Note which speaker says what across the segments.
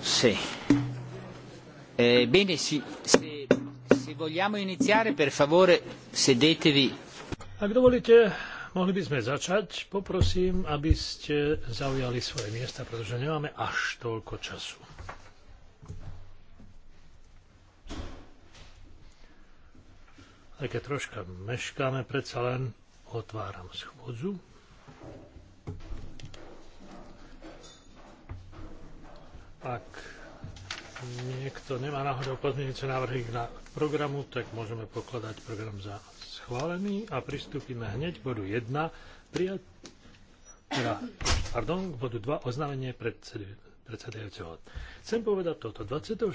Speaker 1: sì. Eh, bene, sì, se, se vogliamo iniziare, per favore, sedetevi.
Speaker 2: Ak dovolíte, mohli by sme začať. Poprosím, aby ste zaujali svoje miesta, pretože nemáme až toľko času. Aj keď troška meškáme, predsa len otváram schôdzu. Ak niekto nemá náhodou pozmeňujúce návrhy na programu, tak môžeme pokladať program za schválený a pristúpime hneď k bodu 1, prijat, teda, pardon, k bodu 2, oznámenie predsedy, predsedajúceho. Chcem povedať toto. 24.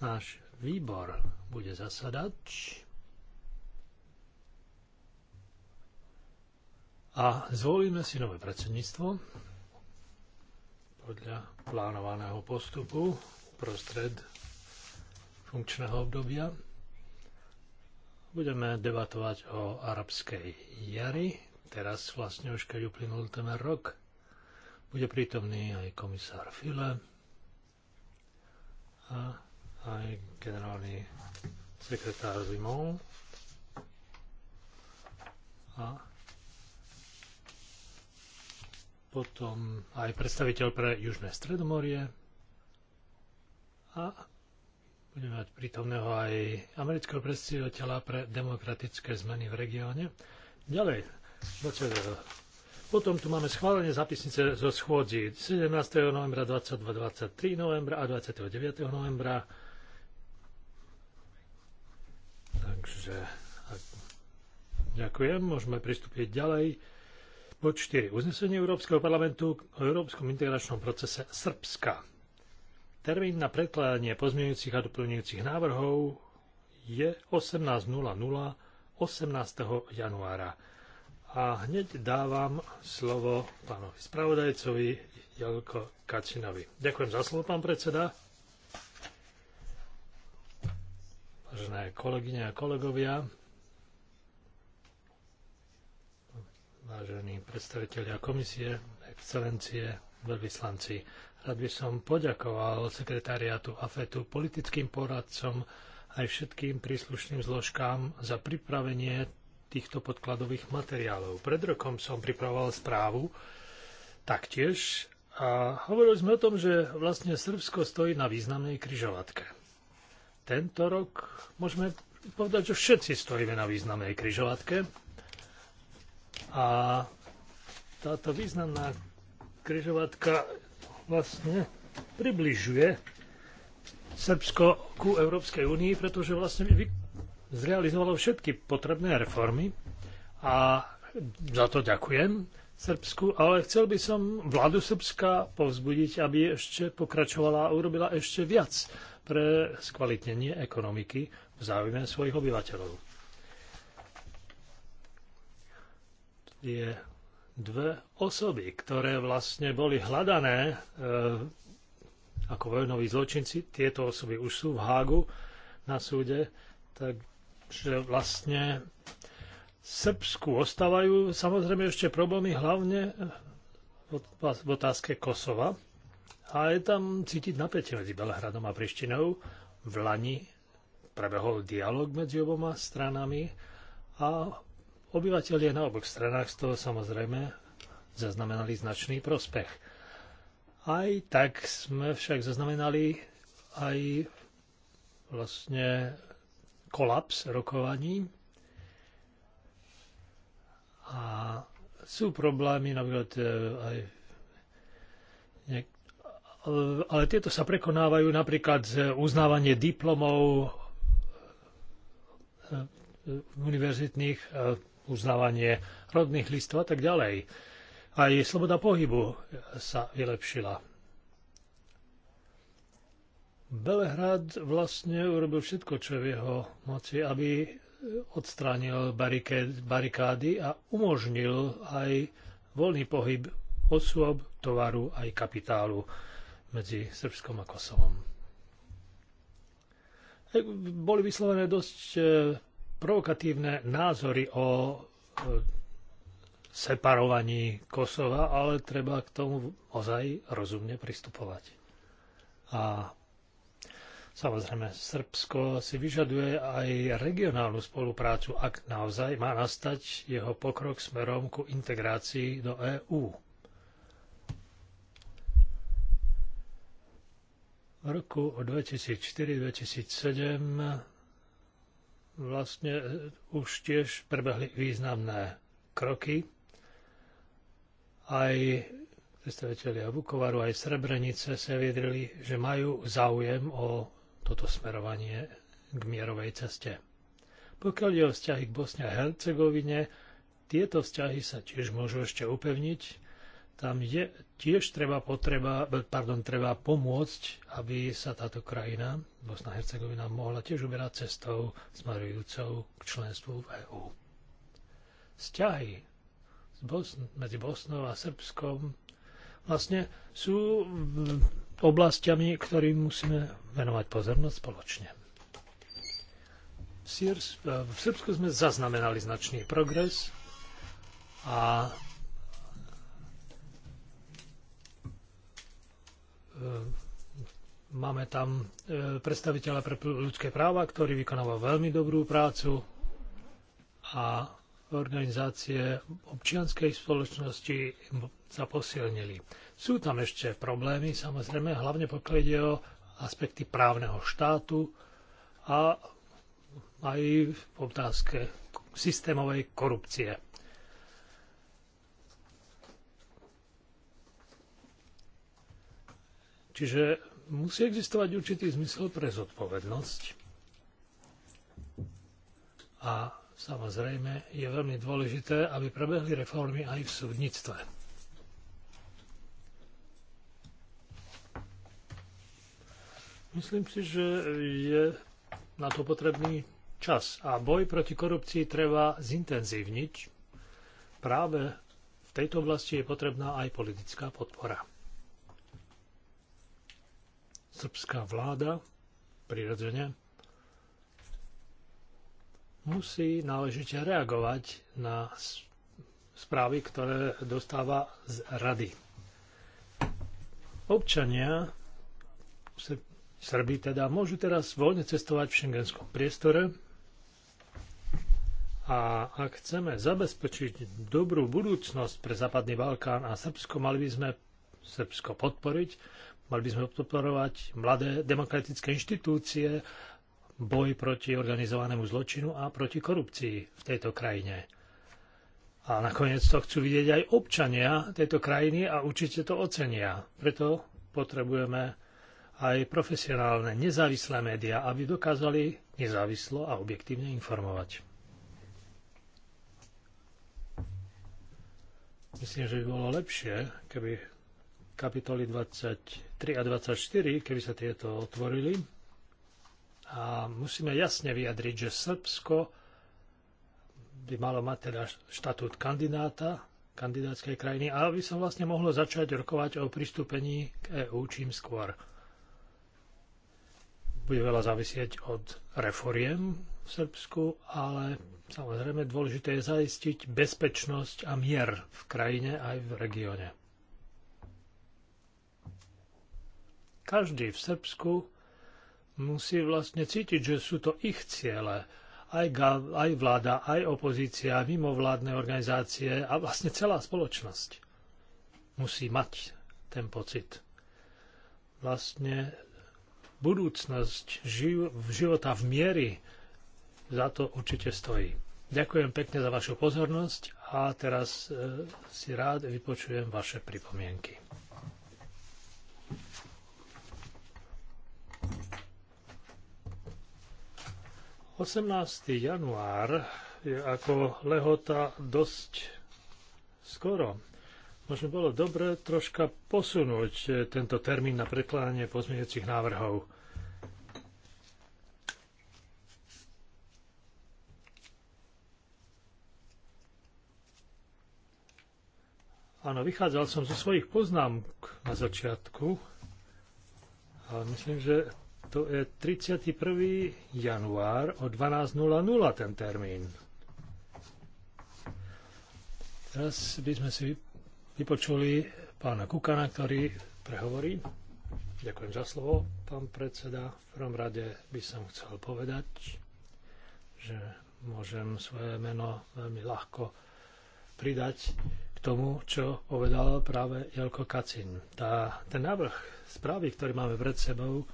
Speaker 2: náš výbor bude zasadať a zvolíme si nové predsedníctvo podľa plánovaného postupu prostred funkčného obdobia. Budeme debatovať o arabskej jari. Teraz vlastne už keď uplynul ten rok, bude prítomný aj komisár File a aj generálny sekretár Zimov a potom aj predstaviteľ pre Južné Stredomorie a budeme mať prítomného aj amerického predstaviteľa pre demokratické zmeny v regióne. Ďalej, potom tu máme schválenie zapisnice zo schôdzi 17. novembra, 22. 23. novembra a 29. novembra. Takže ďakujem, môžeme pristúpiť ďalej. Bod 4. Uznesenie Európskeho parlamentu o Európskom integračnom procese Srbska. Termín na predkladanie pozmeňujúcich a doplňujúcich návrhov je 18.00 18. januára. A hneď dávam slovo pánovi spravodajcovi Jalko Kacinovi. Ďakujem za slovo, pán predseda. Vážené kolegyne a kolegovia, vážení predstavitelia komisie, excelencie, veľvyslanci. Rád by som poďakoval sekretariátu AFETu, politickým poradcom aj všetkým príslušným zložkám za pripravenie týchto podkladových materiálov. Pred rokom som pripravoval správu taktiež a hovorili sme o tom, že vlastne Srbsko stojí na významnej kryžovatke. Tento rok môžeme povedať, že všetci stojíme na významnej kryžovatke, a táto významná križovatka vlastne približuje Srbsko ku Európskej únii, pretože vlastne zrealizovalo všetky potrebné reformy a za to ďakujem Srbsku, ale chcel by som vládu Srbska povzbudiť, aby ešte pokračovala a urobila ešte viac pre skvalitnenie ekonomiky v záujme svojich obyvateľov. je dve osoby, ktoré vlastne boli hľadané e, ako vojnoví zločinci. Tieto osoby už sú v Hágu na súde, takže vlastne Srbsku ostávajú samozrejme ešte problémy hlavne v otázke Kosova. A je tam cítiť napätie medzi Belhradom a Prištinou. V Lani prebehol dialog medzi oboma stranami a obyvateľie na oboch stranách z toho samozrejme zaznamenali značný prospech. Aj tak sme však zaznamenali aj vlastne kolaps rokovaní a sú problémy napríklad e, aj ale tieto sa prekonávajú napríklad uznávanie diplomov e, e, univerzitných uznávanie rodných listov a tak ďalej. Aj sloboda pohybu sa vylepšila. Belehrad vlastne urobil všetko, čo je v jeho moci, aby odstránil barikády a umožnil aj voľný pohyb osôb, tovaru aj kapitálu medzi Srbskom a Kosovom. E, boli vyslovené dosť e, provokatívne názory o separovaní Kosova, ale treba k tomu ozaj rozumne pristupovať. A samozrejme, Srbsko si vyžaduje aj regionálnu spoluprácu, ak naozaj má nastať jeho pokrok smerom ku integrácii do EÚ. V roku 2004-2007 vlastne e, už tiež prebehli významné kroky. Aj predstaviteľia Vukovaru, aj Srebrenice sa vyjadrili, že majú záujem o toto smerovanie k mierovej ceste. Pokiaľ je o vzťahy k Bosne a Hercegovine, tieto vzťahy sa tiež môžu ešte upevniť tam je tiež treba, potreba, pardon, treba pomôcť, aby sa táto krajina, Bosna Hercegovina, mohla tiež uberať cestou smerujúcou k členstvu v EÚ. Vzťahy medzi Bosnou a Srbskom vlastne sú oblastiami, ktorým musíme venovať pozornosť spoločne. V Srbsku sme zaznamenali značný progres a Ehm, máme tam e, predstaviteľa pre ľudské práva, ktorý vykonáva veľmi dobrú prácu a organizácie občianskej spoločnosti sa posilnili. Sú tam ešte problémy, samozrejme, hlavne pokiaľ ide o aspekty právneho štátu a aj v otázke systémovej korupcie. Čiže musí existovať určitý zmysel pre zodpovednosť. A samozrejme je veľmi dôležité, aby prebehli reformy aj v súdnictve. Myslím si, že je na to potrebný čas a boj proti korupcii treba zintenzívniť. Práve v tejto oblasti je potrebná aj politická podpora srbská vláda, prirodzene, musí náležite reagovať na správy, ktoré dostáva z rady. Občania, Srbi teda, môžu teraz voľne cestovať v šengenskom priestore a ak chceme zabezpečiť dobrú budúcnosť pre Západný Balkán a Srbsko, mali by sme Srbsko podporiť Mali by sme podporovať mladé demokratické inštitúcie, boj proti organizovanému zločinu a proti korupcii v tejto krajine. A nakoniec to chcú vidieť aj občania tejto krajiny a určite to ocenia. Preto potrebujeme aj profesionálne, nezávislé médiá, aby dokázali nezávislo a objektívne informovať. Myslím, že by bolo lepšie, keby kapitoly 23 a 24, keby sa tieto otvorili. A musíme jasne vyjadriť, že Srbsko by malo mať teda štatút kandidáta kandidátskej krajiny, a by sa vlastne mohlo začať rokovať o pristúpení k EÚ čím skôr. Bude veľa závisieť od reforiem v Srbsku, ale samozrejme dôležité je zaistiť bezpečnosť a mier v krajine aj v regióne. Každý v Srbsku musí vlastne cítiť, že sú to ich ciele. Aj, aj vláda, aj opozícia, mimovládne organizácie a vlastne celá spoločnosť musí mať ten pocit. Vlastne budúcnosť živ- života v miery za to určite stojí. Ďakujem pekne za vašu pozornosť a teraz e, si rád vypočujem vaše pripomienky. 18. január je ako lehota dosť skoro. Možno bolo dobre troška posunúť eh, tento termín na prekladanie pozmeňujúcich návrhov. Áno, vychádzal som zo svojich poznámok na začiatku, ale myslím, že to je 31. január o 12.00 ten termín. Teraz by sme si vypočuli pána Kukana, ktorý prehovorí. Ďakujem za slovo, pán predseda. V prvom rade by som chcel povedať, že môžem svoje meno veľmi ľahko pridať k tomu, čo povedal práve Jelko Kacin. Tá, ten návrh správy, ktorý máme pred sebou,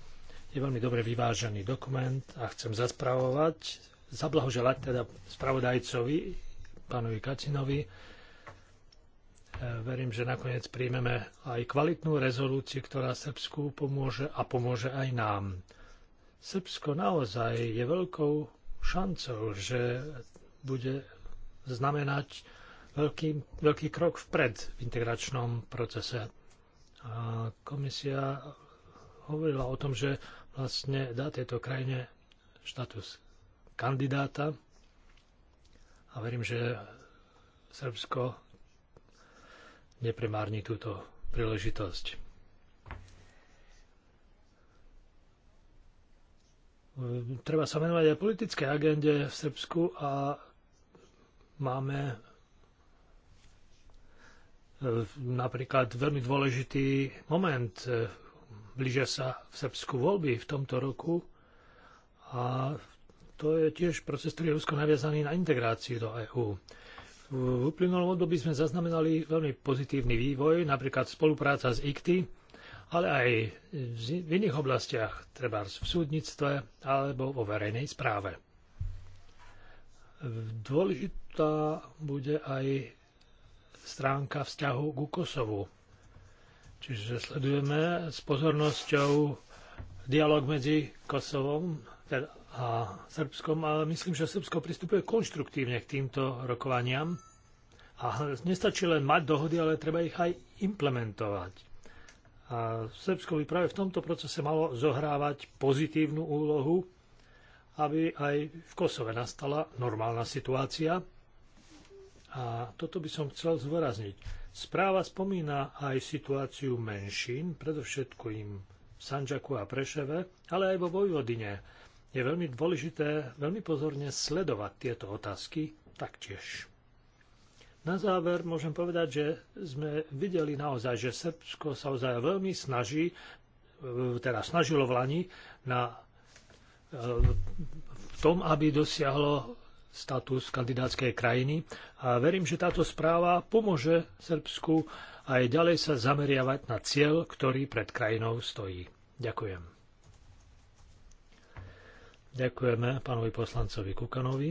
Speaker 2: je veľmi dobre vyvážený dokument a chcem zaspravovať, zablahoželať teda spravodajcovi, pánovi Kacinovi. E, verím, že nakoniec príjmeme aj kvalitnú rezolúciu, ktorá Srbsku pomôže a pomôže aj nám. Srbsko naozaj je veľkou šancou, že bude znamenať veľký, veľký krok vpred v integračnom procese. A komisia hovorila o tom, že vlastne dá tejto krajine štatus kandidáta a verím, že Srbsko nepremárni túto príležitosť. Treba sa venovať aj politickej agende v Srbsku a máme eh, napríklad veľmi dôležitý moment eh, blížia sa v Srbsku voľby v tomto roku a to je tiež proces, ktorý je Rusko naviazaný na integráciu do EÚ. V uplynulom období sme zaznamenali veľmi pozitívny vývoj, napríklad spolupráca s ICTY, ale aj v iných oblastiach, treba v súdnictve alebo vo verejnej správe. Dôležitá bude aj stránka vzťahu ku Kosovu, Čiže sledujeme s pozornosťou dialog medzi Kosovom teda a Srbskom, ale myslím, že Srbsko pristupuje konštruktívne k týmto rokovaniam. A nestačí len mať dohody, ale treba ich aj implementovať. A Srbsko by práve v tomto procese malo zohrávať pozitívnu úlohu, aby aj v Kosove nastala normálna situácia, a toto by som chcel zvorazniť. Správa spomína aj situáciu menšín, im v Sanžaku a Preševe, ale aj vo Vojvodine. Je veľmi dôležité veľmi pozorne sledovať tieto otázky taktiež. Na záver môžem povedať, že sme videli naozaj, že Srbsko sa ozaj veľmi snaží, e, teda snažilo v Lani na, e, v tom, aby dosiahlo status kandidátskej krajiny a verím, že táto správa pomôže Srbsku aj ďalej sa zameriavať na cieľ, ktorý pred krajinou stojí. Ďakujem. Ďakujeme pánovi poslancovi Kukanovi.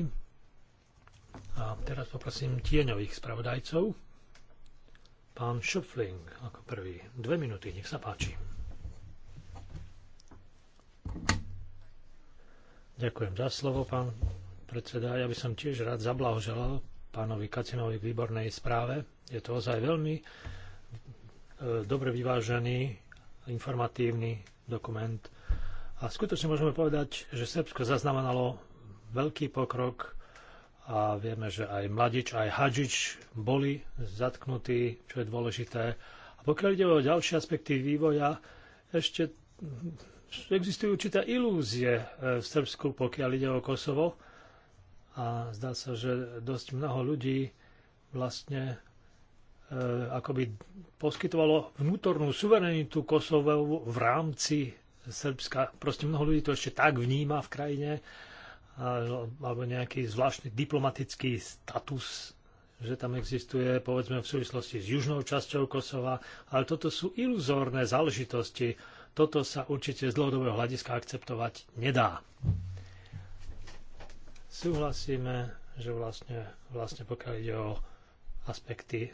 Speaker 2: A teraz poprosím tieňových spravodajcov. Pán Šupfling ako prvý. Dve minúty, nech sa páči. Ďakujem za slovo, pán predseda. Ja by som tiež rád zablahoželal pánovi Kacinovi k výbornej správe. Je to ozaj veľmi e, dobre vyvážený, informatívny dokument. A skutočne môžeme povedať, že Srbsko zaznamenalo veľký pokrok a vieme, že aj Mladič, aj Hadžič boli zatknutí, čo je dôležité. A pokiaľ ide o ďalšie aspekty vývoja, ešte existujú určité ilúzie e, v Srbsku, pokiaľ ide o Kosovo a zdá sa, že dosť mnoho ľudí vlastne e, akoby poskytovalo vnútornú suverenitu Kosovu v rámci Srbska. Proste mnoho ľudí to ešte tak vníma v krajine, a, alebo nejaký zvláštny diplomatický status, že tam existuje, povedzme, v súvislosti s južnou časťou Kosova, ale toto sú iluzórne záležitosti. Toto sa určite z dlhodobého hľadiska akceptovať nedá súhlasíme, že vlastne, vlastne pokiaľ ide o aspekty e,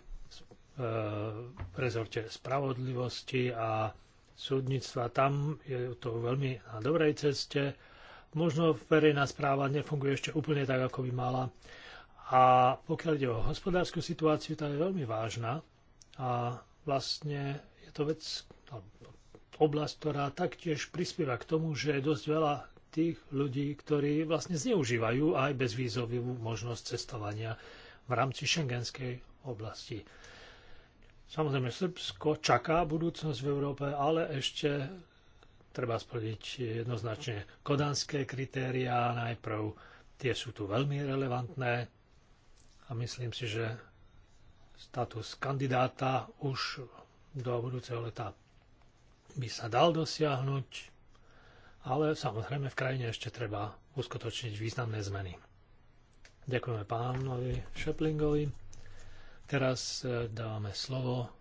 Speaker 2: v rezorte spravodlivosti a súdnictva, tam je to veľmi na dobrej ceste. Možno verejná správa nefunguje ešte úplne tak, ako by mala. A pokiaľ ide o hospodárskú situáciu, tá je veľmi vážna a vlastne je to vec, no, oblasť, ktorá taktiež prispieva k tomu, že je dosť veľa tých ľudí, ktorí vlastne zneužívajú aj bezvýzovú možnosť cestovania v rámci šengenskej oblasti. Samozrejme, Srbsko čaká budúcnosť v Európe, ale ešte treba splniť jednoznačne kodanské kritériá najprv. Tie sú tu veľmi relevantné a myslím si, že status kandidáta už do budúceho leta by sa dal dosiahnuť ale samozrejme v krajine ešte treba uskutočniť významné zmeny. Ďakujeme pánovi Šeplingovi. Teraz e, dávame slovo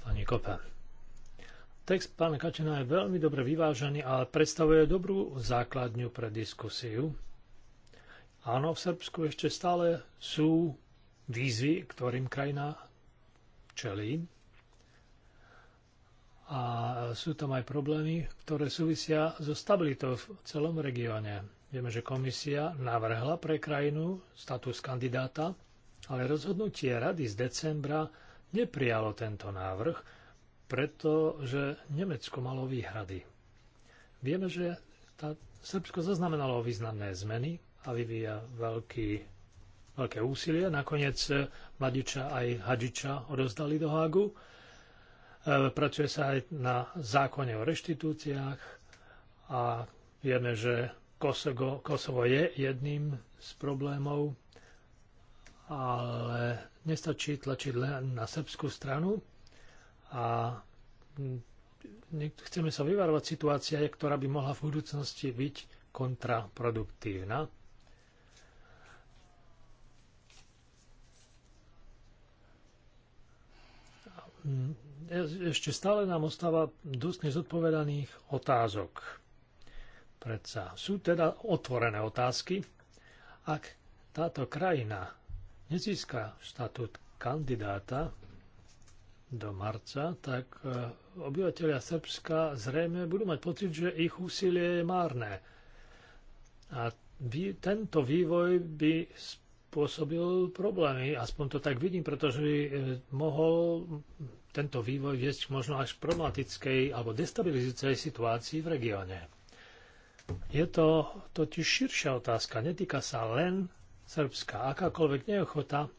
Speaker 2: pani Kope. Text pána Kačena je veľmi dobre vyvážený, ale predstavuje dobrú základňu pre diskusiu. Áno, v Srbsku ešte stále sú výzvy, ktorým krajina čelí, a sú tam aj problémy, ktoré súvisia so stabilitou v celom regióne. Vieme, že komisia navrhla pre krajinu status kandidáta, ale rozhodnutie rady z decembra neprijalo tento návrh, pretože Nemecko malo výhrady. Vieme, že tá Srbsko zaznamenalo významné zmeny a vyvíja veľký, veľké úsilie. Nakoniec Mladiča aj Hadžiča odozdali do Hágu E, pracuje sa aj na zákone o reštitúciách a vieme, že Kosovo, Kosovo je jedným z problémov, ale nestačí tlačiť len na srbskú stranu a chceme sa vyvarovať situácia, ktorá by mohla v budúcnosti byť kontraproduktívna. Mm ešte stále nám ostáva dosť nezodpovedaných otázok. Predsa sú teda otvorené otázky. Ak táto krajina nezíska štatút kandidáta do marca, tak e, obyvateľia Srbska zrejme budú mať pocit, že ich úsilie je márne. A tento vývoj by spôsobil problémy, aspoň to tak vidím, pretože by e, mohol tento vývoj viesť možno až problematickej alebo destabilizujúcej situácii v regióne. Je to totiž širšia otázka, netýka sa len Srbska. Akákoľvek neochota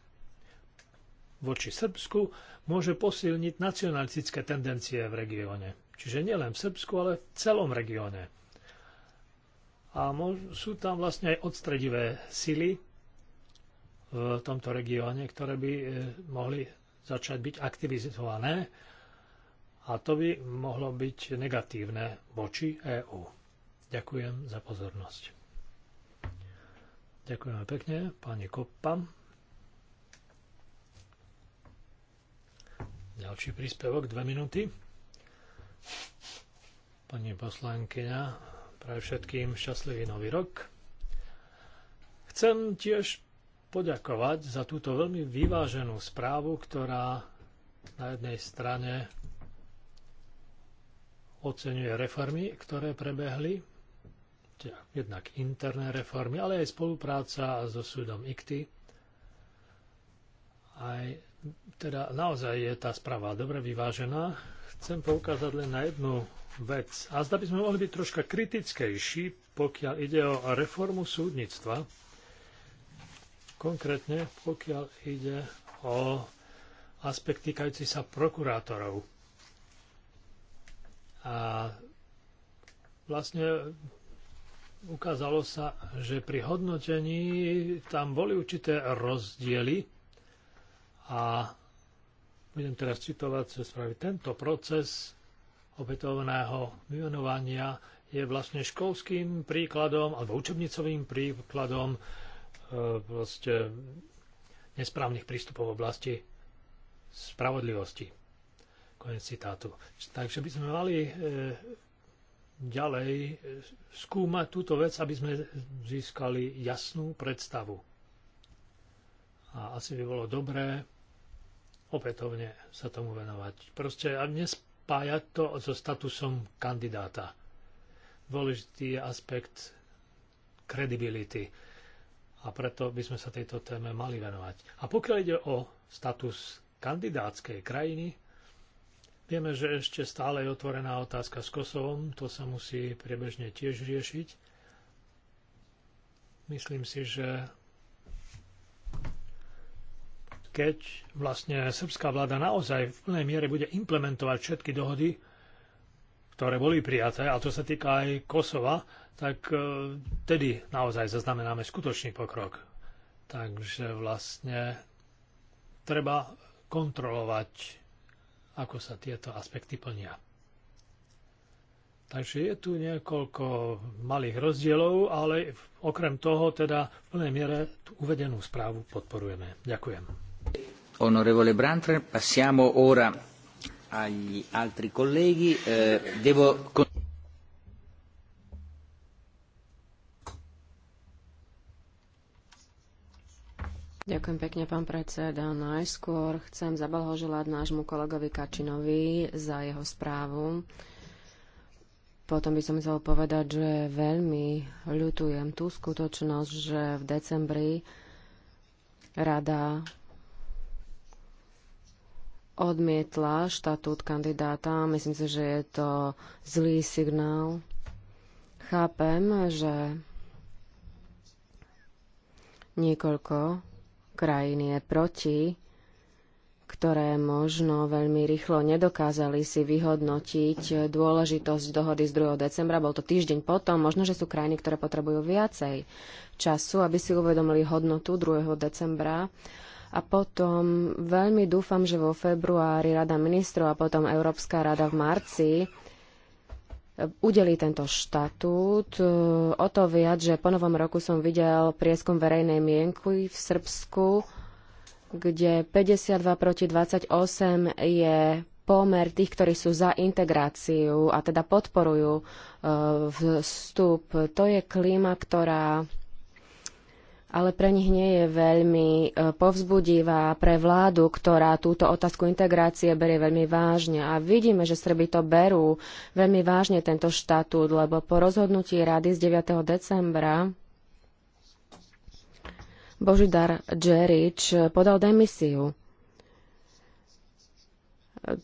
Speaker 2: voči Srbsku môže posilniť nacionalistické tendencie v regióne. Čiže nielen v Srbsku, ale v celom regióne. A sú tam vlastne aj odstredivé sily v tomto regióne, ktoré by eh, mohli začať byť aktivizované a to by mohlo byť negatívne voči EÚ. Ďakujem za pozornosť. Ďakujeme pekne, pani Koppa. Ďalší príspevok, dve minúty. Pani poslankyňa, pre všetkým šťastlivý nový rok. Chcem tiež poďakovať za túto veľmi vyváženú správu, ktorá na jednej strane oceňuje reformy, ktoré prebehli, jednak interné reformy, ale aj spolupráca so súdom ICTY. Aj, teda naozaj je tá správa dobre vyvážená. Chcem poukázať len na jednu vec. A zda by sme mohli byť troška kritickejší, pokiaľ ide o reformu súdnictva, konkrétne pokiaľ ide o aspekt týkajúci sa prokurátorov. A vlastne ukázalo sa, že pri hodnotení tam boli určité rozdiely a budem teraz citovať že spraviť Tento proces opätovného vymenovania je vlastne školským príkladom alebo učebnicovým príkladom E, proste nesprávnych prístupov v oblasti spravodlivosti. Konec citátu. Takže by sme mali e, ďalej e, skúmať túto vec, aby sme získali jasnú predstavu. A asi by bolo dobré opätovne sa tomu venovať. Proste a nespájať to so statusom kandidáta. Dôležitý je aspekt kredibility a preto by sme sa tejto téme mali venovať. A pokiaľ ide o status kandidátskej krajiny, vieme, že ešte stále je otvorená otázka s Kosovom, to sa musí priebežne tiež riešiť. Myslím si, že keď vlastne srbská vláda naozaj v plnej miere bude implementovať všetky dohody, ktoré boli prijaté, a to sa týka aj Kosova, tak e, tedy naozaj zaznamenáme skutočný pokrok. Takže vlastne treba kontrolovať, ako sa tieto aspekty plnia. Takže je tu niekoľko malých rozdielov, ale okrem toho teda v plnej miere tú uvedenú správu podporujeme. Ďakujem.
Speaker 1: Honorevole Brantner, passiamo ora agli altri colleghi. Eh, devo...
Speaker 3: Ďakujem pekne, pán predseda. Najskôr chcem zablahoželať nášmu kolegovi Kačinovi za jeho správu. Potom by som chcel povedať, že veľmi ľutujem tú skutočnosť, že v decembri rada odmietla štatút kandidáta. Myslím si, že je to zlý signál. Chápem, že niekoľko krajín je proti, ktoré možno veľmi rýchlo nedokázali si vyhodnotiť dôležitosť dohody z 2. decembra. Bol to týždeň potom. Možno, že sú krajiny, ktoré potrebujú viacej času, aby si uvedomili hodnotu 2. decembra a potom veľmi dúfam, že vo februári Rada ministrov a potom Európska rada v marci e, udelí tento štatút. E, o to viac, že po novom roku som videl prieskum verejnej mienky v Srbsku, kde 52 proti 28 je pomer tých, ktorí sú za integráciu a teda podporujú e, vstup. To je klíma, ktorá ale pre nich nie je veľmi e, povzbudivá pre vládu, ktorá túto otázku integrácie berie veľmi vážne. A vidíme, že Srby to berú veľmi vážne tento štatút, lebo po rozhodnutí rady z 9. decembra Božidar Džerič podal demisiu.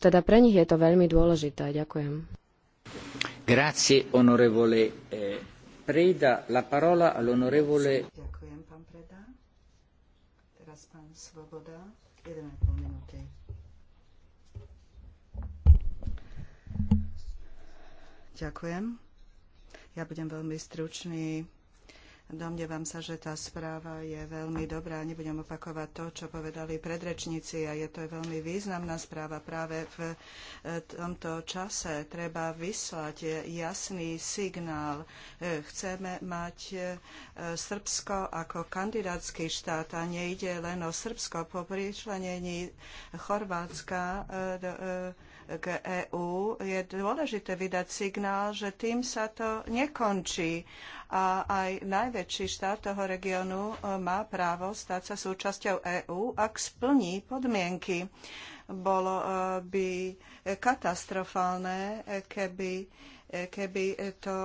Speaker 3: Teda pre nich je to veľmi dôležité. Ďakujem.
Speaker 1: Grazie, onorevole, eh... Preda la parola all'onorevole... Ďakujem, pán Preda.
Speaker 4: Teraz pán Svoboda, 1,5 minúty. Ďakujem. Ja budem veľmi stručný. Domnievam sa, že tá správa je veľmi dobrá. Nebudem opakovať to, čo povedali predrečníci a je to veľmi významná správa. Práve v e, tomto čase treba vyslať jasný signál. E, chceme mať e, Srbsko ako kandidátsky štát a nejde len o Srbsko. Po pričlenení Chorvátska k EÚ, je dôležité vydať signál, že tým sa to nekončí a aj najväčší štát toho regiónu e, má právo stať sa súčasťou EÚ, ak splní podmienky. Bolo e, by katastrofálne, e, keby keby to,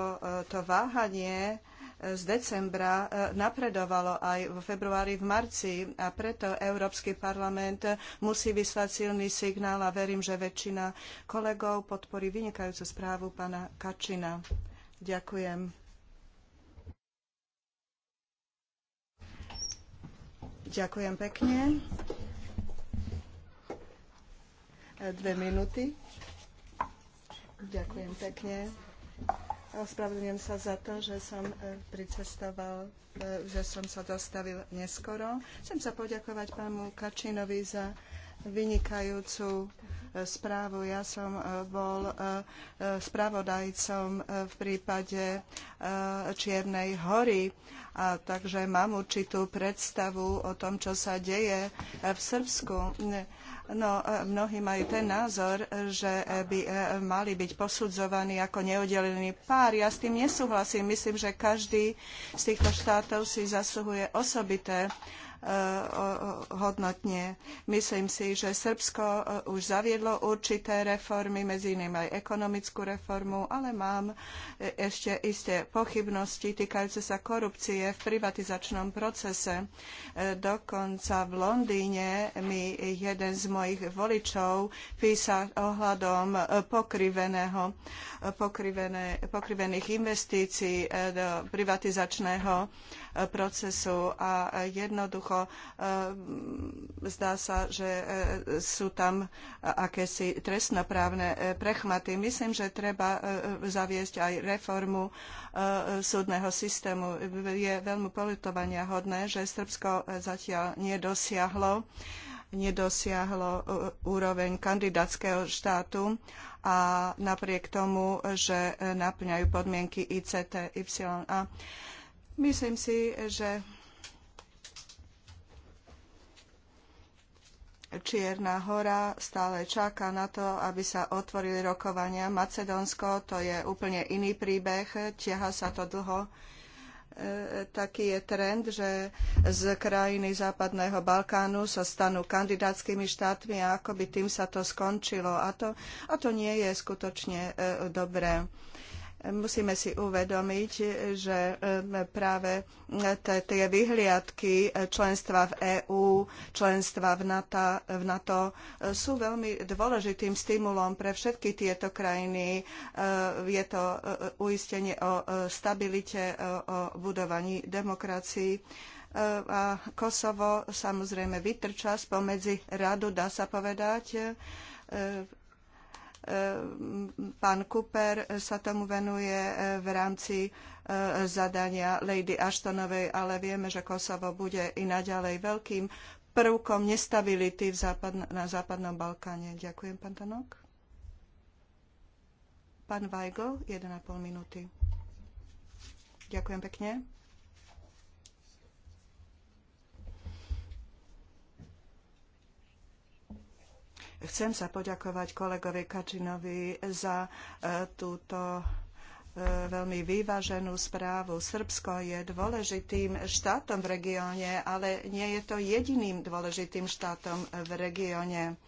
Speaker 4: to váhanie z decembra e, napredovalo aj v februári, v marci a preto Európsky parlament musí vyslať silný signál a verím, že väčšina kolegov podporí vynikajúcu správu pána Kačina. Ďakujem. Ďakujem pekne. E, dve minúty. Ďakujem pekne. Ospravedlňujem sa za to, že som e, pricestoval, e, že som sa dostavil neskoro. Chcem sa poďakovať pánu Kačinovi za vynikajúcu e, správu. Ja som bol spravodajcom v prípade Čiernej hory, a takže mám určitú predstavu o tom, čo sa deje v Srbsku No, e, mnohí majú ten názor, že e, by e, mali byť posudzovaní ako neoddelený pár. Ja s tým nesúhlasím. Myslím, že každý z týchto štátov si zasluhuje osobité Eh, hodnotne. Myslím si, že Srbsko eh, už zaviedlo určité reformy, medzi iným aj ekonomickú reformu, ale mám eh, ešte isté pochybnosti týkajúce sa korupcie v privatizačnom procese. Dokonca v Londýne mi jeden z mojich voličov písal ohľadom pokriveného, pokrivené, pokrivených investícií do privatizačného procesu a jednoducho eh, zdá sa, že eh, sú tam akési trestnoprávne eh, prechmaty. Myslím, že treba zaviesť aj reformu súdneho systému. Je veľmi politovania hodné, že Srbsko zatiaľ nedosiahlo nedosiahlo úroveň kandidátskeho štátu a napriek tomu, že naplňajú podmienky ICTYA. Myslím si, že Čierna hora stále čaká na to, aby sa otvorili rokovania. Macedónsko to je úplne iný príbeh, ťaha sa to dlho. E, taký je trend, že z krajiny Západného Balkánu sa stanú kandidátskymi štátmi a akoby tým sa to skončilo. A to, a to nie je skutočne e, dobré musíme si uvedomiť, že práve e, tie vyhliadky členstva v EÚ, členstva v NATO, e, sú veľmi dôležitým stimulom pre všetky tieto krajiny. E, je to uistenie o stabilite, o budovaní demokracií a Kosovo samozrejme vytrča spomedzi radu, dá sa povedať Ehm, pán Cooper sa tomu venuje e, v rámci e, zadania Lady Ashtonovej, ale vieme, že Kosovo bude i naďalej veľkým prvkom nestability západn na Západnom Balkáne. Ďakujem, pán Tanok. Pán Weigl, 1,5 minúty. Ďakujem pekne. Chcem sa poďakovať kolegovi Kačinovi za e, túto e, veľmi vyváženú správu. Srbsko je dôležitým štátom v regióne, ale nie je to jediným dôležitým štátom v regióne.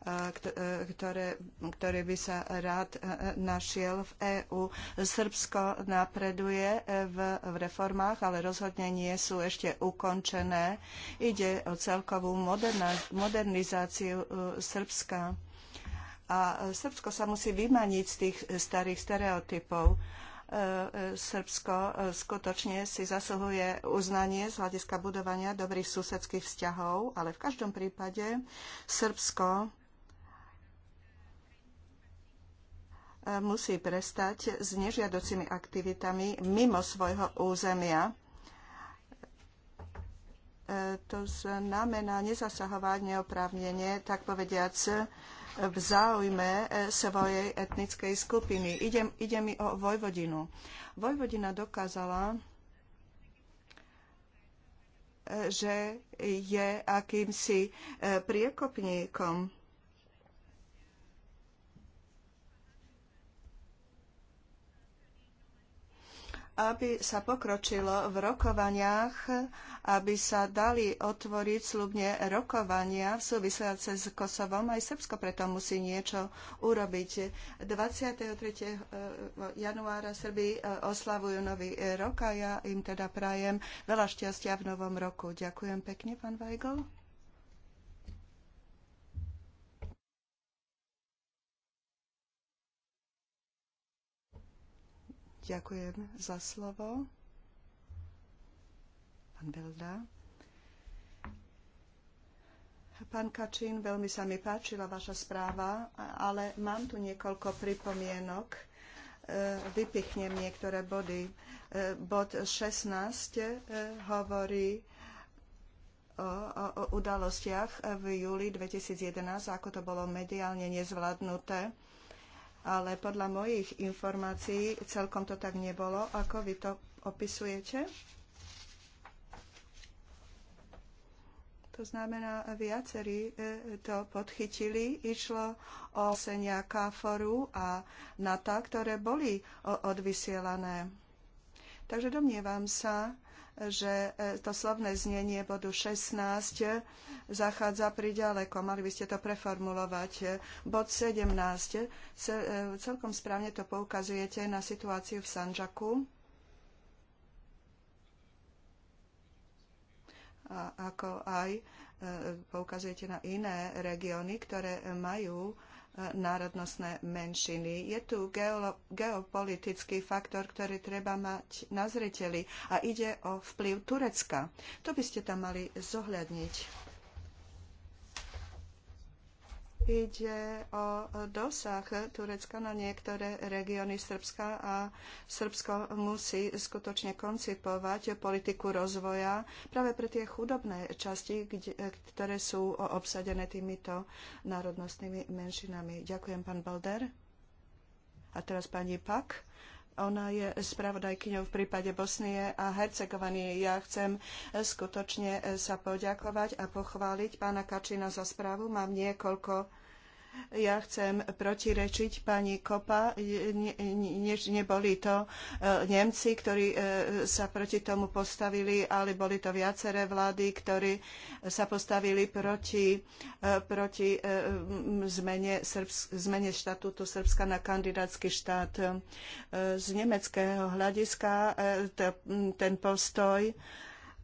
Speaker 4: E, ktoré, ktorý by sa rád e, našiel v EÚ. Srbsko napreduje e, v, v reformách, ale rozhodne nie sú ešte ukončené. Ide o celkovú modernizáciu Srbska. A Srbsko sa musí vymaniť z tých starých stereotypov. Srbsko skutočne si zasluhuje uznanie z hľadiska budovania dobrých susedských vzťahov, ale v každom prípade Srbsko musí prestať s nežiaducimi aktivitami mimo svojho územia. E, to znamená nezasahovať neoprávnenie, tak povediac, v záujme e, svojej etnickej skupiny. Ide, ide mi o Vojvodinu. Vojvodina dokázala, e, že je akýmsi priekopníkom aby sa pokročilo v rokovaniach, aby sa dali otvoriť slubne rokovania v súvisiace s Kosovom. Aj Srbsko preto musí niečo urobiť. 23. Eh, januára Srby eh, oslavujú nový rok a ja im teda prajem veľa šťastia v novom roku. Ďakujem pekne, pán Weigl. Ďakujem za slovo. Pán Belda. Pán Kačín, veľmi sa mi páčila vaša správa, ale mám tu niekoľko pripomienok. E, vypichnem niektoré body. E, bod 16 e, hovorí o, udalostiach v júli 2011, ako to bolo mediálne nezvládnuté ale podľa mojich informácií celkom to tak nebolo, ako vy to opisujete. To znamená, viacerí e, to podchytili. Išlo o senia Káforu a nata, ktoré boli odvysielané. Takže domnievam sa, že e, to slovné znenie bodu 16 zachádza priďaleko. Mali by ste to preformulovať. Bod 17. E, celkom správne to poukazujete na situáciu v Sanžaku. A ako aj e, poukazujete na iné regióny, ktoré majú národnostné menšiny. Je tu geopolitický faktor, ktorý treba mať na zreteli a ide o vplyv Turecka. To by ste tam mali zohľadniť ide o dosah Turecka na niektoré regióny Srbska a Srbsko musí skutočne koncipovať politiku rozvoja práve pre tie chudobné časti, kde, ktoré sú obsadené týmito národnostnými menšinami. Ďakujem, pán Balder. A teraz pani Pak. Ona je spravodajkyňou v prípade Bosnie a Hercegoviny. Ja chcem skutočne sa poďakovať a pochváliť pána Kačina za správu. Mám niekoľko ja chcem protirečiť pani Kopa. Ne, ne, neboli to e, Nemci, ktorí e, sa proti tomu postavili, ale boli to viaceré vlády, ktorí sa postavili proti, e, proti zmene, Srbs, zmene štatútu Srbska na kandidátsky štát. Z nemeckého hľadiska ten postoj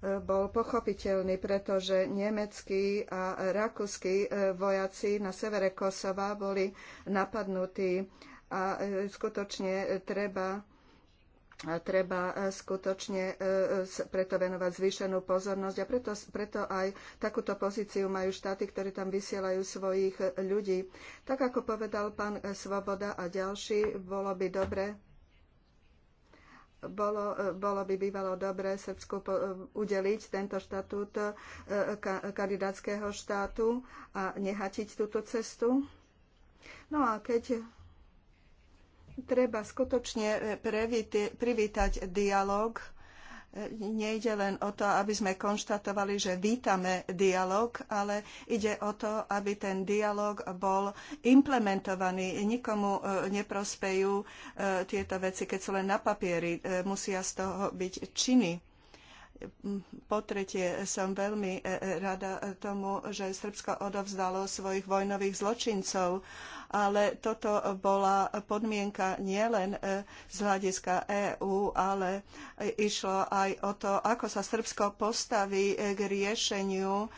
Speaker 4: bol pochopiteľný, pretože nemeckí a rakúsky e, vojaci na severe Kosova boli napadnutí a e, skutočne treba a treba e, skutočne preto venovať zvýšenú pozornosť a preto, preto aj takúto pozíciu majú štáty, ktorí tam vysielajú svojich ľudí. Tak ako povedal pán Svoboda a ďalší, bolo by dobre bolo, bolo by bývalo dobré Srbsku eh, udeliť tento štatút eh, kandidátskeho štátu a nehatiť túto cestu. No a keď treba skutočne eh, privítať dialog E, nejde len o to, aby sme konštatovali, že vítame dialog, ale ide o to, aby ten dialog bol implementovaný. Nikomu e, neprospejú e, tieto veci, keď sú len na papieri. Musia z toho byť činy po tretie, som veľmi e, e, rada tomu, že Srbsko odovzdalo svojich vojnových zločincov, ale toto bola podmienka nielen e, z hľadiska EÚ, ale išlo aj o to, ako sa Srbsko postaví k riešeniu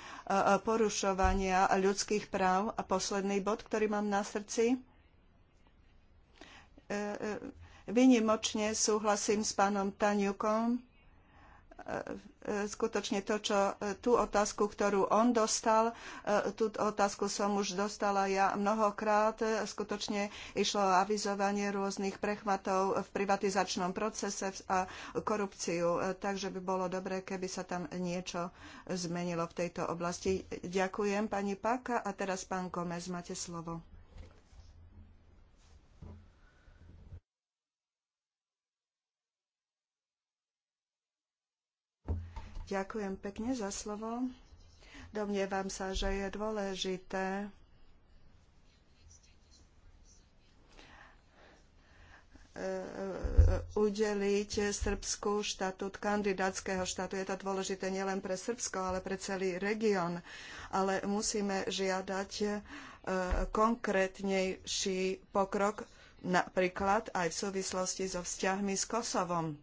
Speaker 4: porušovania ľudských práv. A posledný bod, ktorý mám na srdci vynimočne súhlasím s pánom Taniukom skutočne to, čo tú otázku, ktorú on dostal, e, tú otázku som už dostala ja mnohokrát. Skutočne išlo o avizovanie rôznych prechmatov v privatizačnom procese a korupciu. E, takže by bolo dobré, keby sa tam niečo zmenilo v tejto oblasti. Ďakujem pani Paka a teraz pán Gomez, máte slovo. Ďakujem pekne za slovo. Domnievam sa, že je dôležité e, e, udeliť Srbsku štatút kandidátskeho štátu. Je to dôležité nielen pre Srbsko, ale pre celý región. Ale musíme žiadať e, konkrétnejší pokrok, napríklad aj v súvislosti so vzťahmi s Kosovom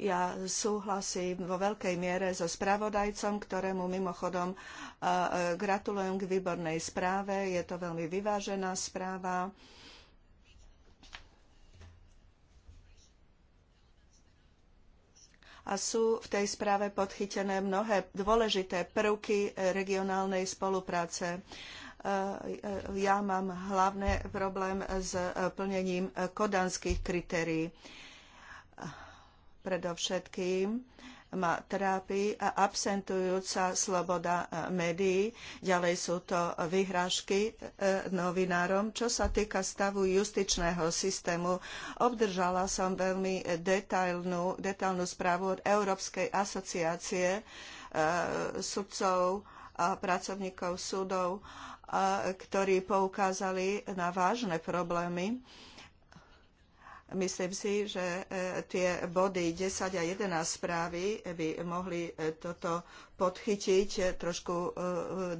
Speaker 4: ja súhlasím vo veľkej miere so spravodajcom, ktorému mimochodom e, e, gratulujem k výbornej správe. Je to veľmi vyvážená správa. a sú v tej správe podchytené mnohé dôležité prvky regionálnej spolupráce. E, ja mám hlavne problém s plnením kodanských kritérií. Predovšetkým ma trápi absentujúca sloboda e, médií. Ďalej sú to vyhrážky e, novinárom. Čo sa týka stavu justičného systému, obdržala som veľmi detailnú, detailnú správu od Európskej asociácie e, sudcov a pracovníkov súdov, ktorí poukázali na vážne problémy Myslím si, že e, tie body 10 a 11 správy by mohli e, toto podchytiť e, trošku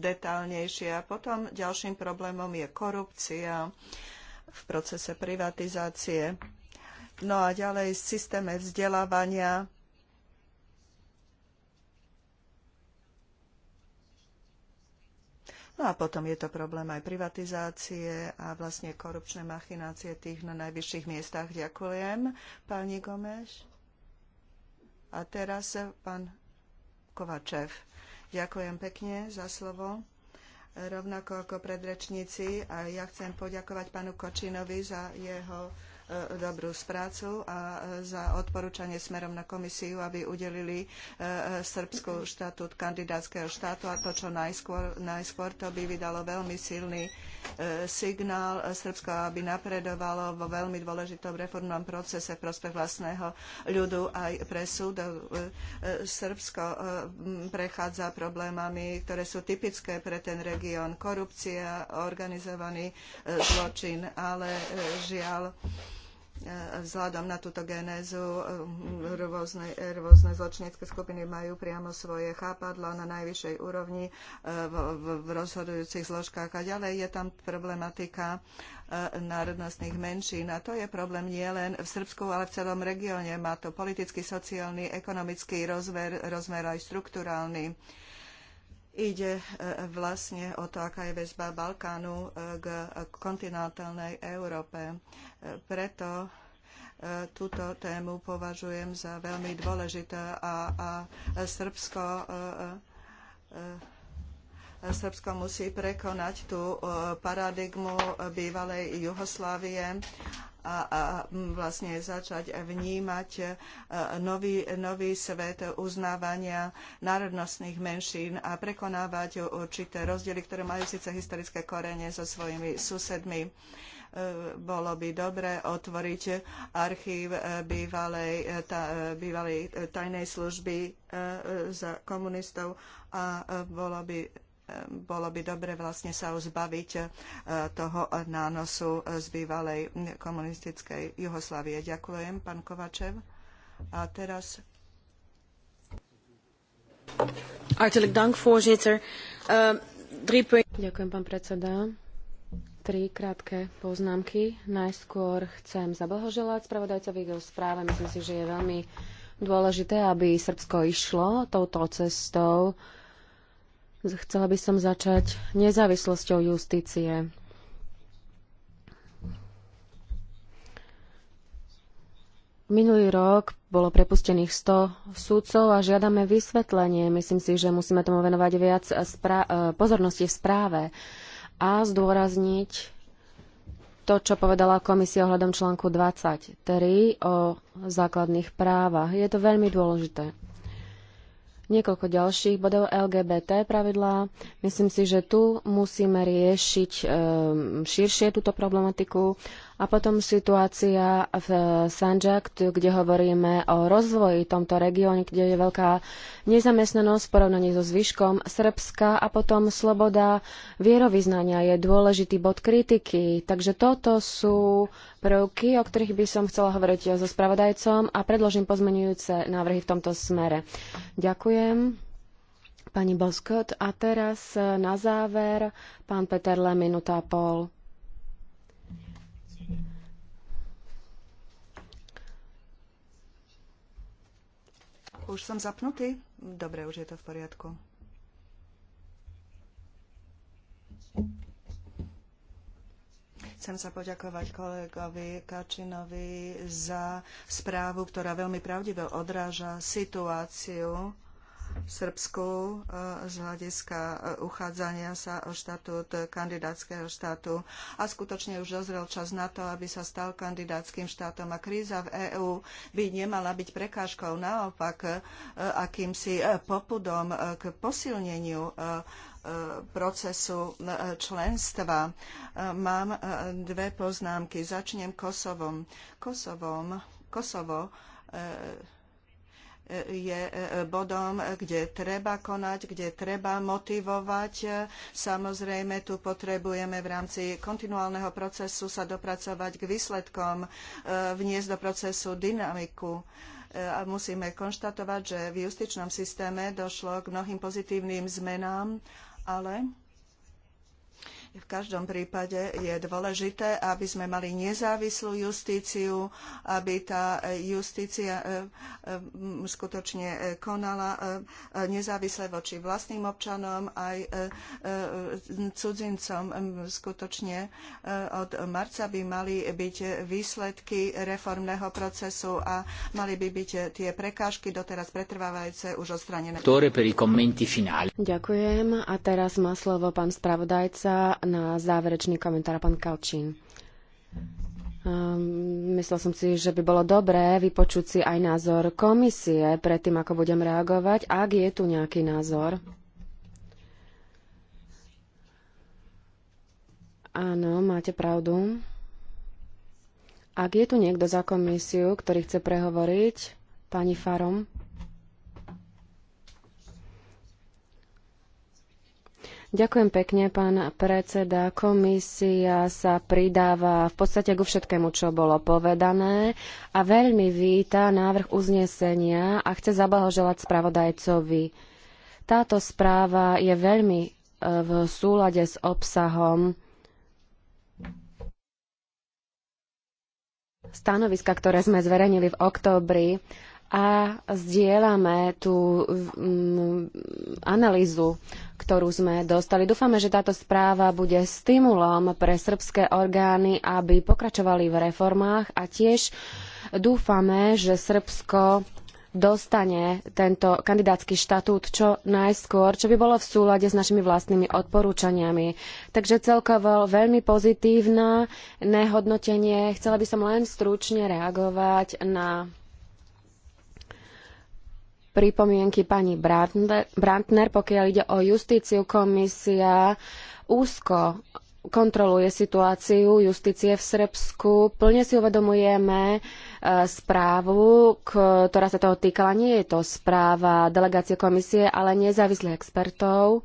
Speaker 4: detálnejšie. A potom ďalším problémom je korupcia v procese privatizácie. No a ďalej systéme vzdelávania No a potom je to problém aj privatizácie a vlastne korupčné machinácie tých na najvyšších miestach. Ďakujem, pani Gomeš. A teraz pán Kovačev. Ďakujem pekne za slovo rovnako ako predrečníci. A ja chcem poďakovať pánu Kočinovi za jeho dobrú prácu a za odporúčanie smerom na komisiu, aby udelili e, e, Srbsku štatút kandidátskeho štátu a to, čo najskôr, najskôr to by vydalo veľmi silný e, signál Srbsko, aby napredovalo vo veľmi dôležitom reformnom procese v prospech vlastného ľudu aj pre súd, Srbsko prechádza problémami, ktoré sú typické pre ten región. Korupcia, organizovaný zločin, ale žiaľ vzhľadom na túto genézu mm, rôzne, rôzne zločinecké skupiny majú priamo svoje chápadlo na najvyššej úrovni e, v, v, rozhodujúcich zložkách a ďalej je tam problematika e, národnostných menšín. A to je problém nielen v Srbsku, ale v celom regióne. Má to politický, sociálny, ekonomický rozmer, rozmer aj štruktúrálny. Ide e, vlastne o to, aká je väzba Balkánu e, k kontinentálnej Európe. E, preto túto tému považujem za veľmi dôležité a, a Srbsko Srbsko musí prekonať tú paradigmu bývalej Juhoslávie a, a vlastne začať vnímať e, nový, nový svet uznávania národnostných menšín a prekonávať určité rozdiely, ktoré majú síce historické korene so svojimi susedmi e, bolo by dobre otvoriť archív e, bývalej, tá, bývalej tajnej služby za komunistov a bolo by bolo by dobre vlastne sa uzbaviť e, toho nánosu z bývalej komunistickej Juhoslavie. Ďakujem, pán Kovačev.
Speaker 3: A teraz... Hartelijk dank, voorzitter. Eh, Ďakujem, pán predseda. Tri krátke poznámky. Najskôr chcem zablahoželať spravodajcovi do správe. Myslím si, že je veľmi dôležité, aby Srbsko išlo touto cestou Chcela by som začať nezávislosťou justície. Minulý rok bolo prepustených 100 súdcov a žiadame vysvetlenie. Myslím si, že musíme tomu venovať viac e, pozornosti v správe a zdôrazniť to, čo povedala komisia ohľadom článku 23 o základných právach. Je to veľmi dôležité. Niekoľko ďalších bodov LGBT pravidlá. Myslím si, že tu musíme riešiť ehm, širšie túto problematiku a potom situácia v Sanjak, kde hovoríme o rozvoji tomto regióne, kde je veľká nezamestnanosť v porovnaní so zvyškom Srbska a potom sloboda vierovýznania je dôležitý bod kritiky. Takže toto sú prvky, o ktorých by som chcela hovoriť so spravodajcom a predložím pozmenujúce návrhy v tomto smere. Ďakujem. Pani Boskot, a teraz na záver pán Peter Le, minúta a pol.
Speaker 4: Už som zapnutý? Dobre, už je to v poriadku. Chcem sa poďakovať kolegovi Kačinovi za správu, ktorá veľmi pravdivo odráža situáciu Srbsku eh, z hľadiska eh, uchádzania sa o štatút kandidátskeho štátu a skutočne už dozrel čas na to, aby sa stal kandidátským štátom a kríza v EÚ by nemala byť prekážkou, naopak eh, akýmsi popudom k posilneniu procesu členstva. Mám dve poznámky. Začnem Kosovom. Kosovom Kosovo je e, bodom, kde treba konať, kde treba motivovať. Samozrejme, tu potrebujeme v rámci kontinuálneho procesu sa dopracovať k výsledkom, e, vniesť do procesu dynamiku e, a musíme konštatovať, že v justičnom systéme došlo k mnohým pozitívnym zmenám, ale v každom prípade je dôležité, aby sme mali nezávislú justíciu, aby tá justícia e, e, skutočne e, konala nezávisle voči vlastným občanom aj cudzincom. Skutočne od marca by mali byť výsledky reformného procesu a mali by byť tie prekážky doteraz pretrvávajúce už odstranené.
Speaker 3: Ďakujem a teraz má slovo pán spravodajca na záverečný komentár pán Kalčín. Um, myslel som si, že by bolo dobré vypočuť si aj názor komisie predtým, ako budem reagovať, ak je tu nejaký názor. Áno, máte pravdu. Ak je tu niekto za komisiu, ktorý chce prehovoriť, pani Farom. Ďakujem pekne, pán predseda. Komisia sa pridáva v podstate ku všetkému, čo bolo povedané a veľmi víta návrh uznesenia a chce zablahoželať spravodajcovi. Táto správa je veľmi e, v súlade s obsahom stanoviska, ktoré sme zverejnili v októbri a zdieľame tú analýzu, ktorú sme dostali. Dúfame, že táto správa bude stimulom pre srbské orgány, aby pokračovali v reformách a tiež dúfame, že Srbsko dostane tento kandidátsky štatút čo najskôr, čo by bolo v súlade s našimi vlastnými odporúčaniami. Takže celkovo veľmi pozitívne nehodnotenie. Chcela by som len stručne reagovať na pripomienky pani Brandner, pokiaľ ide o justíciu, komisia úzko kontroluje situáciu justície v Srbsku. Plne si uvedomujeme e, správu, ktorá sa toho týkala. Nie je to správa delegácie komisie, ale nezávislých expertov.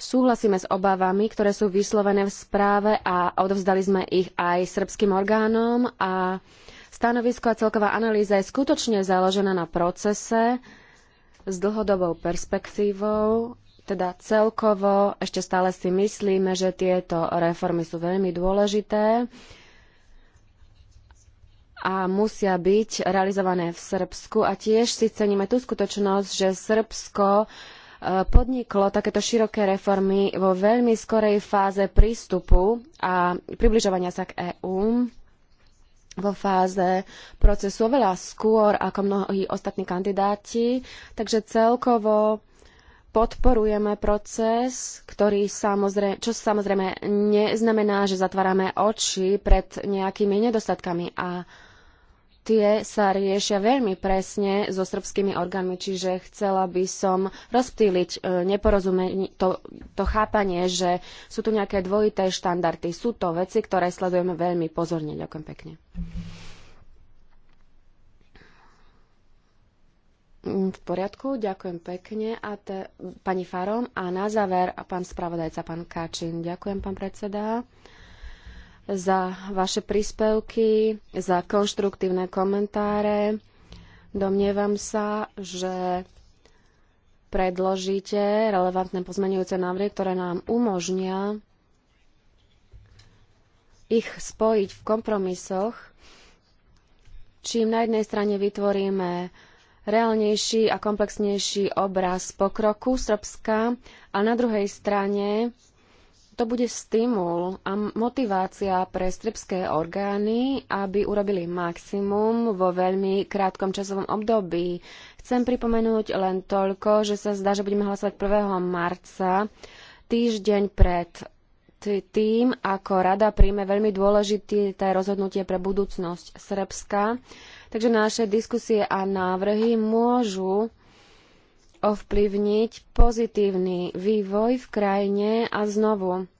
Speaker 3: Súhlasíme s obavami, ktoré sú vyslovené v správe a odovzdali sme ich aj srbským orgánom a Stanovisko a celková analýza je skutočne založená na procese s dlhodobou perspektívou, teda celkovo ešte stále si myslíme, že tieto reformy sú veľmi dôležité a musia byť realizované v Srbsku. A tiež si ceníme tú skutočnosť, že Srbsko e, podniklo takéto široké reformy vo veľmi skorej fáze prístupu a približovania sa k EÚ vo fáze procesu oveľa skôr ako mnohí ostatní kandidáti. Takže celkovo podporujeme proces, ktorý samozrejme, čo samozrejme neznamená, že zatvárame oči pred nejakými nedostatkami a tie sa riešia veľmi presne so srbskými orgánmi, čiže chcela by som rozptýliť e, neporozumenie, to, to chápanie, že sú tu nejaké dvojité štandardy. Sú to veci, ktoré sledujeme veľmi pozorne. Ďakujem pekne. Mm, v poriadku, ďakujem pekne. A te, pani Farom, a na záver a pán spravodajca, pán Káčin. Ďakujem, pán predseda za vaše príspevky, za konštruktívne komentáre. Domnievam sa, že predložíte relevantné pozmenujúce návrhy, ktoré nám umožnia ich spojiť v kompromisoch, čím na jednej strane vytvoríme reálnejší a komplexnejší obraz pokroku Srbska a na druhej strane to bude stimul a motivácia pre srbské orgány, aby urobili maximum vo veľmi krátkom časovom období. Chcem pripomenúť len toľko, že sa zdá, že budeme hlasovať 1. marca, týždeň pred tým, ako Rada príjme veľmi dôležité rozhodnutie pre budúcnosť Srbska. Takže naše diskusie a návrhy môžu ovplyvniť pozitívny vývoj v krajine a znovu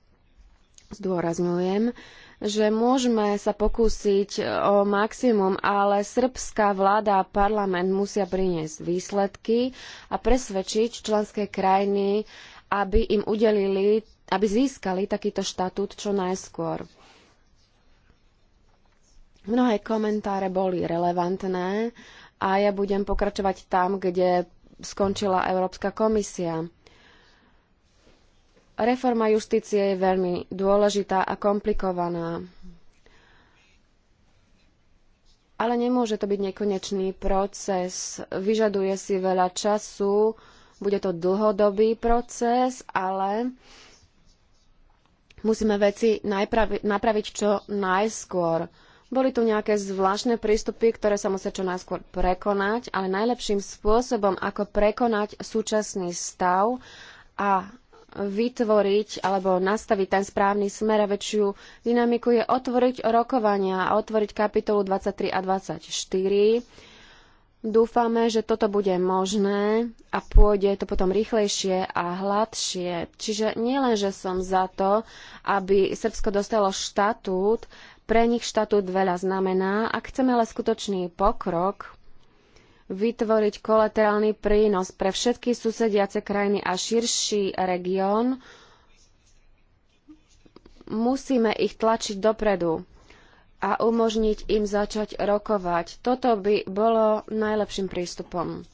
Speaker 3: zdôrazňujem, že môžeme sa pokúsiť o maximum, ale srbská vláda a parlament musia priniesť výsledky a presvedčiť členské krajiny, aby im udelili, aby získali takýto štatút čo najskôr. Mnohé komentáre boli relevantné a ja budem pokračovať tam, kde skončila Európska komisia. Reforma justície je veľmi dôležitá a komplikovaná. Ale nemôže to byť nekonečný proces. Vyžaduje si veľa času, bude to dlhodobý proces, ale musíme veci napraviť čo najskôr boli tu nejaké zvláštne prístupy, ktoré sa musia čo najskôr prekonať, ale najlepším spôsobom, ako prekonať súčasný stav a vytvoriť alebo nastaviť ten správny smer a väčšiu dynamiku je otvoriť rokovania a otvoriť kapitolu 23 a 24. Dúfame, že toto bude možné a pôjde to potom rýchlejšie a hladšie. Čiže nielen, že som za to, aby Srbsko dostalo štatút, pre nich štatút veľa znamená. Ak chceme ale skutočný pokrok, vytvoriť kolaterálny prínos pre všetky susediace krajiny a širší región, musíme ich tlačiť dopredu a umožniť im začať rokovať. Toto by bolo najlepším prístupom.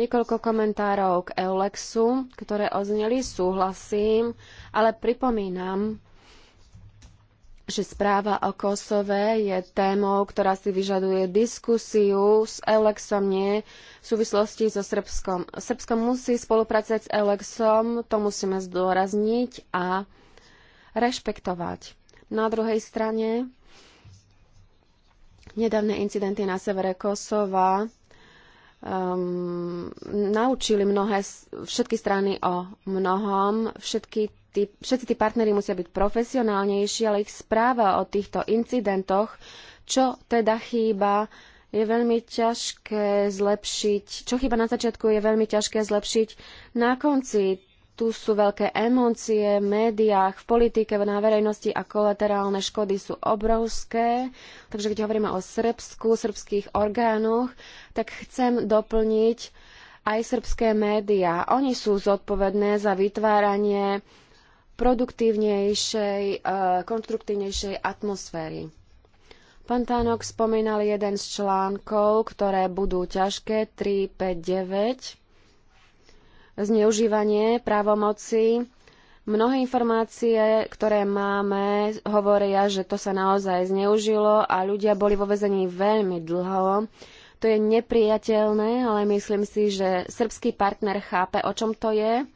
Speaker 3: Niekoľko komentárov k Eulexu, ktoré ozneli, súhlasím, ale pripomínam, že správa o Kosove je témou, ktorá si vyžaduje diskusiu s Alexom nie v súvislosti so Srbskom. Srbskom musí spolupracovať s Alexom, to musíme zdôrazniť a rešpektovať. Na druhej strane, nedávne incidenty na severe Kosova um, naučili mnohé, všetky strany o mnohom, všetky tí, všetci tí partnery musia byť profesionálnejší, ale ich správa o týchto incidentoch, čo teda chýba, je veľmi ťažké zlepšiť, čo chyba na začiatku je veľmi ťažké zlepšiť na konci. Tu sú veľké emócie v médiách, v politike, na verejnosti a kolaterálne škody sú obrovské. Takže keď hovoríme o Srbsku, srbských orgánoch, tak chcem doplniť aj srbské médiá. Oni sú zodpovedné za vytváranie produktívnejšej, e, konštruktívnejšej atmosféry. Pán Tánok spomínal jeden z článkov, ktoré budú ťažké, 3, 5, 9, zneužívanie právomoci. Mnohé informácie, ktoré máme, hovoria, že to sa naozaj zneužilo a ľudia boli vo vezení veľmi dlho. To je nepriateľné, ale myslím si, že srbský partner chápe, o čom to je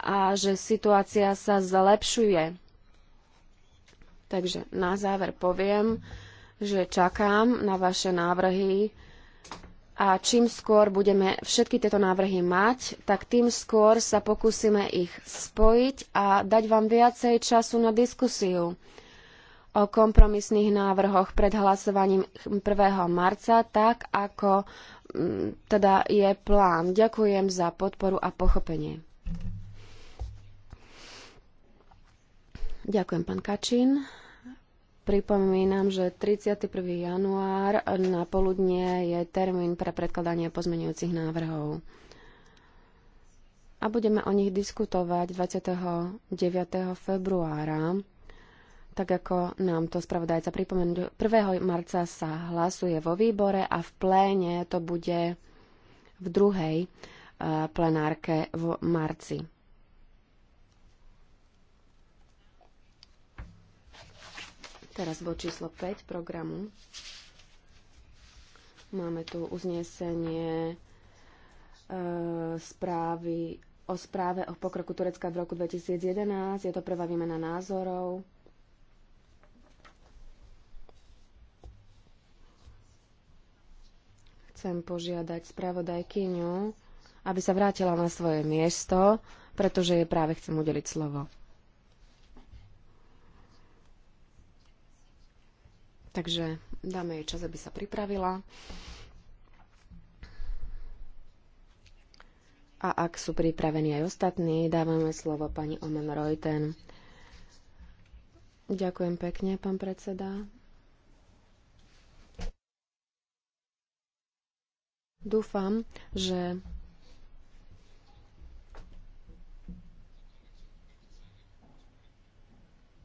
Speaker 3: a že situácia sa zlepšuje. Takže na záver poviem, že čakám na vaše návrhy a čím skôr budeme všetky tieto návrhy mať, tak tým skôr sa pokúsime ich spojiť a dať vám viacej času na diskusiu o kompromisných návrhoch pred hlasovaním 1. marca, tak ako mm, teda je plán. Ďakujem za podporu a pochopenie. Ďakujem, pán Kačín. Pripomínam, že 31. január na poludnie je termín pre predkladanie pozmeňujúcich návrhov. A budeme o nich diskutovať 29. februára, tak ako nám to spravodajca pripomenul. 1. marca sa hlasuje vo výbore a v pléne to bude v druhej eh, plenárke v marci. Teraz bod číslo 5 programu. Máme tu uznesenie e, správy o správe o pokroku Turecka v roku 2011. Je to prvá výmena názorov. Chcem požiadať spravodajkyňu, aby sa vrátila na svoje miesto, pretože je práve chcem udeliť slovo. Takže dáme jej čas, aby sa pripravila. A ak sú pripravení aj ostatní, dávame slovo pani Omen Reuten. Ďakujem pekne, pán predseda. Dúfam, že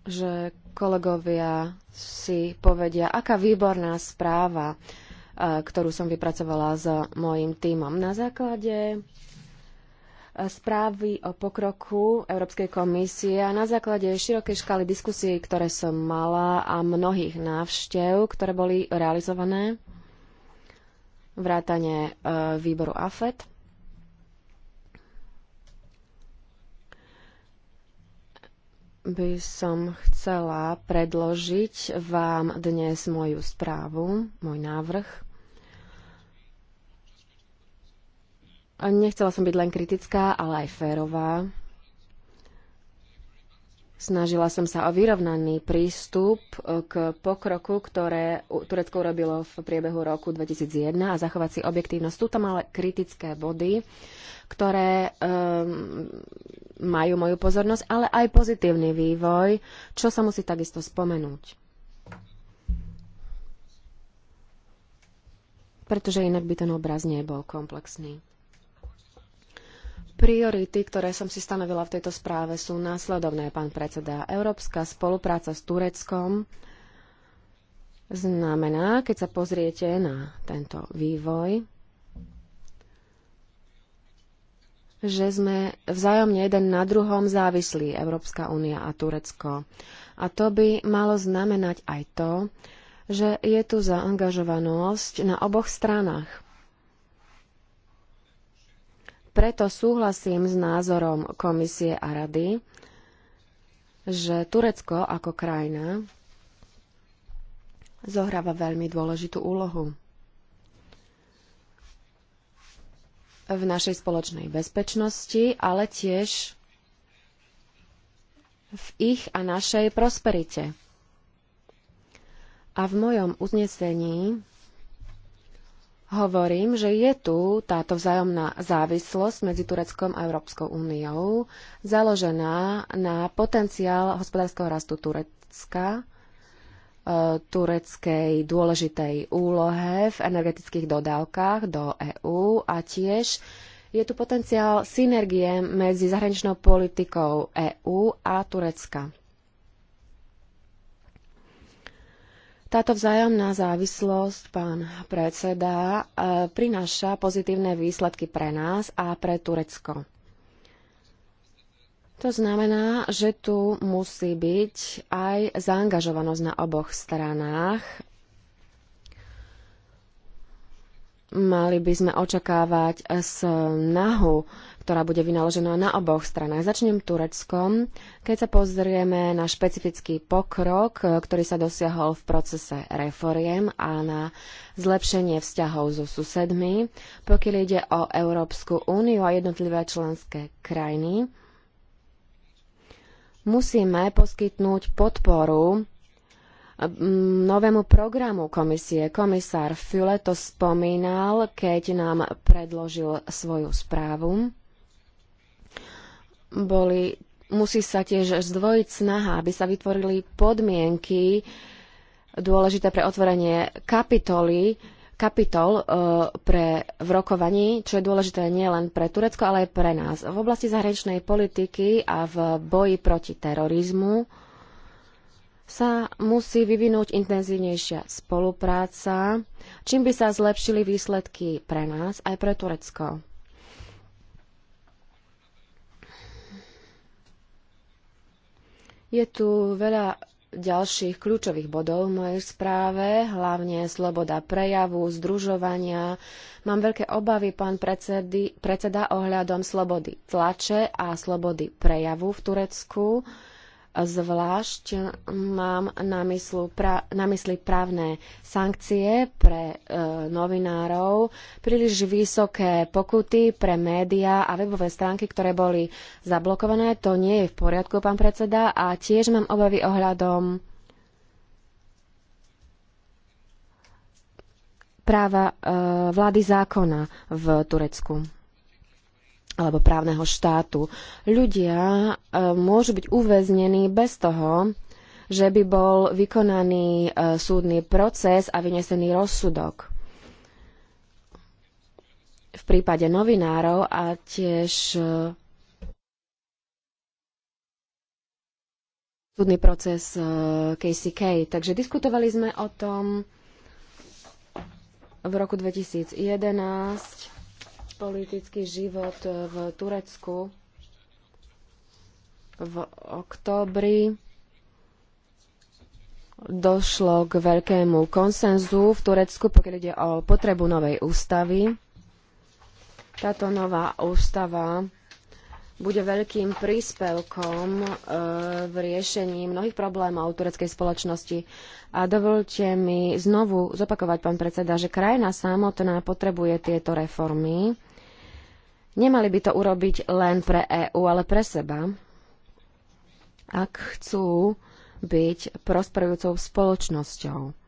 Speaker 3: že kolegovia si povedia, aká výborná správa, e, ktorú som vypracovala s mojim týmom. Na základe e, správy o pokroku Európskej komisie a na základe širokej škály diskusií, ktoré som mala a mnohých návštev, ktoré boli realizované, vrátane e, výboru AFET. by som chcela predložiť vám dnes moju správu, môj návrh. Nechcela som byť len kritická, ale aj férová. Snažila som sa o vyrovnaný prístup e, k pokroku, ktoré Turecko urobilo v priebehu roku 2001 a zachovať si objektívnosť. Sú tam ale kritické body, ktoré um, majú moju pozornosť, ale aj pozitívny vývoj, čo sa musí takisto spomenúť. Pretože inak by ten obraz nebol komplexný. Priority, ktoré som si stanovila v tejto správe, sú následovné, pán predseda. Európska spolupráca s Tureckom znamená, keď sa pozriete na tento vývoj, že sme vzájomne jeden na druhom závislí, Európska únia a Turecko. A to by malo znamenať aj to, že je tu zaangažovanosť na oboch stranách preto súhlasím s názorom komisie a rady, že Turecko ako krajina zohráva veľmi dôležitú úlohu v našej spoločnej bezpečnosti, ale tiež v ich a našej prosperite. A v mojom uznesení hovorím, že je tu táto vzájomná závislosť medzi Tureckom a Európskou úniou, založená na potenciál hospodárskeho rastu Turecka, e, tureckej dôležitej úlohe v energetických dodávkach do EÚ a tiež je tu potenciál synergie medzi zahraničnou politikou EÚ a Turecka. Táto vzájomná závislosť, pán predseda, e, prináša pozitívne výsledky pre nás a pre Turecko. To znamená, že tu musí byť aj zaangažovanosť na oboch stranách. Mali by sme očakávať snahu ktorá bude vynaložená na oboch stranách. Začnem Tureckom. Keď sa pozrieme na špecifický pokrok, e, ktorý sa dosiahol v procese reforiem a na zlepšenie vzťahov so susedmi, pokiaľ ide o Európsku úniu a jednotlivé členské krajiny, musíme poskytnúť podporu e, novému programu komisie. Komisár Fule to spomínal, keď nám predložil svoju správu boli, musí sa tiež zdvojiť snaha, aby sa vytvorili podmienky dôležité pre otvorenie kapitoly, kapitol e, pre v rokovaní, čo je dôležité nielen pre Turecko, ale aj pre nás. V oblasti zahraničnej politiky a v boji proti terorizmu sa musí vyvinúť intenzívnejšia spolupráca, čím by sa zlepšili výsledky pre nás aj pre Turecko. Je tu veľa ďalších kľúčových bodov v mojej správe, hlavne sloboda prejavu, združovania. Mám veľké obavy, pán predsedy, predseda, ohľadom slobody tlače a slobody prejavu v Turecku. Uh, Zvlášť mám na, myslu, pra, na mysli právne sankcie pre e, novinárov, príliš vysoké pokuty pre médiá a webové stránky, ktoré boli zablokované. To nie je v poriadku, pán predseda. A tiež mám obavy ohľadom práva e, vlády zákona v Turecku alebo právneho štátu. Ľudia e, môžu byť uväznení bez toho, že by bol vykonaný e, súdny proces a vynesený rozsudok. V prípade novinárov a tiež e, súdny proces KCK. Takže diskutovali sme o tom v roku 2011 politický život v Turecku v oktobri došlo k veľkému konsenzu v Turecku, pokiaľ ide o potrebu novej ústavy. Táto nová ústava bude veľkým príspevkom e, v riešení mnohých problémov tureckej spoločnosti. A dovolte mi znovu zopakovať, pán predseda, že krajina samotná potrebuje tieto reformy. Nemali by to urobiť len pre EÚ, ale pre seba, ak chcú byť prosperujúcou spoločnosťou.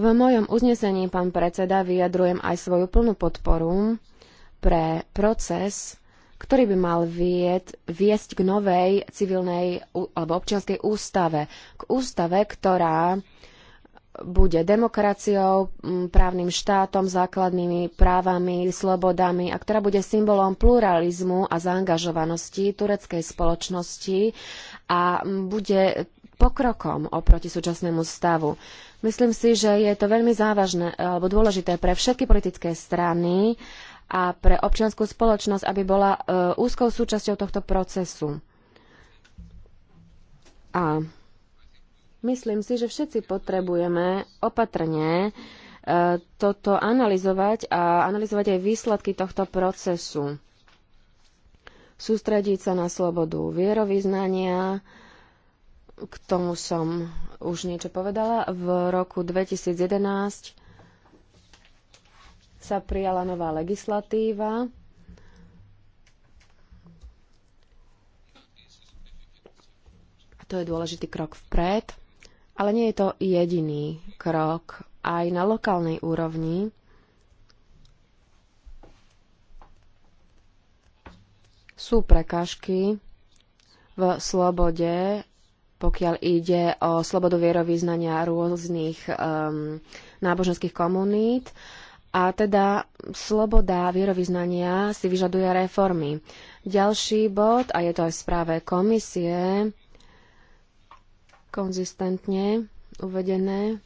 Speaker 3: V mojom uznesení, pán predseda, vyjadrujem aj svoju plnú podporu pre proces, ktorý by mal vied, viesť k novej civilnej alebo občianskej ústave. K ústave, ktorá bude demokraciou, právnym štátom, základnými právami, slobodami a ktorá bude symbolom pluralizmu a zaangažovanosti tureckej spoločnosti a bude pokrokom oproti súčasnému stavu. Myslím si, že je to veľmi závažné eh, alebo dôležité pre všetky politické strany a pre občianskú spoločnosť, aby bola eh, úzkou súčasťou tohto procesu. A myslím si, že všetci potrebujeme opatrne eh, toto analyzovať a analyzovať aj výsledky tohto procesu. Sústrediť sa na slobodu vierovýznania, k tomu som už niečo povedala. V roku 2011 sa prijala nová legislatíva, to je dôležitý krok vpred, ale nie je to jediný krok. Aj na lokálnej úrovni sú prekážky v slobode pokiaľ ide o slobodu vierovýznania rôznych um, náboženských komunít. A teda sloboda vierovýznania si vyžaduje reformy. Ďalší bod, a je to aj v správe komisie, konzistentne uvedené,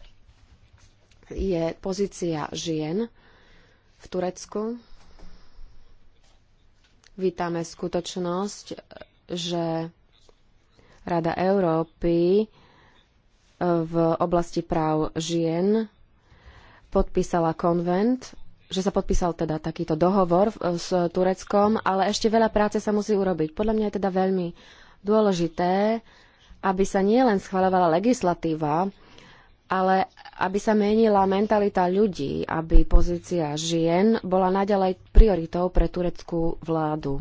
Speaker 3: je pozícia žien v Turecku. Vítame skutočnosť, že Rada Európy e, v oblasti práv žien podpísala konvent, že sa podpísal teda takýto dohovor e, s Tureckom, ale ešte veľa práce sa musí urobiť. Podľa mňa je teda veľmi dôležité, aby sa nielen schvalovala legislatíva, ale aby sa menila mentalita ľudí, aby pozícia žien bola naďalej prioritou pre tureckú vládu.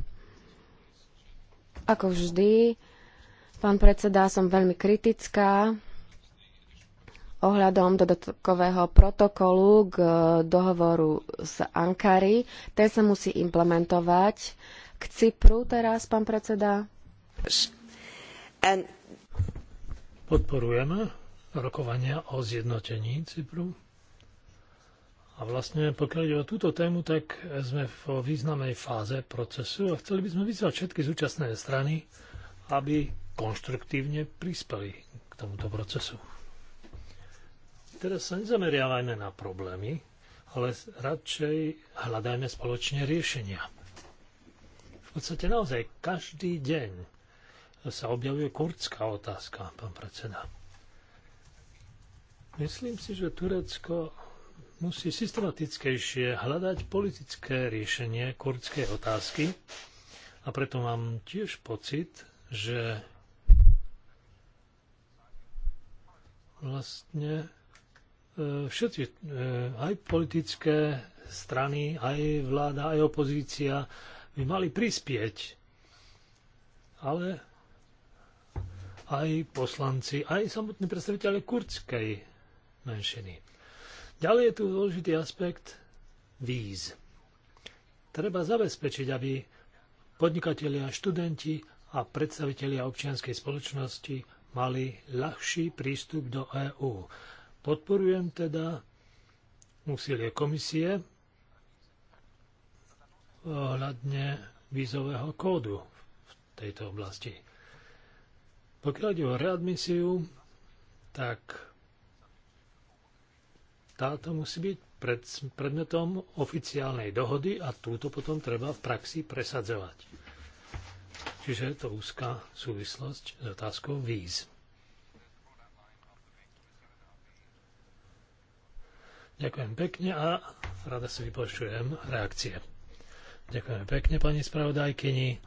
Speaker 3: Ako vždy, Pán predseda, som veľmi kritická ohľadom dodatkového protokolu k dohovoru z Ankary. Ten sa musí implementovať. K Cypru teraz, pán predseda.
Speaker 2: Podporujeme rokovania o zjednotení Cypru. A vlastne, pokiaľ ide o túto tému, tak sme vo významnej fáze procesu a chceli by sme vyzvať všetky zúčastnené strany, aby konštruktívne prispeli k tomuto procesu. Teraz sa nezameriavajme na problémy, ale radšej hľadajme spoločne riešenia. V podstate naozaj každý deň sa objavuje kurdská otázka, pán predseda. Myslím si, že Turecko musí systematickejšie hľadať politické riešenie kurdskej otázky a preto mám tiež pocit, že vlastne e, všetci, e, aj politické strany, aj vláda, aj opozícia by mali prispieť. Ale aj poslanci, aj samotní predstaviteľe kurdskej menšiny. Ďalej je tu dôležitý aspekt víz. Treba zabezpečiť, aby podnikatelia, študenti a predstavitelia občianskej spoločnosti mali ľahší prístup do EÚ. Podporujem teda úsilie komisie ohľadne vízového kódu v tejto oblasti. Pokiaľ ide o readmisiu, tak táto musí byť pred, predmetom oficiálnej dohody a túto potom treba v praxi presadzovať. Čiže je to úzká súvislosť s otázkou víz. Ďakujem pekne a rada si vypočujem reakcie. Ďakujem pekne pani spravodajkyni.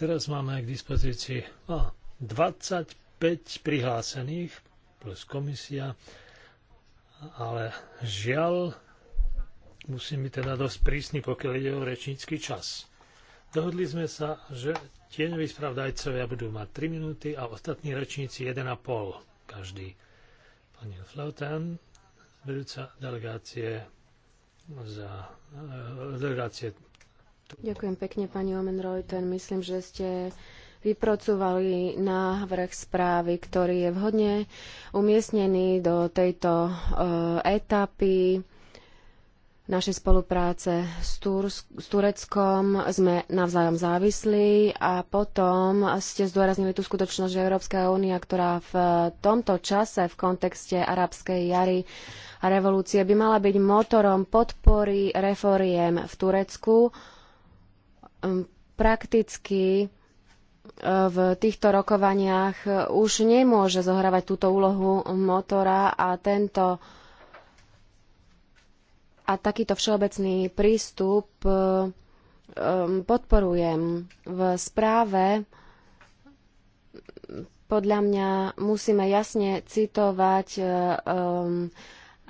Speaker 2: Teraz máme k dispozícii no, a, 25 prihlásených plus komisia, ale žiaľ musím byť teda dosť prísny, pokiaľ ide o rečnícky čas. Dohodli sme sa, že tieňoví spravdajcovia budú mať 3 minúty a ostatní rečníci 1,5 každý. Pani Flautan, vedúca delegácie za eh, delegácie.
Speaker 3: Ďakujem pekne, pani Omen Reuter. Myslím, že ste vypracovali návrh správy, ktorý je vhodne umiestnený do tejto eh, etapy našej spolupráce s, Tursk- s Tureckom sme navzájom závislí a potom ste zdôraznili tú skutočnosť, že Európska únia, ktorá v tomto čase v kontexte arabskej jary a revolúcie by mala byť motorom podpory reforiem v Turecku, um, prakticky uh, v týchto rokovaniach už nemôže zohrávať túto úlohu motora a tento a takýto všeobecný prístup e, podporujem. V správe podľa mňa musíme jasne citovať e,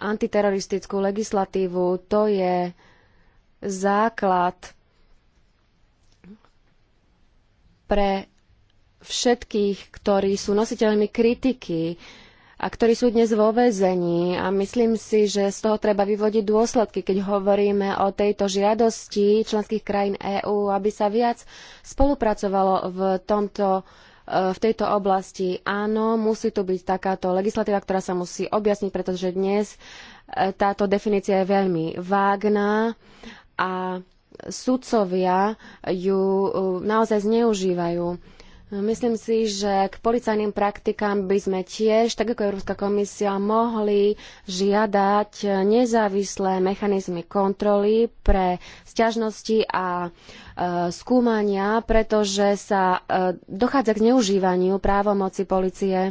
Speaker 3: antiteroristickú legislatívu. To je základ pre všetkých, ktorí sú nositeľmi kritiky uh, a ktorí sú dnes vo väzení. A myslím si, že z toho treba vyvodiť dôsledky, keď hovoríme o tejto žiadosti členských krajín EÚ, aby sa viac spolupracovalo v, tomto, e, v tejto oblasti. Áno, musí tu byť takáto legislatíva, ktorá sa musí objasniť, pretože dnes e, táto definícia je veľmi vágná a sudcovia ju e, naozaj zneužívajú Myslím si, že k policajným praktikám by sme tiež, tak ako Európska komisia, mohli žiadať nezávislé mechanizmy kontroly pre sťažnosti a e, skúmania, pretože sa e, dochádza k zneužívaniu právomoci policie.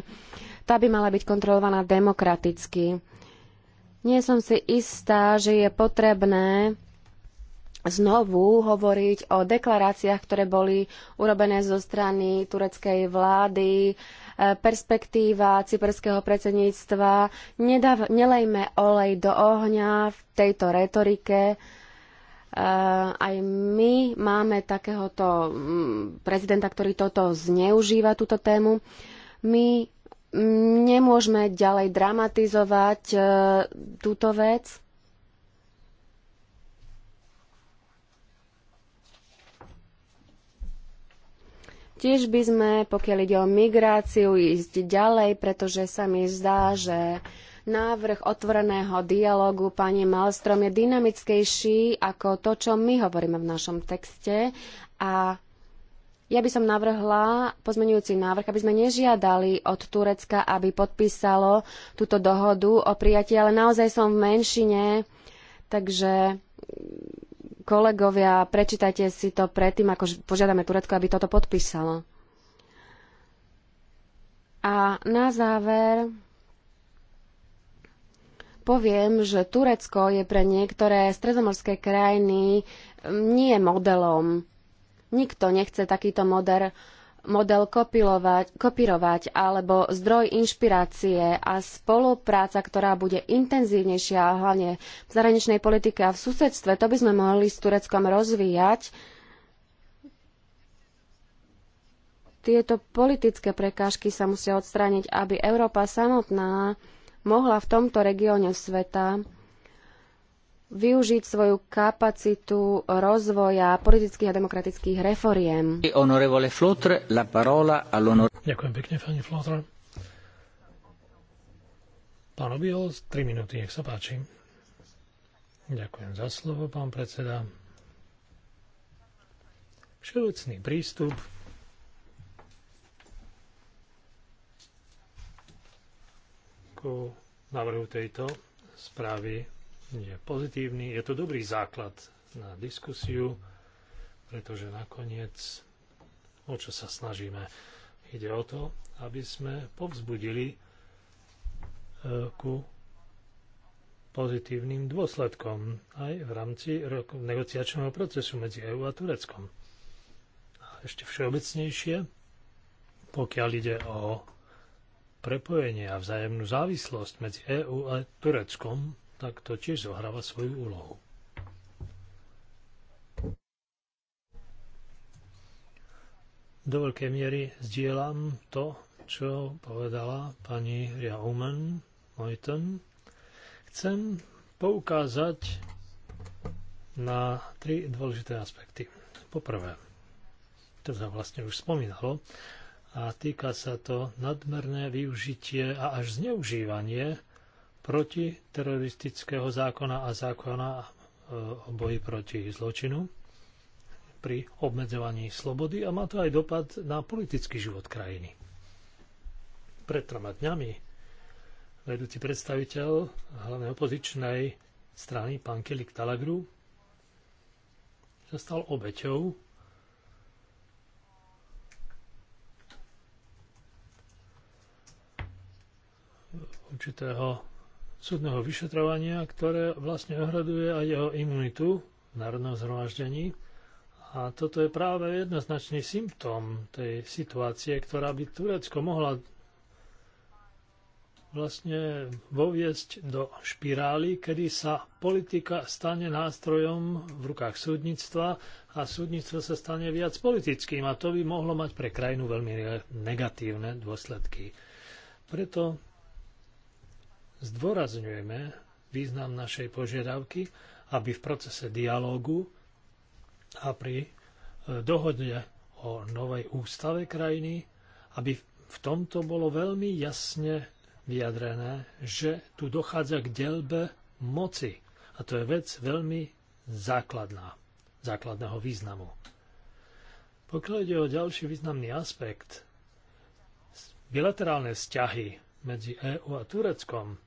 Speaker 3: Tá by mala byť kontrolovaná demokraticky. Nie som si istá, že je potrebné znovu hovoriť o deklaráciách, ktoré boli urobené zo strany tureckej vlády, e, perspektíva cyperského predsedníctva. Nedav, nelejme olej do ohňa v tejto retorike. E, aj my máme takéhoto mm, prezidenta, ktorý toto zneužíva, túto tému. My nemôžeme ďalej dramatizovať e, túto vec Tiež by sme, pokiaľ ide o migráciu, ísť ďalej, pretože sa mi zdá, že návrh otvoreného dialógu pani Malstrom je dynamickejší ako to, čo my hovoríme v našom texte a ja by som navrhla pozmenujúci návrh, aby sme nežiadali od Turecka, aby podpísalo túto dohodu o prijatí, ale naozaj som v menšine, takže Kolegovia, prečítajte si to predtým, ako požiadame Turecko, aby toto podpísalo. A na záver poviem, že Turecko je pre niektoré stredomorské krajiny mm, nie modelom. Nikto nechce takýto model model kopírovať alebo zdroj inšpirácie a spolupráca, ktorá bude intenzívnejšia hlavne v zahraničnej politike a v susedstve, to by sme mohli s Tureckom rozvíjať. Tieto politické prekážky sa musia odstrániť, aby Európa samotná mohla v tomto regióne sveta využiť svoju kapacitu rozvoja politických a demokratických reforiem.
Speaker 1: Ďakujem
Speaker 2: pekne, pani Flotr. Pán Obiol, 3 minúty, nech sa páči. Ďakujem za slovo, pán predseda. Všeobecný prístup ku návrhu tejto správy je pozitívny. Je to dobrý základ na diskusiu, pretože nakoniec, o čo sa snažíme, ide o to, aby sme povzbudili e, ku pozitívnym dôsledkom aj v rámci negociačného procesu medzi EÚ a Tureckom. A ešte všeobecnejšie, pokiaľ ide o prepojenie a vzájomnú závislosť medzi EÚ a Tureckom, tak to tiež zohráva svoju úlohu. Do veľkej miery zdieľam to, čo povedala pani Riaumen Mojten. Chcem poukázať na tri dôležité aspekty. Poprvé, to sa vlastne už spomínalo, a týka sa to nadmerné využitie a až zneužívanie proti teroristického zákona a zákona e, o boji proti zločinu pri obmedzovaní slobody a má to aj dopad na politický život krajiny. Pred troma dňami vedúci predstaviteľ hlavnej opozičnej strany, pán Kelik Talagru, sa stal obeťou určitého súdneho vyšetrovania, ktoré vlastne ohraduje aj jeho imunitu v národnom zhromaždení. A toto je práve jednoznačný symptóm tej situácie, ktorá by Turecko mohla vlastne voviesť do špirály, kedy sa politika stane nástrojom v rukách súdnictva a súdnictvo sa stane viac politickým a to by mohlo mať pre krajinu veľmi negatívne dôsledky. Preto zdôrazňujeme význam našej požiadavky, aby v procese dialógu a pri e, dohodne o novej ústave krajiny, aby v tomto bolo veľmi jasne vyjadrené, že tu dochádza k delbe moci. A to je vec veľmi základná, základného významu. Pokiaľ ide o ďalší významný aspekt, bilaterálne vzťahy medzi EÚ a Tureckom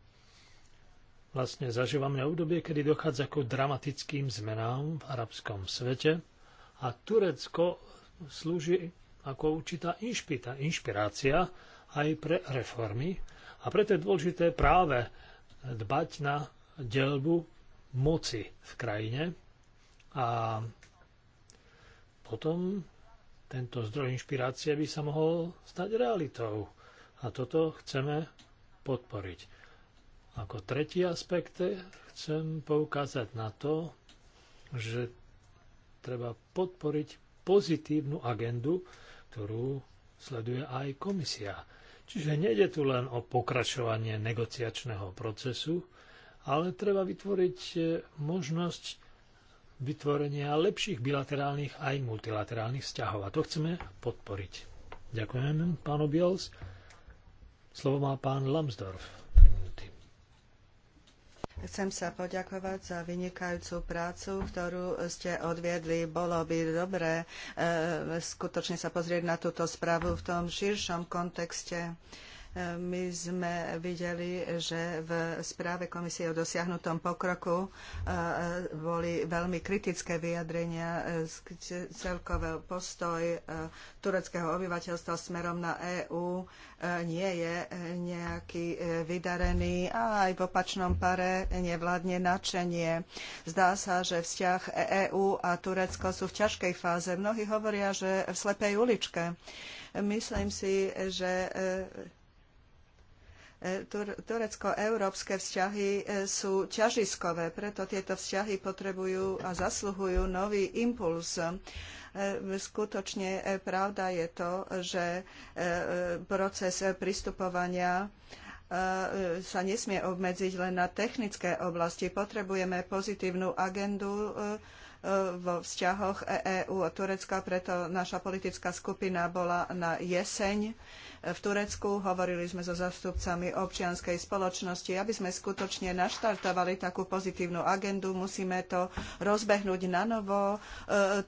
Speaker 2: vlastne zažívame obdobie, kedy dochádza k dramatickým zmenám v arabskom svete a Turecko slúži ako určitá inšpita, inšpirácia aj pre reformy a preto je dôležité práve dbať na delbu moci v krajine a potom tento zdroj inšpirácie by sa mohol stať realitou. A toto chceme podporiť. Ako tretí aspekt chcem poukázať na to, že treba podporiť pozitívnu agendu, ktorú sleduje aj komisia. Čiže nejde tu len o pokračovanie negociačného procesu, ale treba vytvoriť e, možnosť vytvorenia lepších bilaterálnych aj multilaterálnych vzťahov. A to chceme podporiť. Ďakujem, pán Biels. Slovo má pán Lambsdorff.
Speaker 4: Chcem sa poďakovať za vynikajúcu prácu, ktorú ste odviedli. Bolo by dobré e, skutočne sa pozrieť na túto správu v tom širšom kontexte. E, my sme videli, že v správe komisie o dosiahnutom pokroku e, boli veľmi kritické vyjadrenia e, celkový postoj e, tureckého obyvateľstva smerom na EÚ nie je nejaký vydarený a aj v opačnom pare nevládne nadšenie. Zdá sa, že vzťah EÚ a Turecko sú v ťažkej fáze. Mnohí hovoria, že v slepej uličke. Myslím si, že E, turecko-európske vzťahy e, sú ťažiskové, preto tieto vzťahy potrebujú a zasluhujú nový impuls. E, skutočne pravda je to, že proces pristupovania sa nesmie obmedziť len na technické oblasti. Potrebujeme pozitívnu agendu vo vzťahoch EÚ e a Turecka, preto naša politická skupina bola na jeseň v Turecku. Hovorili sme so zastupcami občianskej spoločnosti. Aby sme skutočne naštartovali takú pozitívnu agendu, musíme to rozbehnúť na novo, e,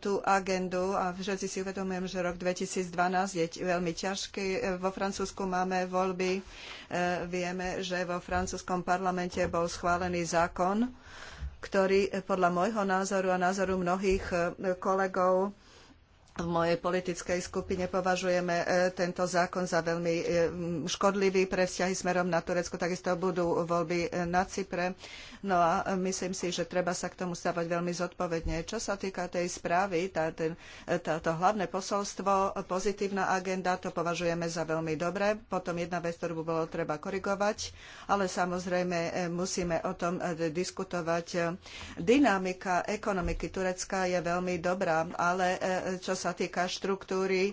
Speaker 4: tú agendu. A všetci si uvedomujem, že rok 2012 je veľmi ťažký. E, vo Francúzsku máme voľby. Vieme, že vo francúzskom parlamente bol schválený zákon, ktorý eh, podľa môjho názoru a názoru mnohých eh, kolegov v mojej politickej skupine považujeme e, tento zákon za veľmi e, škodlivý pre vzťahy smerom na Turecko. Takisto budú voľby e, na Cypre. No a myslím si, že treba sa k tomu stavať veľmi zodpovedne. Čo sa týka tej správy, tá, ten, tá, to hlavné posolstvo, pozitívna agenda, to považujeme za veľmi dobré. Potom jedna vec, ktorú by bolo treba korigovať, ale samozrejme musíme o tom diskutovať. Dynamika ekonomiky Turecka je veľmi dobrá, ale čo sa sa týka štruktúry, e,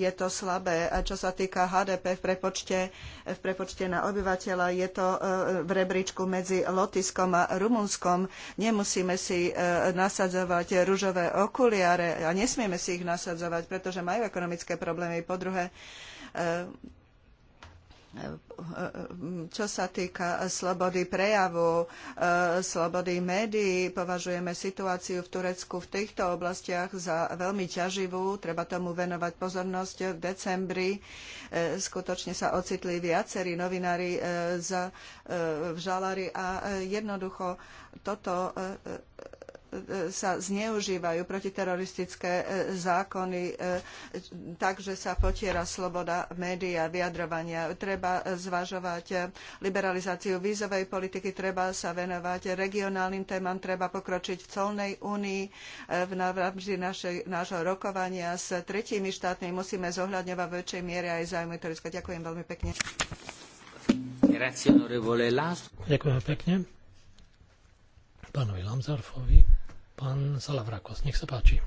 Speaker 4: je to slabé. A čo sa týka HDP v prepočte, v prepočte na obyvateľa, je to e, v rebríčku medzi Lotiskom a Rumunskom. Nemusíme si e, nasadzovať ružové okuliare a nesmieme si ich nasadzovať, pretože majú ekonomické problémy. Po druhé, čo sa týka slobody prejavu, eh, slobody médií, považujeme situáciu v Turecku v týchto oblastiach za veľmi ťaživú. Treba tomu venovať pozornosť. V decembri eh, skutočne sa ocitli viacerí novinári eh, v žalári a jednoducho toto sa zneužívajú protiteroristické e, zákony e, tak, že sa potiera sloboda média, vyjadrovania. Treba zvažovať liberalizáciu vízovej politiky, treba sa venovať regionálnym témam, treba pokročiť v colnej únii, e, v rámci nášho rokovania s tretími štátmi musíme zohľadňovať v väčšej miere aj záujmy Turecka. Ďakujem veľmi pekne.
Speaker 1: Ďakujem
Speaker 2: pekne pánovi Lamzarfovi. Pán Salavrakos, nech sa páči.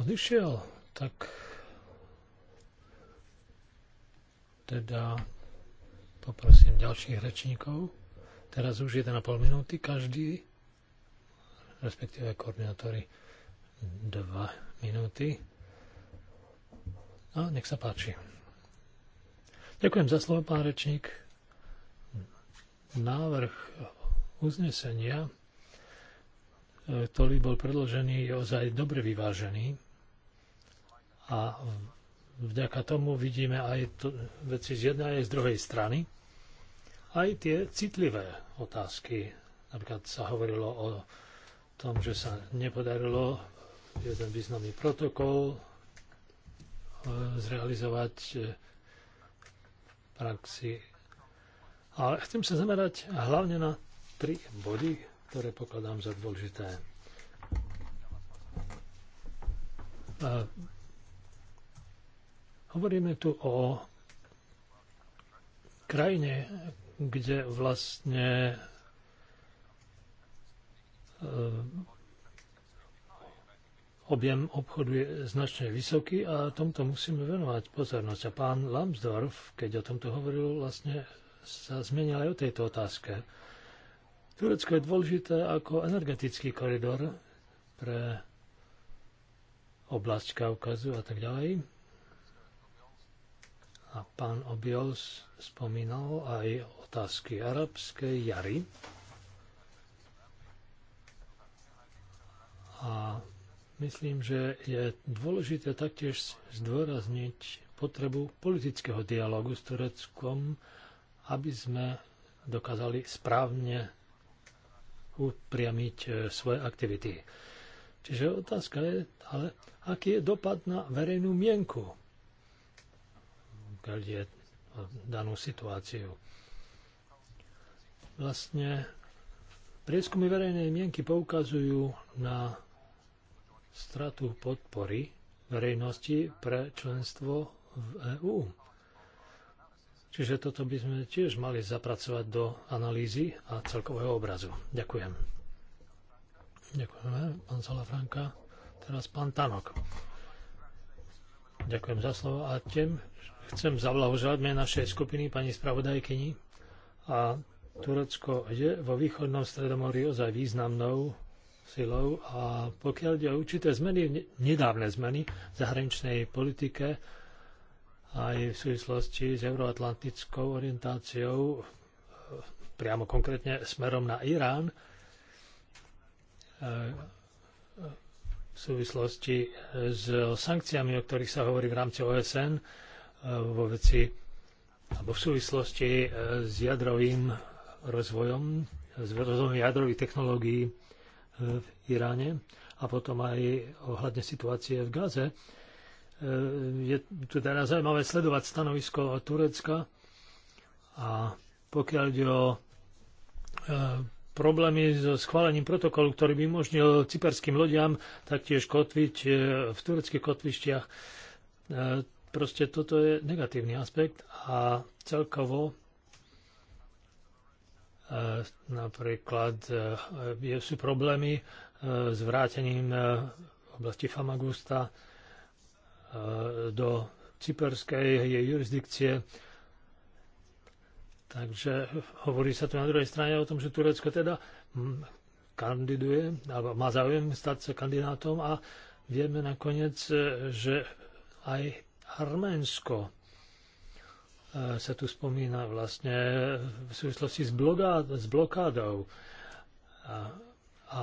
Speaker 2: Odišiel, tak teda poprosím ďalších rečníkov. Teraz už 1,5 minúty každý, respektíve koordinátory 2 minúty. A no, nech sa páči. Ďakujem za slovo, pán rečník. Návrh uznesenia, e, ktorý bol predložený, je ozaj dobre vyvážený a vďaka tomu vidíme aj to, veci z jednej aj z druhej strany. Aj tie citlivé otázky. Napríklad sa hovorilo o tom, že sa nepodarilo jeden významný protokol e, zrealizovať e, praxi. Ale chcem sa zamerať hlavne na tri body, ktoré pokladám za dôležité. A hovoríme tu o krajine, kde vlastne e, objem obchodu je značne vysoký a tomto musíme venovať pozornosť. A pán Lambsdorff, keď o tomto hovoril, vlastne sa zmenil aj o tejto otázke. Turecko je dôležité ako energetický koridor pre oblasť Kaukazu a tak ďalej. A pán Obios spomínal aj otázky arabskej jary. A Myslím, že je dôležité taktiež zdôrazniť potrebu politického dialogu s Tureckom, aby sme dokázali správne upriamiť e, svoje aktivity. Čiže otázka je, ale aký je dopad na verejnú mienku, keď je danú situáciu. Vlastne prieskumy verejnej mienky poukazujú na stratu podpory verejnosti pre členstvo v EÚ. Čiže toto by sme tiež mali zapracovať do analýzy a celkového obrazu. Ďakujem. Ďakujeme, pán Salafranka. Teraz pán Tanok. Ďakujem za slovo a tým chcem zablahoželať mene našej skupiny pani spravodajkyni a Turecko je vo východnom stredomorí ozaj významnou silou a pokiaľ ide o určité zmeny, nedávne zmeny v zahraničnej politike aj v súvislosti s euroatlantickou orientáciou, priamo konkrétne smerom na Irán, e, v súvislosti s sankciami, o ktorých sa hovorí v rámci OSN e, vo veci alebo v súvislosti e, s jadrovým rozvojom, s rozvojom jadrových technológií v Iráne a potom aj ohľadne situácie v Gaze. E, je tu teda zaujímavé sledovať stanovisko Turecka a pokiaľ ide o e, problémy so schválením protokolu, ktorý by umožnil cyperským lodiam taktiež kotviť e, v tureckých kotvištiach. Proste toto je negatívny aspekt a celkovo E, napríklad e, e, sú problémy s vrátením oblasti Famagusta do cyperskej jej jurisdikcie. Takže hovorí sa tu na druhej strane o tom, že Turecko teda kandiduje, alebo má záujem stať sa kandidátom a vieme nakoniec, že aj Arménsko sa tu spomína vlastne v súvislosti s, bloká, s blokádou. A, a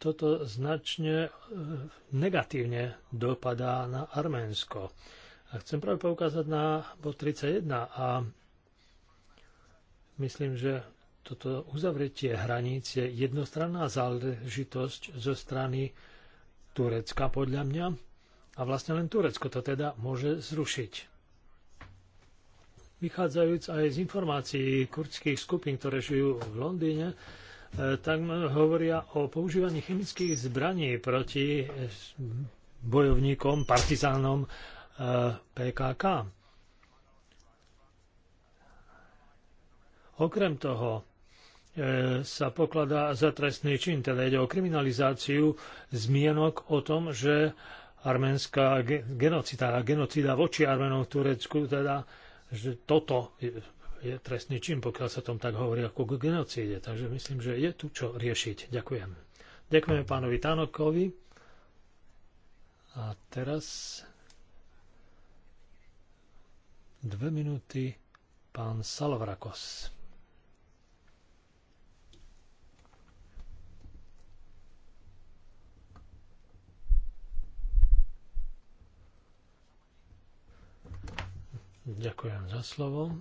Speaker 2: toto značne e, negatívne dopadá na Arménsko. A chcem práve poukázať na bod 31 a myslím, že toto uzavretie hraníc je jednostranná záležitosť zo strany Turecka podľa mňa a vlastne len Turecko to teda môže zrušiť vychádzajúc aj z informácií kurdských skupín, ktoré žijú v Londýne, e, tak hovoria o používaní chemických zbraní proti bojovníkom, partizánom e, PKK. Okrem toho e, sa pokladá za trestný čin, teda ide o kriminalizáciu zmienok o tom, že arménska genocida, genocida voči Arménom v Turecku, teda že toto je trestný čin, pokiaľ sa tom tak hovorí ako k genocíde. Takže myslím, že je tu čo riešiť. Ďakujem. Ďakujeme pánovi Tánokovi. A teraz dve minúty pán Salvrakos. Ďakujem za slovo.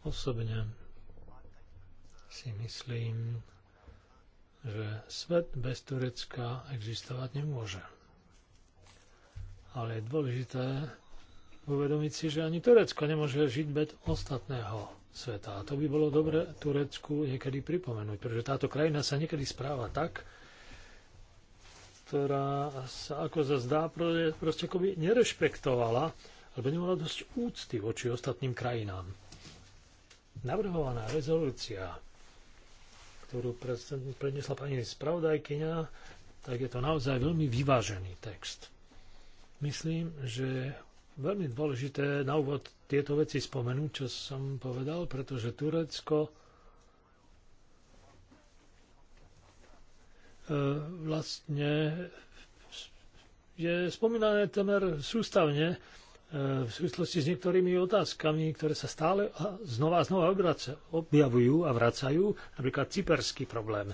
Speaker 2: Osobne si myslím, že svet bez Turecka existovať nemôže. Ale je dôležité uvedomiť si, že ani Turecko nemôže žiť bez ostatného sveta. A to by bolo dobre Turecku niekedy pripomenúť, pretože táto krajina sa niekedy správa tak, ktorá sa ako sa zdá proste by nerešpektovala alebo nemala dosť úcty voči ostatným krajinám. Navrhovaná rezolúcia, ktorú prednesla pani spravodajkyňa, tak je to naozaj veľmi vyvážený text. Myslím, že veľmi dôležité na úvod tieto veci spomenúť, čo som povedal, pretože Turecko E, vlastne je spomínané temer sústavne e, v súvislosti s niektorými otázkami, ktoré sa stále a znova a znova objavujú a vracajú, napríklad cyperský problém.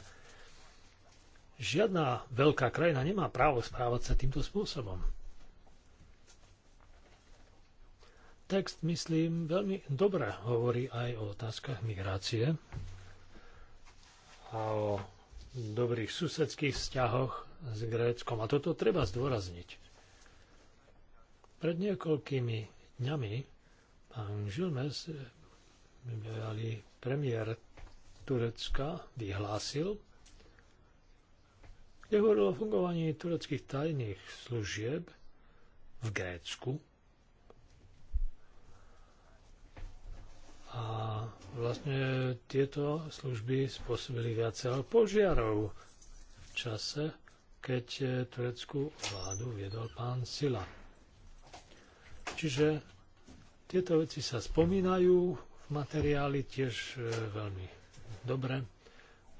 Speaker 2: Žiadna veľká krajina nemá právo správať sa týmto spôsobom. Text, myslím, veľmi dobre hovorí aj o otázkach migrácie a o dobrých susedských vzťahoch s Gréckom. A toto treba zdôrazniť. Pred niekoľkými dňami pán Žilmes, bývalý premiér Turecka, vyhlásil, kde hovoril o fungovaní tureckých tajných služieb v Grécku A vlastne tieto služby spôsobili viacero požiarov v čase, keď eh, tureckú vládu viedol pán Sila. Čiže tieto veci sa spomínajú v materiáli tiež eh, veľmi dobre.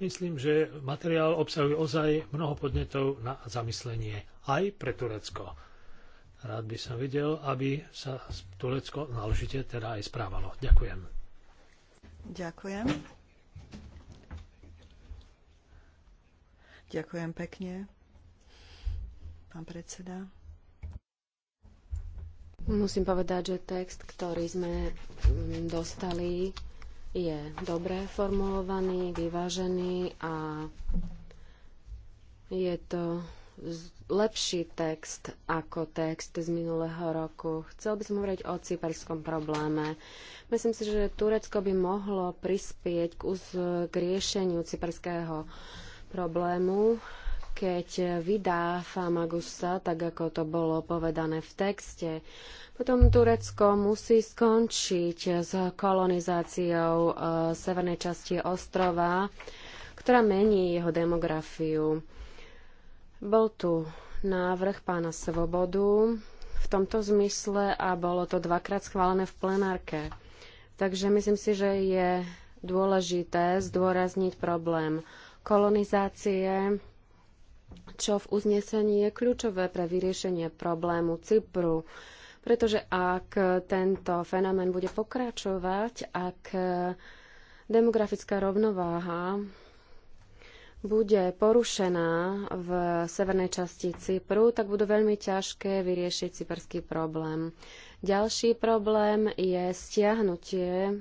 Speaker 2: Myslím, že materiál obsahuje ozaj mnoho podnetov na zamyslenie aj pre Turecko. Rád by som videl, aby sa Turecko naložite teda aj správalo. Ďakujem.
Speaker 4: Ďakujem.
Speaker 3: Ďakujem pekne, pán predseda. Musím povedať, že text, ktorý sme dostali, je dobre formulovaný, vyvážený a je to lepší text ako text z minulého roku. Chcel by som hovoriť o cyperskom probléme. Myslím si, že Turecko by mohlo prispieť k, k riešeniu cyperského problému, keď vydá Famagusa, tak ako to bolo povedané v texte. Potom Turecko musí skončiť s kolonizáciou e, severnej časti ostrova, ktorá mení jeho demografiu. Bol tu návrh pána Svobodu v tomto zmysle a bolo to dvakrát schválené v plenárke. Takže myslím si, že je dôležité zdôrazniť problém kolonizácie, čo v uznesení je kľúčové pre vyriešenie problému Cypru. Pretože ak tento fenomén bude pokračovať, ak demografická rovnováha bude porušená v severnej časti Cypru, tak budú veľmi ťažké vyriešiť cyperský problém. Ďalší problém je stiahnutie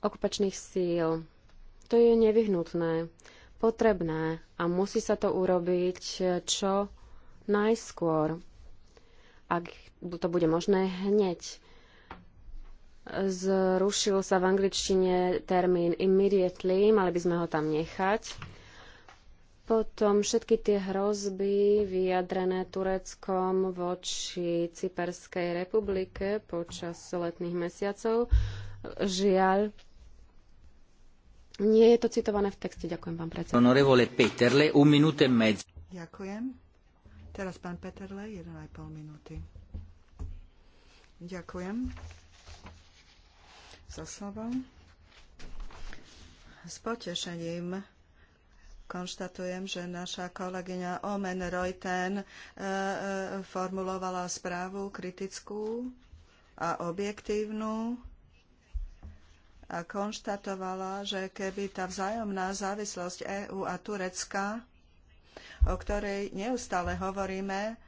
Speaker 3: okupačných síl. To je nevyhnutné, potrebné a musí sa to urobiť čo najskôr, ak to bude možné hneď. Zrušil sa v angličtine termín immediately, mali by sme ho tam nechať. Potom všetky tie hrozby vyjadrené Tureckom voči Cyperskej republike počas letných mesiacov. Žiaľ, nie je to citované v texte. Ďakujem, pán predseda.
Speaker 1: Honorevole Peterle, un minúte medzi.
Speaker 3: Ďakujem. Teraz pán Peterle,
Speaker 4: pol minúty. Ďakujem za slovo. S potešením konštatujem, že naša kolegyňa Omen Reuten e, e, formulovala správu kritickú a objektívnu a konštatovala, že keby tá vzájomná závislosť EÚ a Turecka, o ktorej neustále hovoríme,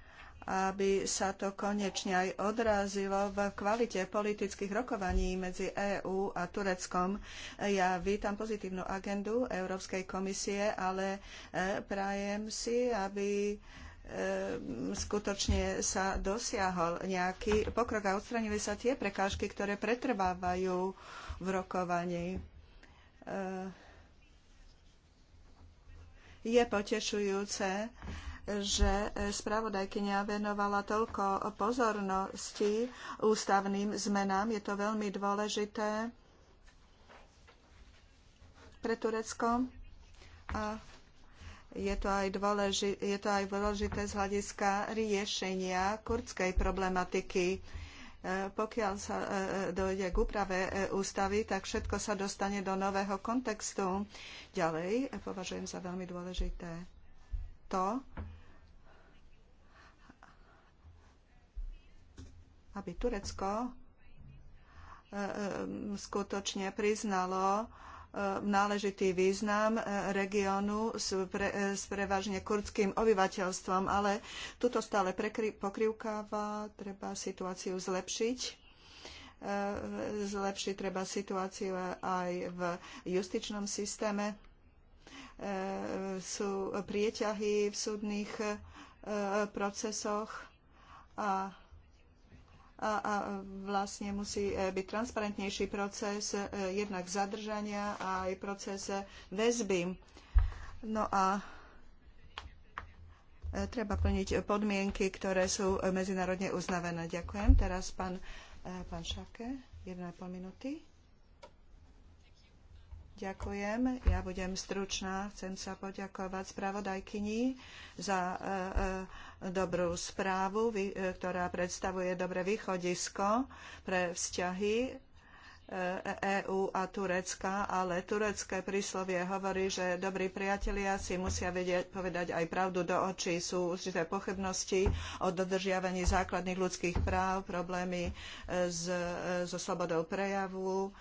Speaker 4: aby sa to konečne aj odrazilo v kvalite politických rokovaní medzi EÚ a Tureckom. Ja vítam pozitívnu agendu Európskej komisie, ale e, prajem si, aby e, skutočne sa dosiahol nejaký pokrok a odstranili sa tie prekážky, ktoré pretrvávajú v rokovaní e, je potešujúce, že spravodajkynia venovala toľko pozornosti ústavným zmenám. Je to veľmi dôležité pre Turecko. A je to aj, dôleži- je to aj dôležité z hľadiska riešenia kurdskej problematiky e, pokiaľ sa e, e, dojde k úprave ústavy, tak všetko sa dostane do nového kontextu. Ďalej považujem za veľmi dôležité to, aby Turecko e, e, skutočne priznalo e, náležitý význam regiónu s, pre, s prevažne kurdským obyvateľstvom, ale tuto stále prekry, pokrivkáva, treba situáciu zlepšiť zlepšiť treba situáciu aj v justičnom systéme. Sú prieťahy v súdnych procesoch a a, a vlastne musí e, byť transparentnejší proces e, jednak zadržania a aj proces e, väzby. No a treba plniť podmienky, ktoré sú medzinárodne uznavené. Ďakujem. Teraz pán, pán Šake, 1,5 minúty. Ďakujem. Ja budem stručná. Chcem sa poďakovať spravodajkyni za e, e, dobrú správu, e, ktorá predstavuje dobré východisko pre vzťahy EÚ a Turecka, ale turecké príslovie hovorí, že dobrí priatelia si musia vedieť, povedať aj pravdu do očí. Sú určité pochybnosti o dodržiavaní základných ľudských práv, problémy so slobodou prejavu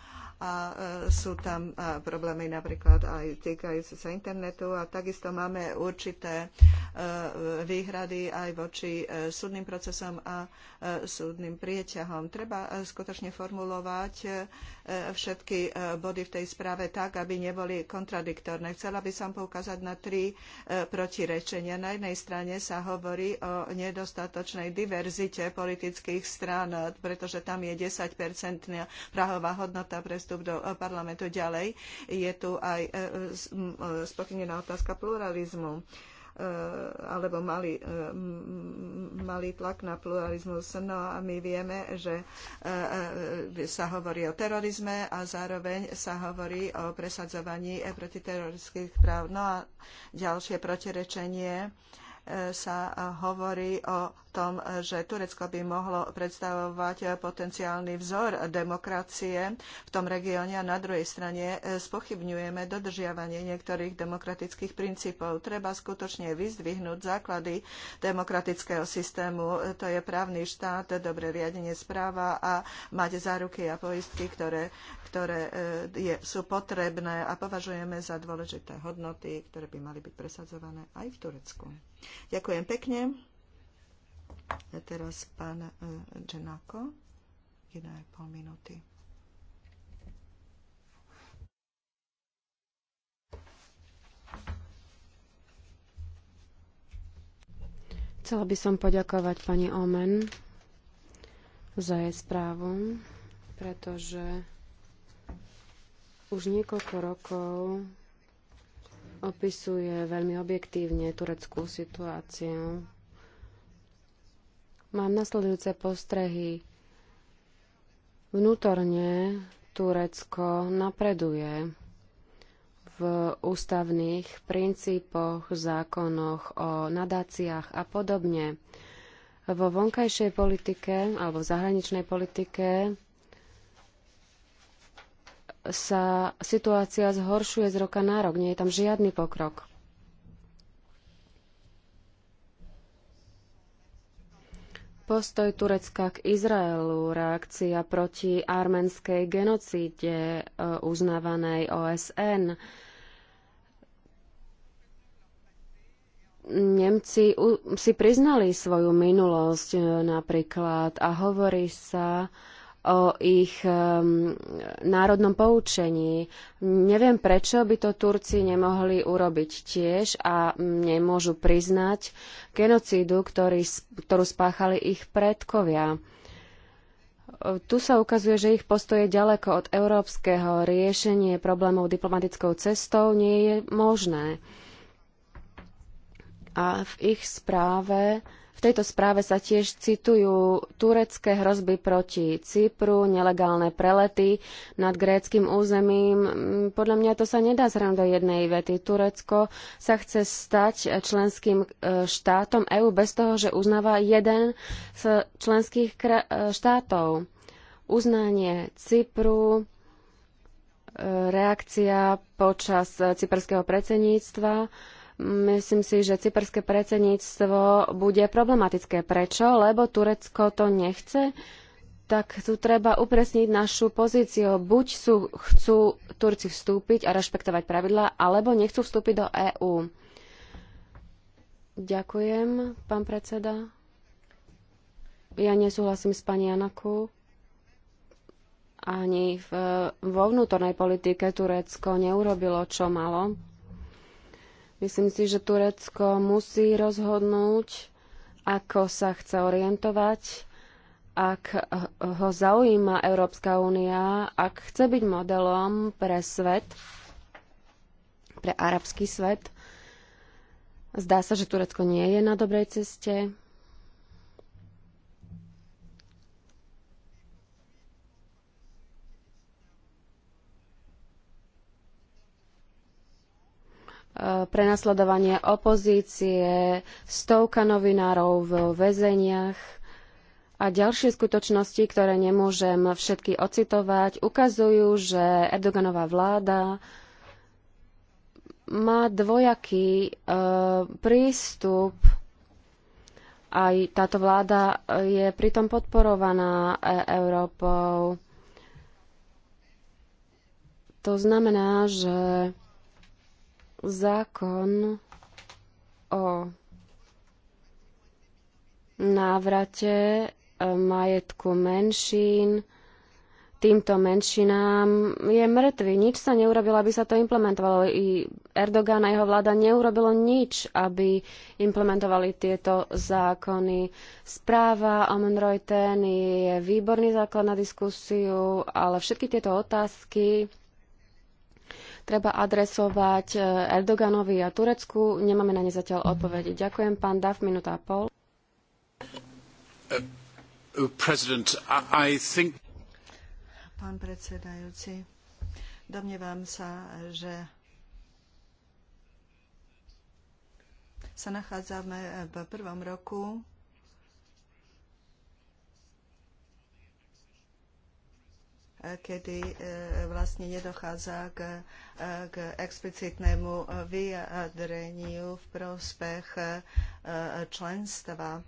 Speaker 4: a e, sú tam e, problémy napríklad aj týkajúce sa internetu a takisto máme určité e, výhrady aj voči súdnym procesom a súdnym prieťahom. Treba skutočne formulovať všetky body v tej správe tak, aby neboli kontradiktorné. Chcela by som poukázať na tri protirečenia. Na jednej strane sa hovorí o nedostatočnej diverzite politických strán, pretože tam je 10-percentná prahová hodnota pre vstup prístup do eh, parlamentu ďalej. Je tu aj eh, eh, spochybnená otázka pluralizmu alebo malý, malý tlak na pluralizmus. No a my vieme, že sa hovorí o terorizme a zároveň sa hovorí o presadzovaní protiteroristických práv. No a ďalšie protirečenie sa hovorí o tom, že Turecko by mohlo predstavovať potenciálny vzor demokracie v tom regióne a na druhej strane eh, spochybňujeme dodržiavanie niektorých demokratických princípov. Treba skutočne vyzdvihnúť základy demokratického systému. To je právny štát, dobre riadenie správa a mať záruky a poistky, ktoré, ktoré eh, je, sú potrebné a považujeme za dôležité hodnoty, ktoré by mali byť presadzované aj v Turecku. Ďakujem pekne. A teraz pán Dženako, 1,5 minúty.
Speaker 3: Chcela by som poďakovať pani Omen za jej správu, pretože už niekoľko rokov opisuje veľmi objektívne tureckú situáciu. Mám nasledujúce postrehy. Vnútorne Turecko napreduje v ústavných princípoch, zákonoch o nadáciách a podobne. Vo vonkajšej politike alebo v zahraničnej politike sa situácia zhoršuje z roka na rok. Nie je tam žiadny pokrok. Postoj Turecka k Izraelu, reakcia proti arménskej genocíde e, uznávanej OSN. Nemci si priznali svoju minulosť e, napríklad a hovorí sa, o ich um, národnom poučení. Neviem, prečo by to Turci nemohli urobiť tiež a nemôžu priznať genocídu, ktorý, ktorú spáchali ich predkovia. Tu sa ukazuje, že ich postoj je ďaleko od európskeho. Riešenie problémov diplomatickou cestou nie je možné. A v ich správe uh, v tejto správe sa tiež citujú turecké hrozby proti Cypru, nelegálne prelety nad gréckým územím. Podľa mňa to sa nedá zhrnúť do jednej vety. Turecko sa chce stať členským e, štátom EÚ bez toho, že uznáva jeden z členských e, štátov. Uznanie Cypru, e, reakcia počas cyperského predsedníctva. Myslím si, že cyperské predsedníctvo bude problematické. Prečo? Lebo Turecko to nechce? Tak tu treba upresniť našu pozíciu. Buď sú, chcú Turci vstúpiť a rešpektovať pravidlá, alebo nechcú vstúpiť do EÚ. Ďakujem, pán predseda. Ja nesúhlasím s pani Janaku. Ani v, vo vnútornej politike Turecko neurobilo, čo malo Myslím si, že Turecko musí rozhodnúť, ako sa chce orientovať, ak ho zaujíma Európska únia, ak chce byť modelom pre svet, pre arabský svet. Zdá sa, že Turecko nie je na dobrej ceste. prenasledovanie opozície, stovka novinárov v väzeniach a ďalšie skutočnosti, ktoré nemôžem všetky ocitovať, ukazujú, že Erdoganová vláda má dvojaký e, prístup. Aj táto vláda je pritom podporovaná e, Európou. To znamená, že zákon o návrate e, majetku menšín týmto menšinám je mŕtvy. Nič sa neurobilo, aby sa to implementovalo. I Erdogan a jeho vláda neurobilo nič, aby implementovali tieto zákony. Správa o Reuten je výborný základ na diskusiu, ale všetky tieto otázky treba adresovať e, Erdoganovi a Turecku. Nemáme na ne zatiaľ odpovede. Ďakujem, pán Dav, minúta a pol.
Speaker 4: Uh, uh, pán predsedajúci, domnievam sa, že sa nachádzame v prvom roku kedy e, vlastne nedochádza k, e, k explicitnému vyjadreniu v prospech e, členstva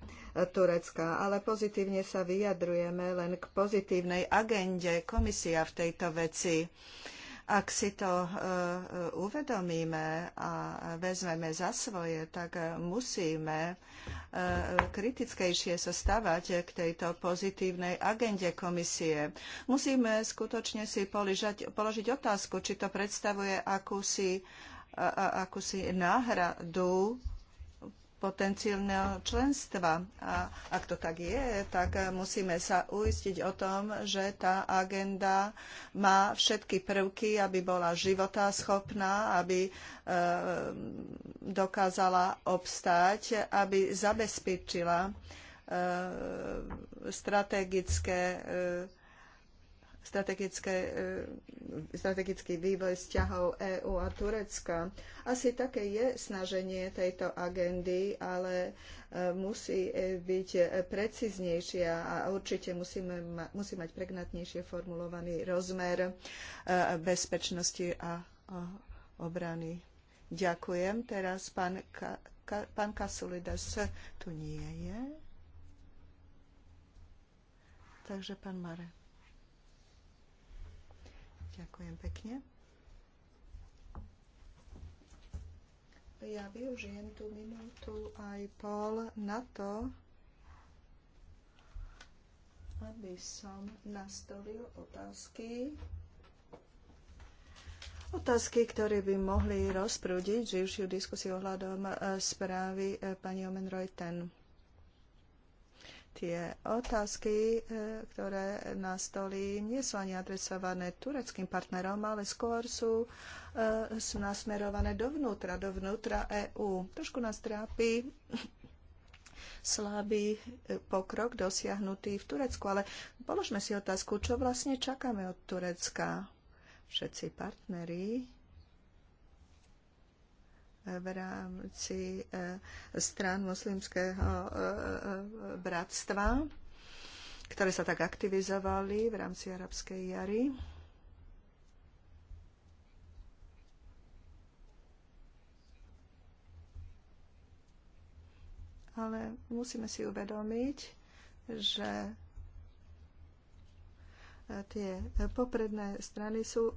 Speaker 4: Turecka. Ale pozitívne sa vyjadrujeme len k pozitívnej agende komisia v tejto veci ak si to e, e, uvedomíme a vezmeme za svoje, tak musíme e, kritickejšie sa stavať k tejto pozitívnej agende komisie. Musíme skutočne si poližať, položiť otázku, či to predstavuje akúsi, akúsi náhradu potenciálneho členstva. A ak to tak je, tak musíme sa uistiť o tom, že tá agenda má všetky prvky, aby bola životaschopná, aby e, dokázala obstáť, aby zabezpečila e, strategické e, E, strategický vývoj vzťahov EÚ a Turecka. Asi také je snaženie tejto agendy, ale e, musí byť preciznejšia a určite musíme, musí mať pregnatnejšie formulovaný rozmer e, bezpečnosti a obrany. Ďakujem. Teraz pán, Ka, Ka, pán Kasulidas tu nie je. Takže pán Mare. Ďakujem pekne. Ja využijem tú minútu aj pol na to, aby som nastolil otázky, Otázky, ktoré by mohli rozprúdiť živšiu diskusiu ohľadom eh, správy eh, pani Omen Reuten tie otázky, e, ktoré stoli nie sú ani adresované tureckým partnerom, ale skôr sú, e, sú nasmerované dovnútra, dovnútra EÚ. Trošku nás trápi slabý e, pokrok dosiahnutý v Turecku, ale položme si otázku, čo vlastne čakáme od Turecka. Všetci partneri v rámci eh, strán moslimského eh, bratstva, ktoré sa tak aktivizovali v rámci arabskej jary. Ale musíme si uvedomiť, že eh, tie popredné strany sú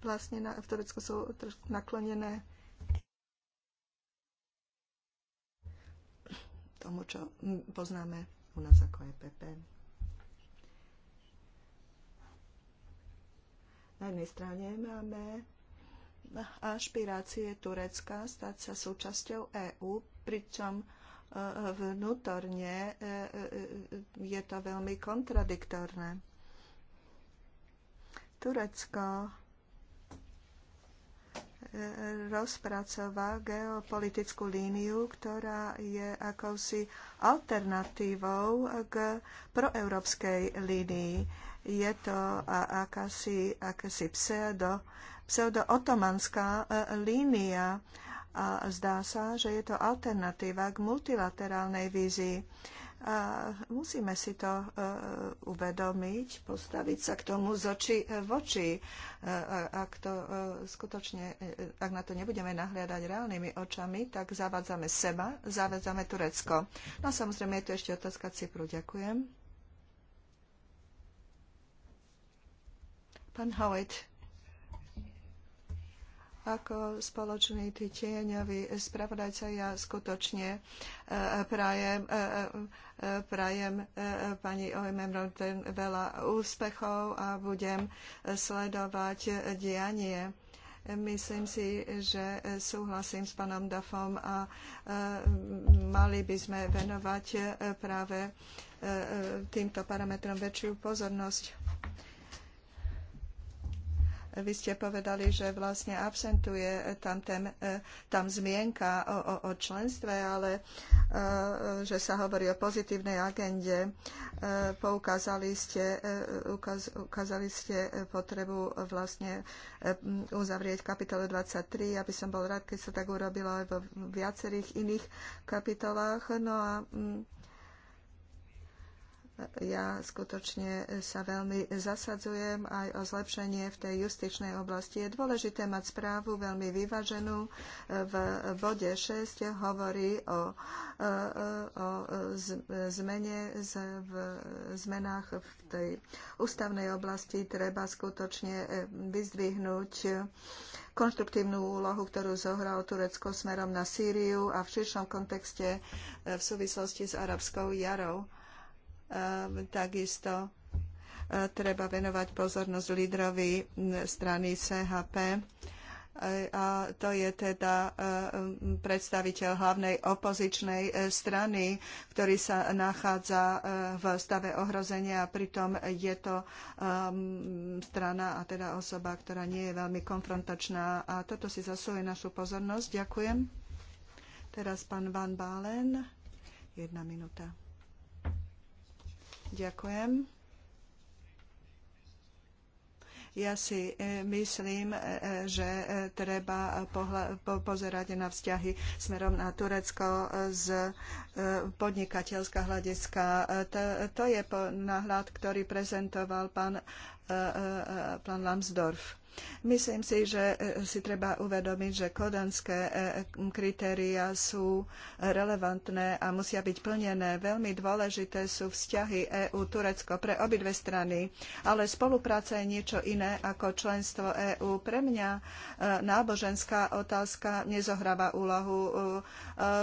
Speaker 4: vlastne na, v Turecku sú naklonené tomu, čo poznáme u nás ako EPP. Na jednej strane máme ašpirácie Turecka stať sa súčasťou EÚ, pričom e, e, vnútorne e, je to veľmi kontradiktorné. Turecko rozpracová geopolitickú líniu, ktorá je akousi alternatívou k proeurópskej línii. Je to akási, akási pseudo, pseudo-otomanská e, línia a zdá sa, že je to alternatíva k multilaterálnej vízii. A musíme si to e, uvedomiť, postaviť sa k tomu z oči e, v oči. E, ak, to, skutočne, ak na to nebudeme nahliadať reálnymi očami, tak zavádzame seba, zavádzame Turecko. No samozrejme je tu ešte otázka Cypru. Ďakujem. Pán Howitt, ako spoločný tieňový spravodajca ja skutočne e, prajem, e, e, prajem pani Ojmem veľa úspechov a budem sledovať dianie. Myslím si, že súhlasím s pánom Dafom a mali by sme venovať práve týmto parametrom väčšiu pozornosť. Vy ste povedali, že vlastne absentuje tam, ten, e, tam zmienka o, o, o členstve, ale e, že sa hovorí o pozitívnej agende. E, poukázali ste, ukaz, ukázali ste potrebu vlastne uzavrieť kapitolu 23. Ja by som bol rád, keď sa tak urobilo aj vo viacerých iných kapitolách. No a mm, ja skutočne sa veľmi zasadzujem aj o zlepšenie v tej justičnej oblasti. Je dôležité mať správu veľmi vyvaženú. V bode 6 hovorí o, o zmene, v zmenách v tej ústavnej oblasti. Treba skutočne e, vyzdvihnúť konštruktívnu úlohu, ktorú zohralo Turecko smerom na Sýriu a v širšom kontexte e, v súvislosti s arabskou jarou Ehm, takisto e, treba venovať pozornosť lídrovi strany CHP e, a to je teda ehm, predstaviteľ hlavnej opozičnej e, strany, ktorý sa nachádza v stave ohrozenia a pritom je to ehm, strana a teda osoba, ktorá nie je veľmi konfrontačná a toto si zasúje našu pozornosť. Ďakujem. Teraz pán Van Bálen. Jedna minúta. Ďakujem. Ja si e, myslím, e, e, že treba pozerať na vzťahy smerom na Turecko z podnikateľská hľadiska. To je náhľad, ktorý prezentoval pán Lambsdorff Myslím si, že e, si treba uvedomiť, že kodanské e, kritéria sú relevantné a musia byť plnené. Veľmi dôležité sú vzťahy EÚ-Turecko pre obidve strany, ale spolupráca je niečo iné ako členstvo EÚ. Pre mňa e, náboženská otázka nezohráva úlohu.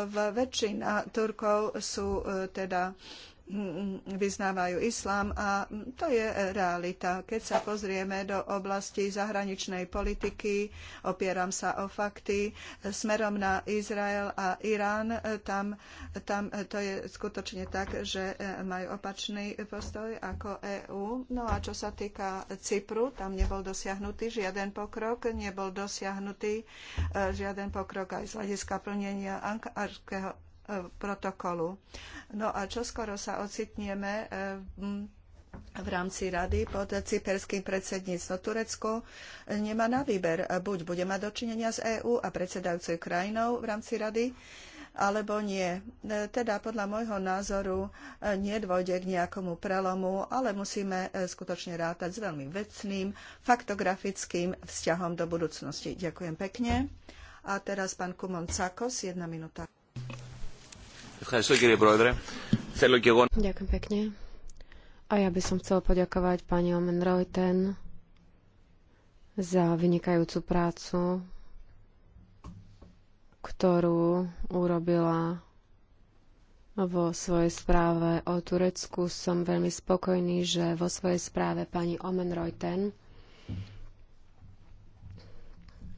Speaker 4: V väčšina Turkov sú teda Mm, vyznávajú islám a to je realita. Keď sa pozrieme do oblasti zahraničnej politiky, opieram sa o fakty, smerom na Izrael a Irán, tam, tam to je skutočne tak, že e, majú opačný postoj ako EÚ. No a čo sa týka Cypru, tam nebol dosiahnutý žiaden pokrok, nebol dosiahnutý e, žiaden pokrok aj z hľadiska plnenia Ankarského protokolu. No a čoskoro sa ocitneme eh, v rámci rady pod cyperským predsedníctvom. Turecko nemá na výber. Buď bude mať dočinenia z EÚ a predsedajúcej krajinou v rámci rady, alebo nie. Eh, teda podľa môjho názoru eh, nedôjde k nejakomu prelomu, ale musíme skutočne rátať s veľmi vecným, faktografickým vzťahom do budúcnosti. Ďakujem pekne. A teraz pán Kumon
Speaker 3: Cakos, jedna minúta.
Speaker 2: Ďakujem
Speaker 3: pekne. A ja by som chcel poďakovať pani Omen Reuten za vynikajúcu prácu, ktorú urobila vo svojej správe o Turecku. Som veľmi spokojný, že vo svojej správe pani Omen Reuten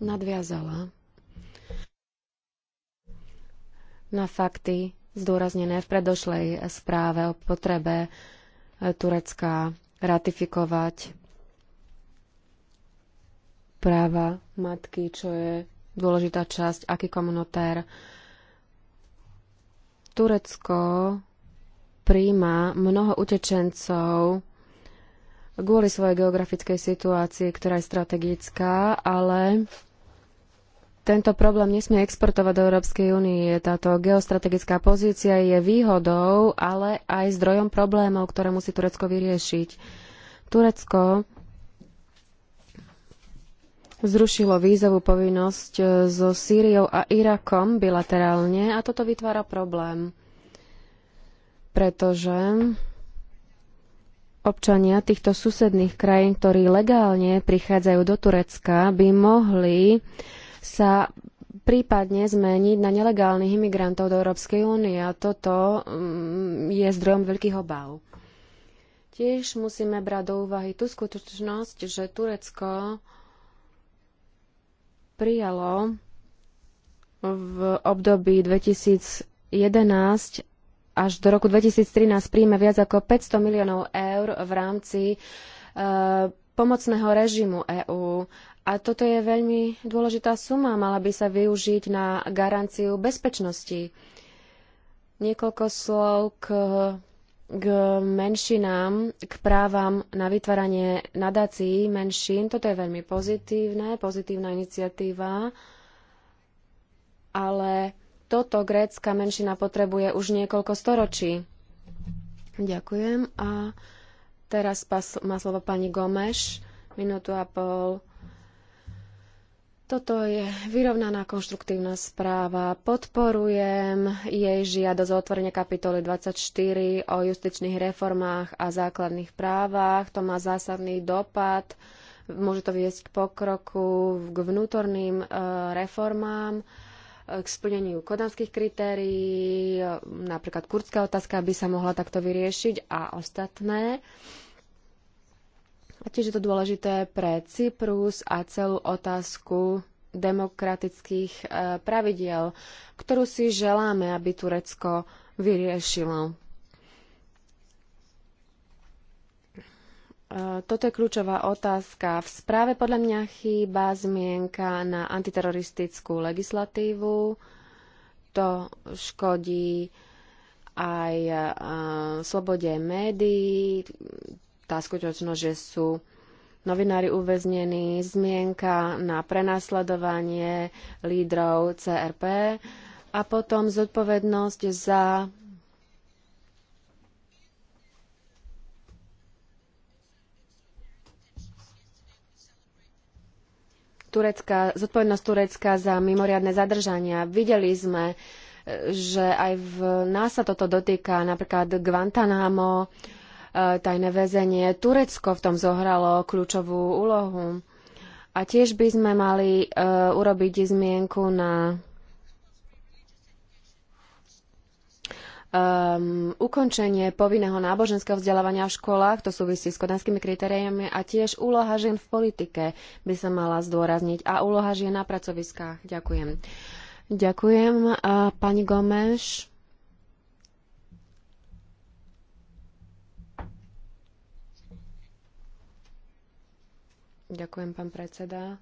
Speaker 3: nadviazala na fakty zdôraznené v predošlej správe o potrebe e, Turecka ratifikovať práva matky, čo je dôležitá časť, aký komunitér. Turecko príjma mnoho utečencov kvôli svojej geografickej situácii, ktorá je strategická, ale tento problém nesmie exportovať do Európskej únie. Táto geostrategická pozícia je výhodou, ale aj zdrojom problémov, ktoré musí Turecko vyriešiť. Turecko zrušilo vízovú povinnosť e, so Sýriou a Irakom bilaterálne a toto vytvára problém, pretože občania týchto susedných krajín, ktorí legálne prichádzajú do Turecka, by mohli sa prípadne zmeniť na nelegálnych imigrantov do Európskej únie a toto mm, je zdrojom veľkých obáv. Tiež musíme brať do úvahy tú skutočnosť, že Turecko prijalo v období 2011 až do roku 2013 príjme viac ako 500 miliónov eur v rámci e, pomocného režimu EÚ a toto je veľmi dôležitá suma, mala by sa využiť na garanciu bezpečnosti. Niekoľko slov k, k menšinám, k právam na vytváranie nadácií menšín. Toto je veľmi pozitívne, pozitívna iniciatíva, ale toto grécka menšina potrebuje už niekoľko storočí. Ďakujem. A teraz má slovo pani Gomeš, minútu a pol. Toto je vyrovnaná konštruktívna správa. Podporujem jej žiadosť o otvorenie kapitoly 24 o justičných reformách a základných právach. To má zásadný dopad. Môže to viesť k pokroku, k vnútorným e, reformám, e, k splneniu kodanských kritérií, napríklad kurdská otázka by sa mohla takto vyriešiť a ostatné. Uh, a tiež je to dôležité pre Cyprus a celú otázku demokratických e, pravidiel, ktorú si želáme, aby Turecko vyriešilo. E, toto je kľúčová otázka. V správe podľa mňa chýba zmienka na antiteroristickú legislatívu. To škodí aj e, slobode médií, tá skutočnosť, že sú novinári uväznení, zmienka na prenasledovanie lídrov CRP a potom zodpovednosť za Turecka, zodpovednosť Turecka za mimoriadne zadržania. Videli sme, e, že aj v nás sa toto dotýka, napríklad Guantanamo, tajné väzenie. Turecko v tom zohralo kľúčovú úlohu. A tiež by sme mali e, urobiť zmienku na um, ukončenie povinného náboženského vzdelávania v školách, to súvisí s kodanskými kritériami a tiež úloha žien v politike by sa mala zdôrazniť a úloha žien na pracoviskách. Ďakujem. Ďakujem, uh, pani Gomeš. Ďakujem, pán predseda.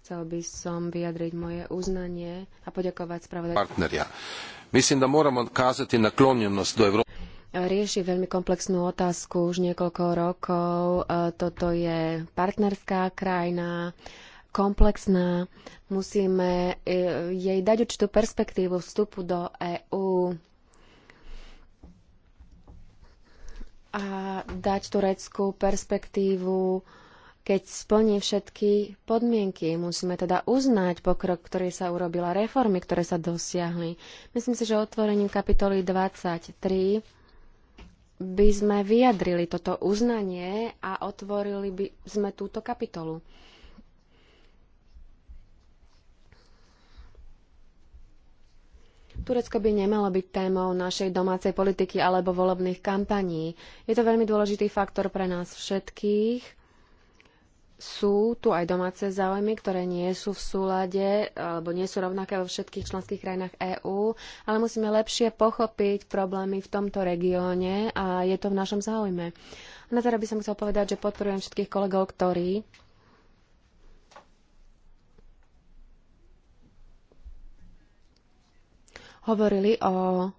Speaker 3: Chcel by som vyjadriť moje uznanie a poďakovať spravodajcovi.
Speaker 2: Partneria. Myslím, da moramo kazati naklonjenost do Európy.
Speaker 3: rieši veľmi komplexnú otázku už niekoľko rokov. E, toto je partnerská krajina, komplexná. Musíme e, jej dať určitú perspektívu vstupu do EÚ a dať Turecku perspektívu keď splní všetky podmienky. Musíme teda uznať pokrok, ktorý sa urobila, reformy, ktoré sa dosiahli. Myslím si, že otvorením kapitoly 23 by sme vyjadrili toto uznanie a otvorili by sme túto kapitolu. Turecko by nemalo byť témou našej domácej politiky alebo volebných kampaní. Je to veľmi dôležitý faktor pre nás všetkých sú tu aj domáce záujmy, ktoré nie sú v súlade alebo nie sú rovnaké vo všetkých členských krajinách EÚ, ale musíme lepšie pochopiť problémy v tomto regióne a je to v našom záujme. na záver by som chcel povedať, že podporujem všetkých kolegov, ktorí hovorili o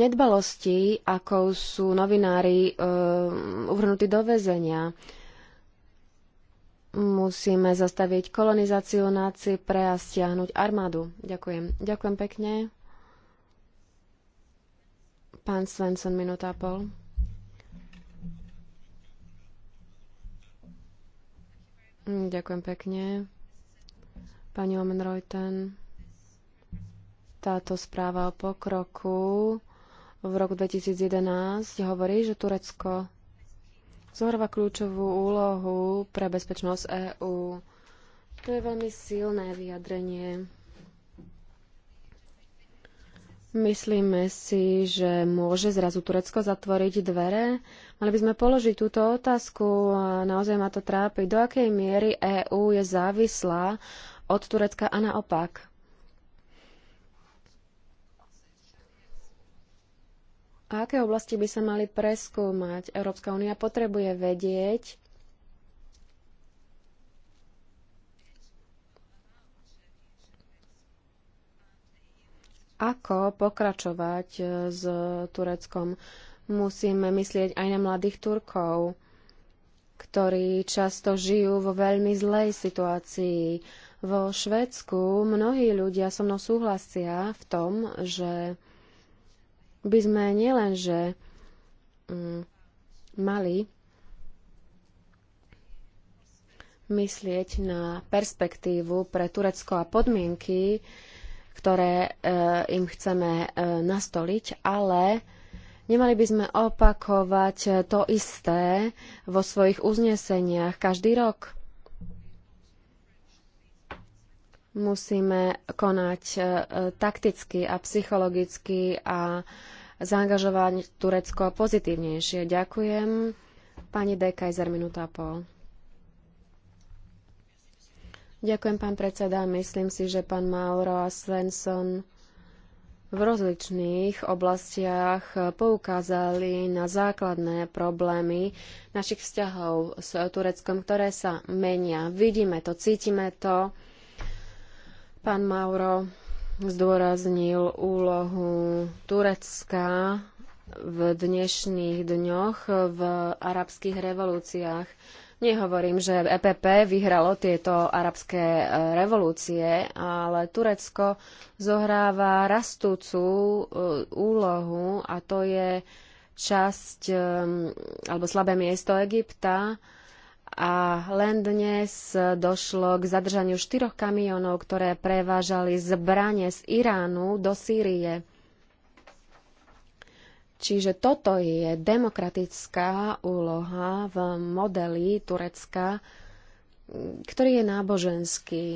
Speaker 3: nedbalosti, ako sú novinári e, uvrnutí do väzenia. Musíme zastaviť kolonizáciu na Cypre a stiahnuť armádu. Ďakujem. Ďakujem pekne. Pán Svensson, minúta a pol. Ďakujem pekne. Pani Omenreuten. Táto správa o pokroku v roku 2011 hovorí, že Turecko zohráva kľúčovú úlohu pre bezpečnosť EÚ. To je veľmi silné vyjadrenie. Myslíme si, že môže zrazu Turecko zatvoriť dvere? Mali by sme položiť túto otázku a naozaj ma to trápi. Do akej miery EÚ je závislá od Turecka a naopak? A aké oblasti by sa mali preskúmať? Európska únia potrebuje vedieť, ako pokračovať e, s Tureckom. Musíme myslieť aj na mladých Turkov, ktorí často žijú vo veľmi zlej situácii. Vo Švedsku mnohí ľudia so mnou súhlasia v tom, že by sme nielenže mm, mali myslieť na perspektívu pre Turecko a podmienky, ktoré e, im chceme e, nastoliť, ale nemali by sme opakovať to isté vo svojich uzneseniach každý rok. Musíme konať e, takticky a psychologicky a zaangažovať Turecko pozitívnejšie. Ďakujem. Pani Dekajzer Kajzer, minúta a pol. Ďakujem, pán predseda. Myslím si, že pán Mauro a Svensson v rozličných oblastiach poukázali na základné problémy našich vzťahov s Tureckom, ktoré sa menia. Vidíme to, cítime to. Pán Mauro zdôraznil úlohu Turecka v dnešných dňoch v arabských revolúciách. Nehovorím, že EPP vyhralo tieto arabské e, revolúcie, ale Turecko zohráva rastúcu e, úlohu a to je časť e, alebo slabé miesto Egypta, a len dnes došlo k zadržaniu štyroch kamionov, ktoré prevážali zbranie z Iránu do Sýrie. Čiže toto je demokratická úloha v modeli Turecka, ktorý je náboženský.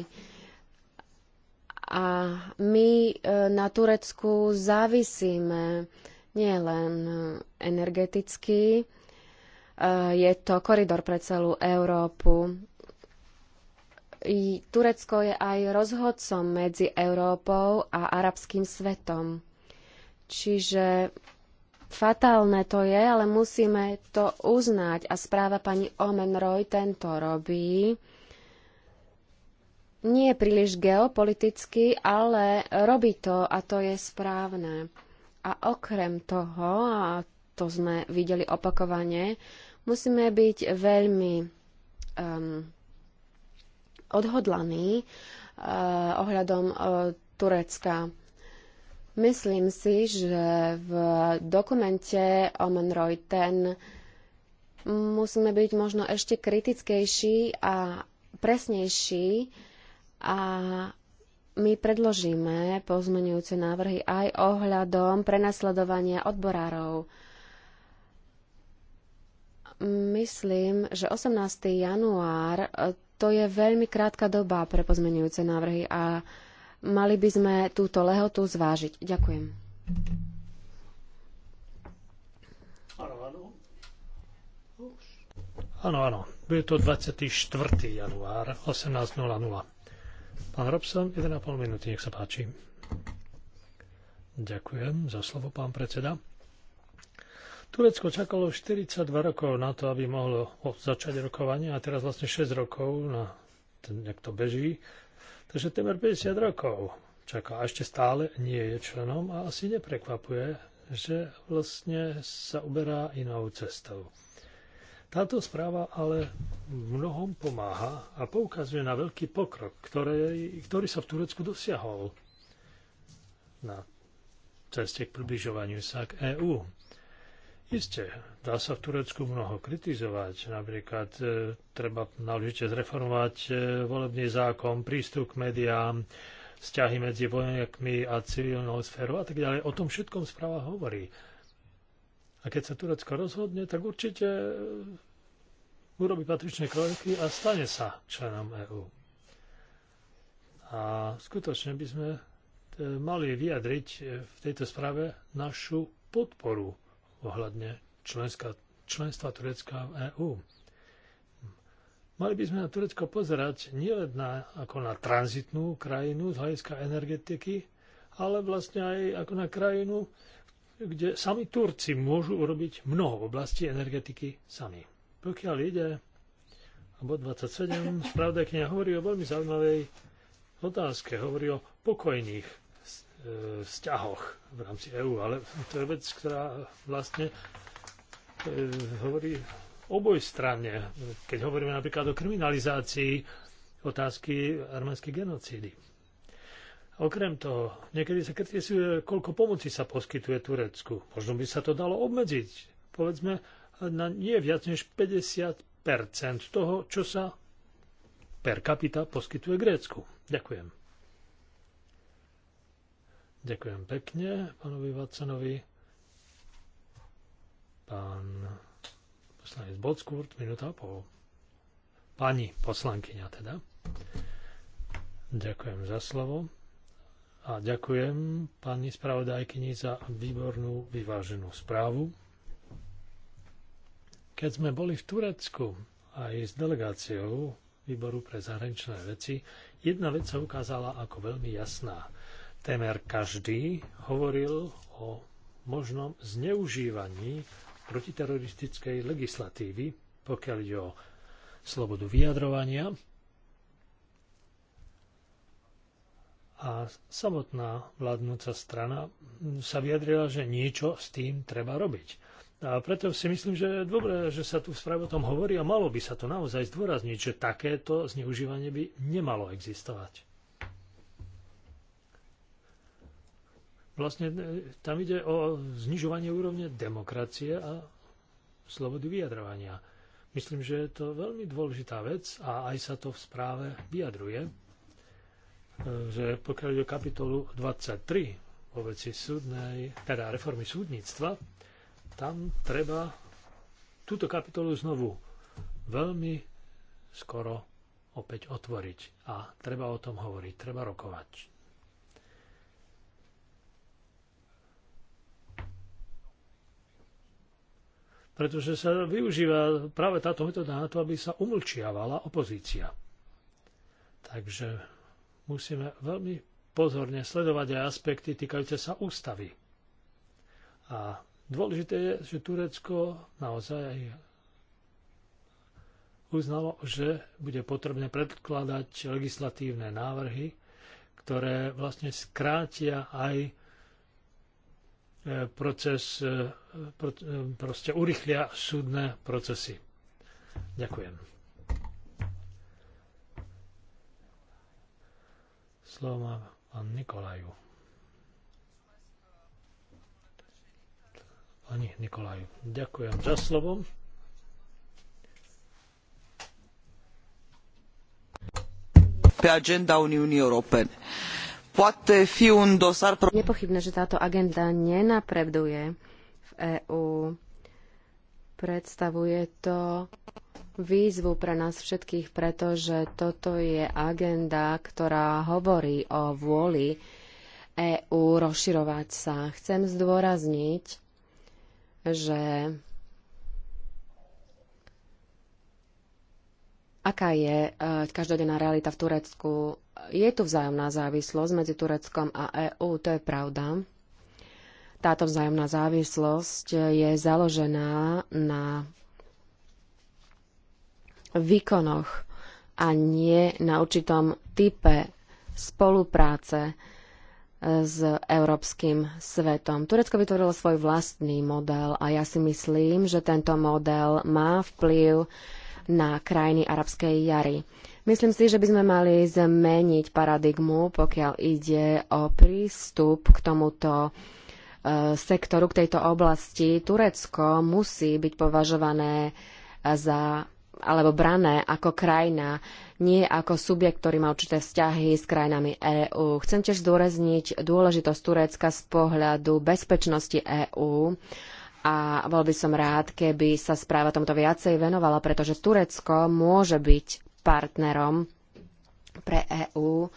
Speaker 3: A my e, na Turecku závisíme nielen energeticky, je to koridor pre celú Európu. Turecko je aj rozhodcom medzi Európou a arabským svetom. Čiže fatálne to je, ale musíme to uznať. A správa pani Omen Roy tento robí nie príliš geopoliticky, ale robí to a to je správne. A okrem toho, a to sme videli opakovane, Musíme byť veľmi um, odhodlaní uh, ohľadom uh, Turecka. Myslím si, že v dokumente o ten musíme byť možno ešte kritickejší a presnejší a my predložíme pozmenujúce návrhy aj ohľadom prenasledovania odborárov myslím, že 18. január e, to je veľmi krátka doba pre pozmenujúce návrhy a mali by sme túto lehotu zvážiť. Ďakujem.
Speaker 2: Áno, áno. Bude to 24. január 18.00. Pán Robson, 1,5 minúty, nech sa páči. Ďakujem za slovo, pán predseda. Turecko čakalo 42 rokov na to, aby mohlo začať rokovanie a teraz vlastne 6 rokov na jak to beží. Takže temer 50 rokov čaká a ešte stále nie je členom a asi neprekvapuje, že vlastne sa uberá inou cestou. Táto správa ale mnohom pomáha a poukazuje na veľký pokrok, ktorý, ktorý sa v Turecku dosiahol na ceste k približovaniu sa k EÚ. Isté, dá sa v Turecku mnoho kritizovať. Napríklad e, treba naložite zreformovať e, volebný zákon, prístup k médiám, vzťahy medzi vojakmi a civilnou sférou a tak ďalej. O tom všetkom správa hovorí. A keď sa Turecko rozhodne, tak určite e, urobí patričné kroky a stane sa členom EÚ. A skutočne by sme e, mali vyjadriť e, v tejto správe našu podporu ohľadne členská, členstva Turecka v EÚ. Mali by sme na Turecko pozerať nielen na, ako na tranzitnú krajinu z hľadiska energetiky, ale vlastne aj ako na krajinu, kde sami Turci môžu urobiť mnoho v oblasti energetiky sami. Pokiaľ ide o bod 27, spravda kniha hovorí o veľmi zaujímavej otázke, hovorí o pokojných E, vzťahoch v rámci EÚ, ale to je vec, ktorá vlastne e, hovorí obojstranne, keď hovoríme napríklad o kriminalizácii otázky arménskej genocídy. Okrem toho, niekedy sa kritizuje, koľko pomoci sa poskytuje Turecku. Možno by sa to dalo obmedziť, povedzme, na nie viac než 50 toho, čo sa per capita poskytuje Grécku. Ďakujem. Ďakujem pekne pánovi vácenovi Pán poslanec Bockurt, minúta a pol. Pani poslankyňa teda. Ďakujem za slovo a ďakujem pani spravodajkyni za výbornú vyváženú správu. Keď sme boli v Turecku aj s delegáciou výboru pre zahraničné veci, jedna vec sa ukázala ako veľmi jasná. Témer každý hovoril o možnom zneužívaní protiteroristickej legislatívy, pokiaľ ide o slobodu vyjadrovania. A samotná vládnúca strana sa vyjadrila, že niečo s tým treba robiť. A preto si myslím, že je dobré, že sa tu v správe o tom hovorí a malo by sa to naozaj zdôrazniť, že takéto zneužívanie by nemalo existovať. Vlastne e, tam ide o znižovanie úrovne demokracie a slobody vyjadrovania. Myslím, že je to veľmi dôležitá vec a aj sa to v správe vyjadruje, e, že pokiaľ ide o kapitolu 23 o veci súdnej, teda reformy súdnictva, tam treba túto kapitolu znovu veľmi skoro opäť otvoriť a treba o tom hovoriť, treba rokovať pretože sa využíva práve táto metóda na to, aby sa umlčiavala opozícia. Takže musíme veľmi pozorne sledovať aj aspekty týkajúce sa ústavy. A dôležité je, že Turecko naozaj uznalo, že bude potrebné predkladať legislatívne návrhy, ktoré vlastne skrátia aj E, proces, e, e, proste urychlia súdne procesy. Ďakujem. Slovo má pán Nikolaju. Pani Nikolaju, ďakujem za slovo.
Speaker 4: Pe agenda Uniunii Europene Nepochybné,
Speaker 3: že táto agenda nenapreduje v EÚ. Predstavuje to výzvu pre nás všetkých, pretože toto je agenda, ktorá hovorí o vôli EÚ rozširovať sa. Chcem zdôrazniť, že aká je e, každodenná realita v Turecku. Je tu vzájomná závislosť medzi Tureckom a EÚ, to je pravda. Táto vzájomná závislosť je založená na výkonoch a nie na určitom type spolupráce e, s európskym svetom. Turecko vytvorilo svoj vlastný model a ja si myslím, že tento model má vplyv na krajiny arabskej jary. Myslím si, že by sme mali zmeniť paradigmu, pokiaľ ide o prístup k tomuto e, sektoru, k tejto oblasti. Turecko musí byť považované za alebo brané ako krajina, nie ako subjekt, ktorý má určité vzťahy s krajinami EÚ. Chcem tiež zdôrazniť dôležitosť Turecka z pohľadu bezpečnosti EÚ a bol by som rád, keby sa správa tomto viacej venovala, pretože Turecko môže byť partnerom pre EÚ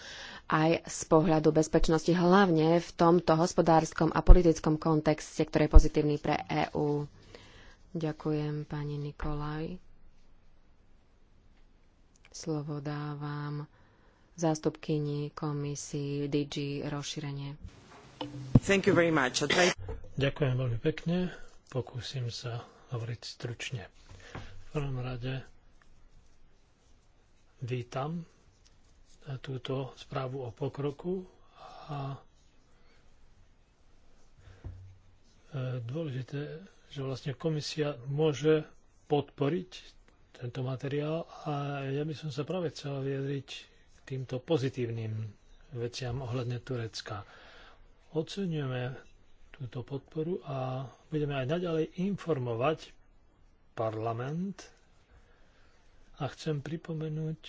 Speaker 3: aj z pohľadu bezpečnosti, hlavne v tomto hospodárskom a politickom kontexte, ktorý je pozitívny pre EÚ. Ďakujem, pani Nikolaj. Slovo dávam zástupkyni
Speaker 2: komisii DG rozšírenie. Ďakujem veľmi pekne. Pokúsim sa hovoriť stručne. V prvom rade vítam túto správu o pokroku a e, dôležité, že vlastne komisia môže podporiť tento materiál a ja by som sa práve chcel vyjadriť k týmto pozitívnym veciam ohľadne Turecka. Oceňujeme túto podporu a budeme aj naďalej informovať parlament a chcem pripomenúť,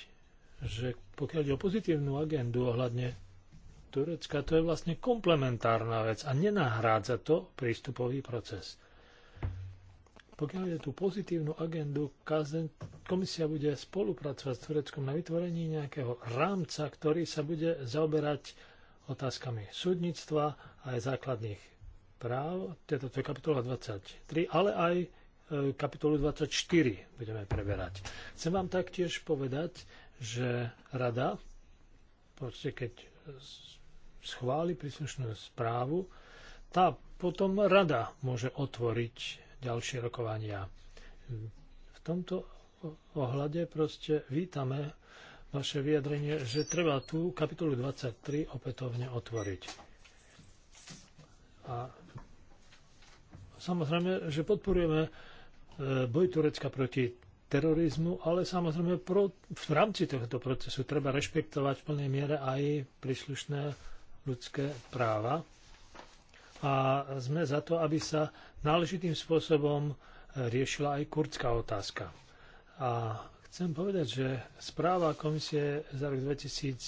Speaker 2: že pokiaľ ide o pozitívnu agendu ohľadne Turecka, to je vlastne komplementárna vec a nenahrádza to prístupový proces. Pokiaľ je tú pozitívnu agendu, komisia bude spolupracovať s Tureckom na vytvorení nejakého rámca, ktorý sa bude zaoberať otázkami súdnictva a aj základných práv, teda to je kapitola 23, ale aj e, kapitolu 24 budeme preberať. Chcem vám taktiež povedať, že rada, proste keď schváli príslušnú správu, tá potom rada môže otvoriť ďalšie rokovania. V tomto ohľade proste vítame vaše vyjadrenie, že treba tú kapitolu 23 opätovne otvoriť. A Samozrejme, že podporujeme e, boj Turecka proti terorizmu, ale samozrejme pro, v rámci tohto procesu treba rešpektovať v plnej miere aj príslušné ľudské práva. A sme za to, aby sa náležitým spôsobom e, riešila aj kurdská otázka. A chcem povedať, že správa komisie za rok 2011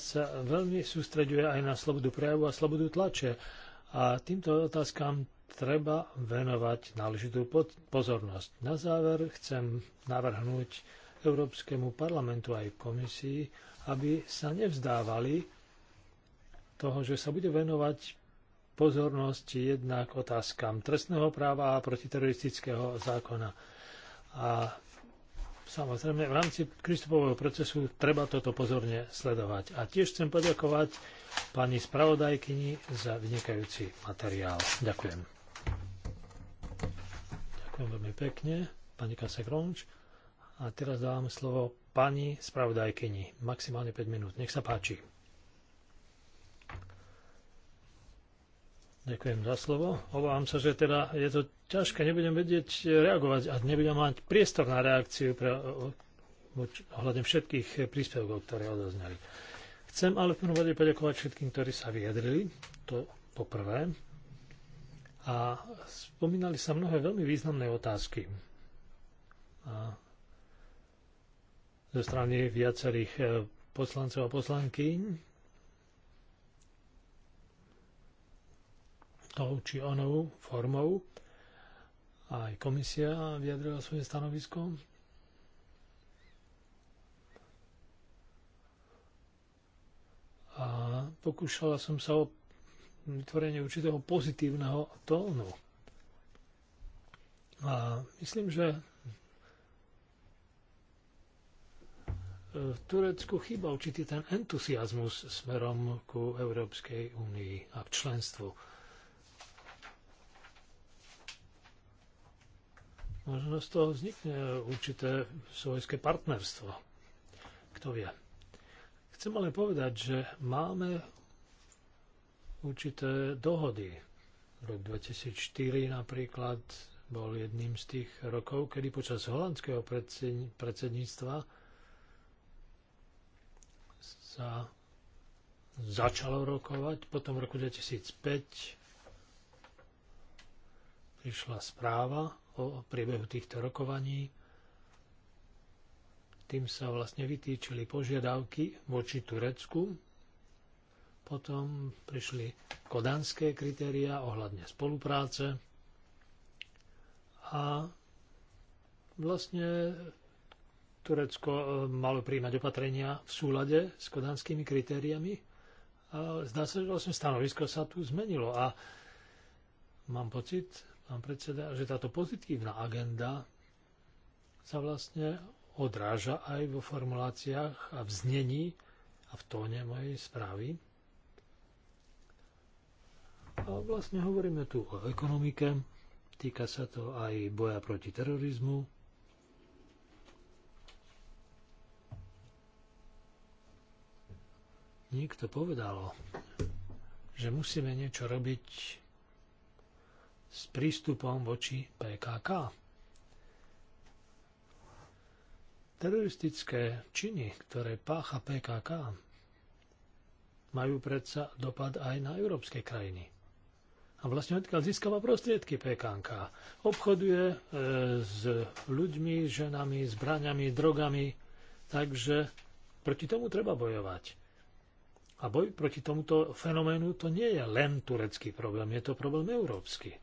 Speaker 2: sa veľmi sústreďuje aj na slobodu prejavu a slobodu tlače. A týmto otázkam treba venovať náležitú pozornosť. Na záver chcem navrhnúť Európskemu parlamentu aj komisii, aby sa nevzdávali toho, že sa bude venovať pozornosť jednak otázkam trestného práva a protiteroristického zákona. A samozrejme v rámci Kristupového procesu treba toto pozorne sledovať. A tiež chcem poďakovať pani spravodajkyni za vynikajúci materiál. Ďakujem. Ďakujem veľmi pekne, pani Kasegronč. A teraz dávam slovo pani spravodajkyni. Maximálne 5 minút. Nech sa páči. Ďakujem za slovo. Obávam sa, že teda je to ťažké, nebudem vedieť reagovať a nebudem mať priestor na reakciu pre, ohľadne všetkých príspevkov, ktoré odozňali. Chcem ale v prvom rade poďakovať všetkým, ktorí sa vyjadrili. To poprvé a spomínali sa mnohé veľmi významné otázky. A zo strany viacerých e, poslancov a poslankyň tou či onou formou. Aj komisia vyjadrila svoje stanovisko. A pokúšala som sa o vytvorenie určitého pozitívneho tónu. A myslím, že e, v Turecku chýba určitý ten entuziasmus smerom ku Európskej únii a k členstvu. Možno z toho vznikne určité svojské partnerstvo. Kto vie. Chcem ale povedať, že máme určité dohody. Rok 2004 napríklad bol jedným z tých rokov, kedy počas holandského predsedníctva sa začalo rokovať. Potom v roku 2005 prišla správa o priebehu týchto rokovaní. Tým sa vlastne vytýčili požiadavky voči Turecku potom prišli kodanské kritéria ohľadne spolupráce a vlastne Turecko e, malo príjmať opatrenia v súlade s kodanskými kritériami. A zdá sa, že vlastne stanovisko sa tu zmenilo a mám pocit, pán predseda, že táto pozitívna agenda sa vlastne odráža aj vo formuláciách a v znení a v tóne mojej správy. A vlastne hovoríme tu o ekonomike, týka sa to aj boja proti terorizmu, niekto povedal, že musíme niečo robiť s prístupom voči PKK. Teroristické činy, ktoré pácha PKK, majú predsa dopad aj na európske krajiny. A vlastne odkiaľ získava prostriedky PKK. Obchoduje e, s ľuďmi, ženami, zbraniami, drogami. Takže proti tomu treba bojovať. A boj proti tomuto fenoménu to nie je len turecký problém, je to problém európsky.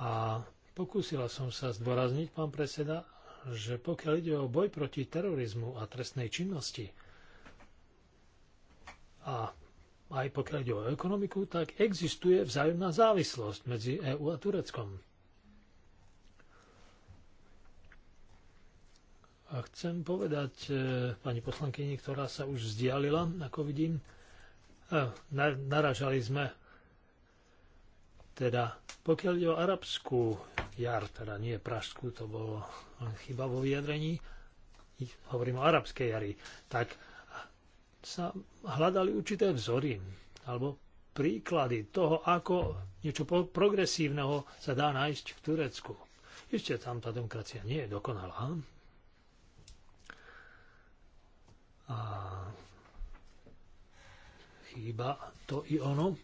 Speaker 2: A pokúsila som sa zdôrazniť, pán predseda, že pokiaľ ide o boj proti terorizmu a trestnej činnosti a aj pokiaľ ide o ekonomiku, tak existuje vzájomná závislosť medzi EÚ a Tureckom. A chcem povedať e, pani poslankyni, ktorá sa už vzdialila, ako vidím, e, naražali sme teda, pokiaľ ide o arabskú jar, teda nie pražskú, to bolo chyba vo vyjadrení, hovorím o arabskej jari, tak sa hľadali určité vzory alebo príklady toho, ako niečo progresívneho sa dá nájsť v Turecku. Ešte tam tá demokracia nie je dokonalá. A chýba to i ono.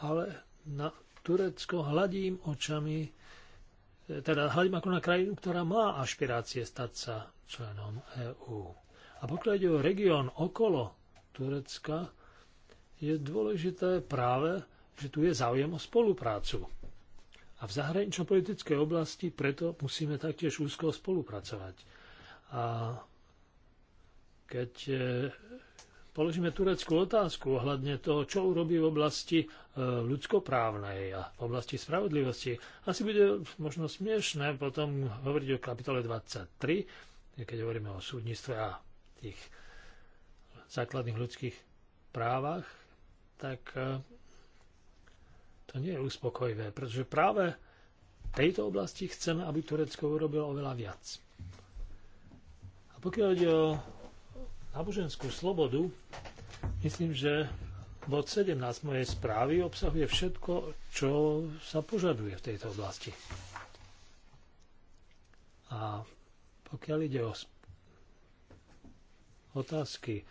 Speaker 2: Ale na Turecko hladím očami, e, teda hľadím ako na krajinu, ktorá má ašpirácie stať sa členom EÚ. A pokiaľ ide o región okolo Turecka, je dôležité práve, že tu je záujem o spoluprácu. A v zahranično-politickej oblasti preto musíme taktiež úzko spolupracovať. A keď e, položíme tureckú otázku ohľadne toho, čo urobí v oblasti e, ľudskoprávnej a v oblasti spravodlivosti, asi bude možno smiešné potom hovoriť o kapitole 23, keď hovoríme o súdnictve a tých základných ľudských právach, tak e, to nie je uspokojivé, pretože práve v tejto oblasti chceme, aby Turecko urobilo oveľa viac. A pokiaľ ide o náboženskú slobodu, myslím, že bod 17 mojej správy obsahuje všetko, čo sa požaduje v tejto oblasti. A pokiaľ ide o otázky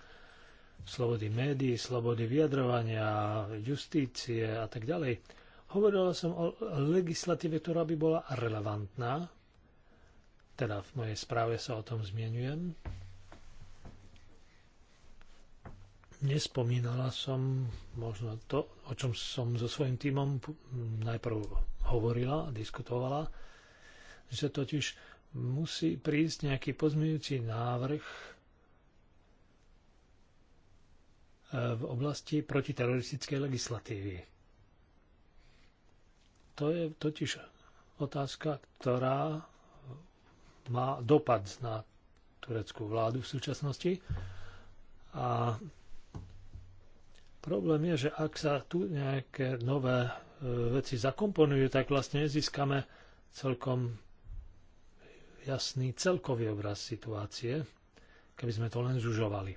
Speaker 2: slobody médií, slobody vyjadrovania, justície a tak ďalej. Hovorila som o legislatíve, ktorá by bola relevantná. Teda v mojej správe sa o tom zmienujem. nespomínala som možno to, o čom som so svojím týmom najprv hovorila, diskutovala, že totiž musí prísť nejaký pozmeňujúci návrh v oblasti protiteroristickej legislatívy. To je totiž otázka, ktorá má dopad na tureckú vládu v súčasnosti. A problém je, že ak sa tu nejaké nové e, veci zakomponujú, tak vlastne nezískame celkom jasný celkový obraz situácie, keby sme to len zužovali.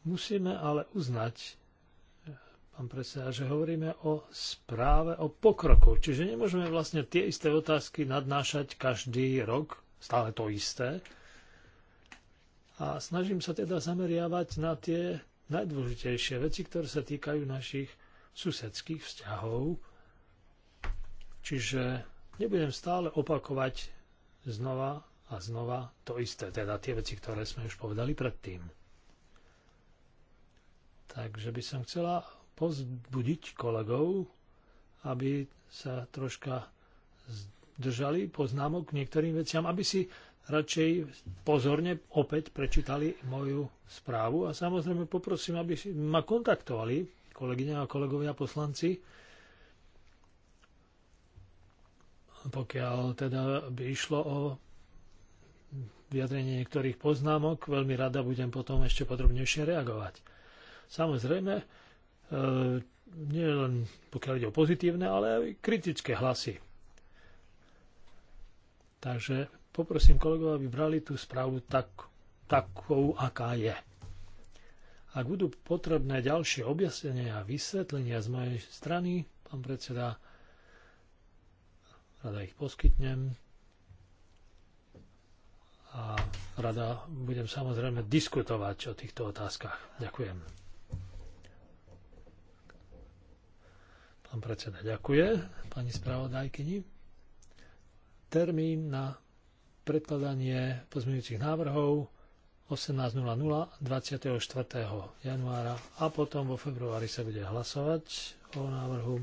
Speaker 2: Musíme ale uznať, eh, pán predseda, že hovoríme o správe o pokroku. Čiže nemôžeme vlastne tie isté otázky nadnášať každý rok, stále to isté. A snažím sa teda zameriavať na tie najdôležitejšie veci, ktoré sa týkajú našich susedských vzťahov. Čiže nebudem stále opakovať znova a znova to isté, teda tie veci, ktoré sme už povedali predtým. Takže by som chcela pozbudiť kolegov, aby sa troška držali poznámok k niektorým veciam, aby si radšej pozorne opäť prečítali moju správu a samozrejme poprosím, aby si ma kontaktovali kolegyňa a kolegovia poslanci, pokiaľ teda by išlo o vyjadrenie niektorých poznámok, veľmi rada budem potom ešte podrobnejšie reagovať. Samozrejme, e, nie len pokiaľ ide o pozitívne, ale aj kritické hlasy. Takže poprosím kolegov, aby brali tú správu tak, takou, aká je. Ak budú potrebné ďalšie objasnenia a vysvetlenia z mojej strany, pán predseda, rada ich poskytnem a rada budem samozrejme diskutovať o týchto otázkach. Ďakujem. Pán predseda, ďakuje pani spravodajkyni. Termín na predkladanie pozmeňujúcich návrhov 18.00 24. januára a potom vo februári sa bude hlasovať o návrhu.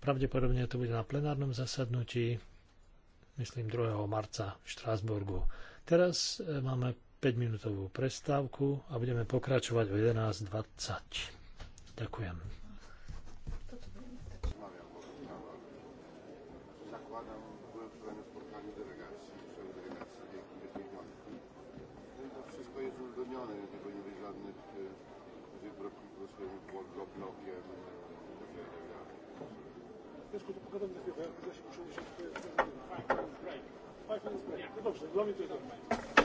Speaker 2: Pravdepodobne to bude na plenárnom zasadnutí, myslím 2. marca v Štrásburgu. Teraz e, máme 5-minútovú prestávku a budeme pokračovať o 11.20. Ďakujem. uzgodnione, nie byli żadnych głosujemy go blokiem itd. Ciężko tu pogadać to chwilę, bo ja się muszę usiąść. Five minutes break. Five minutes break. No dobrze, dla mnie to jest dobrze.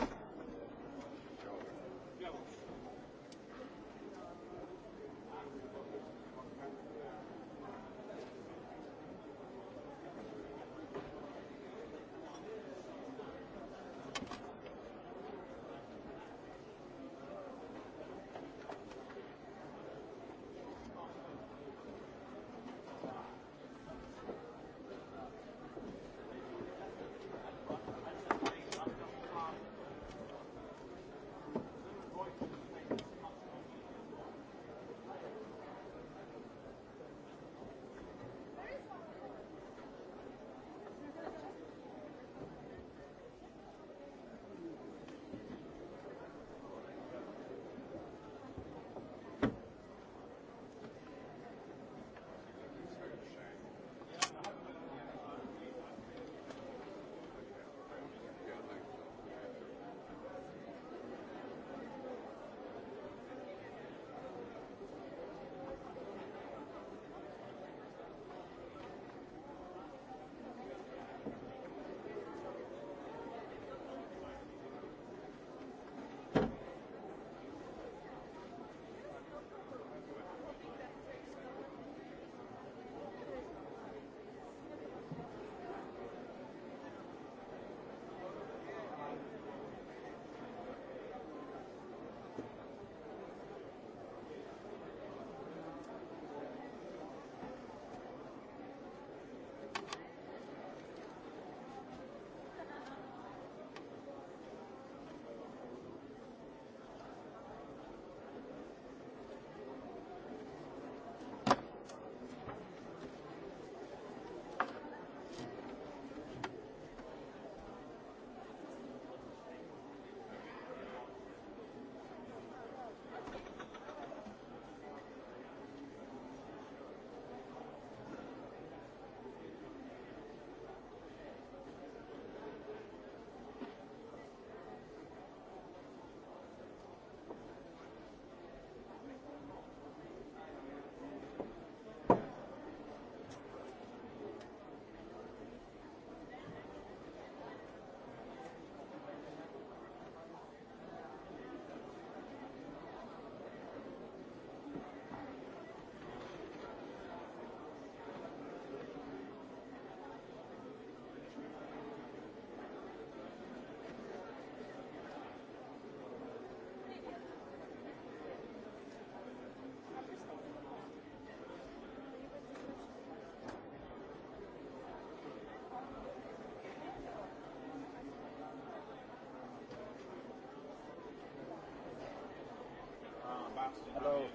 Speaker 2: Hello.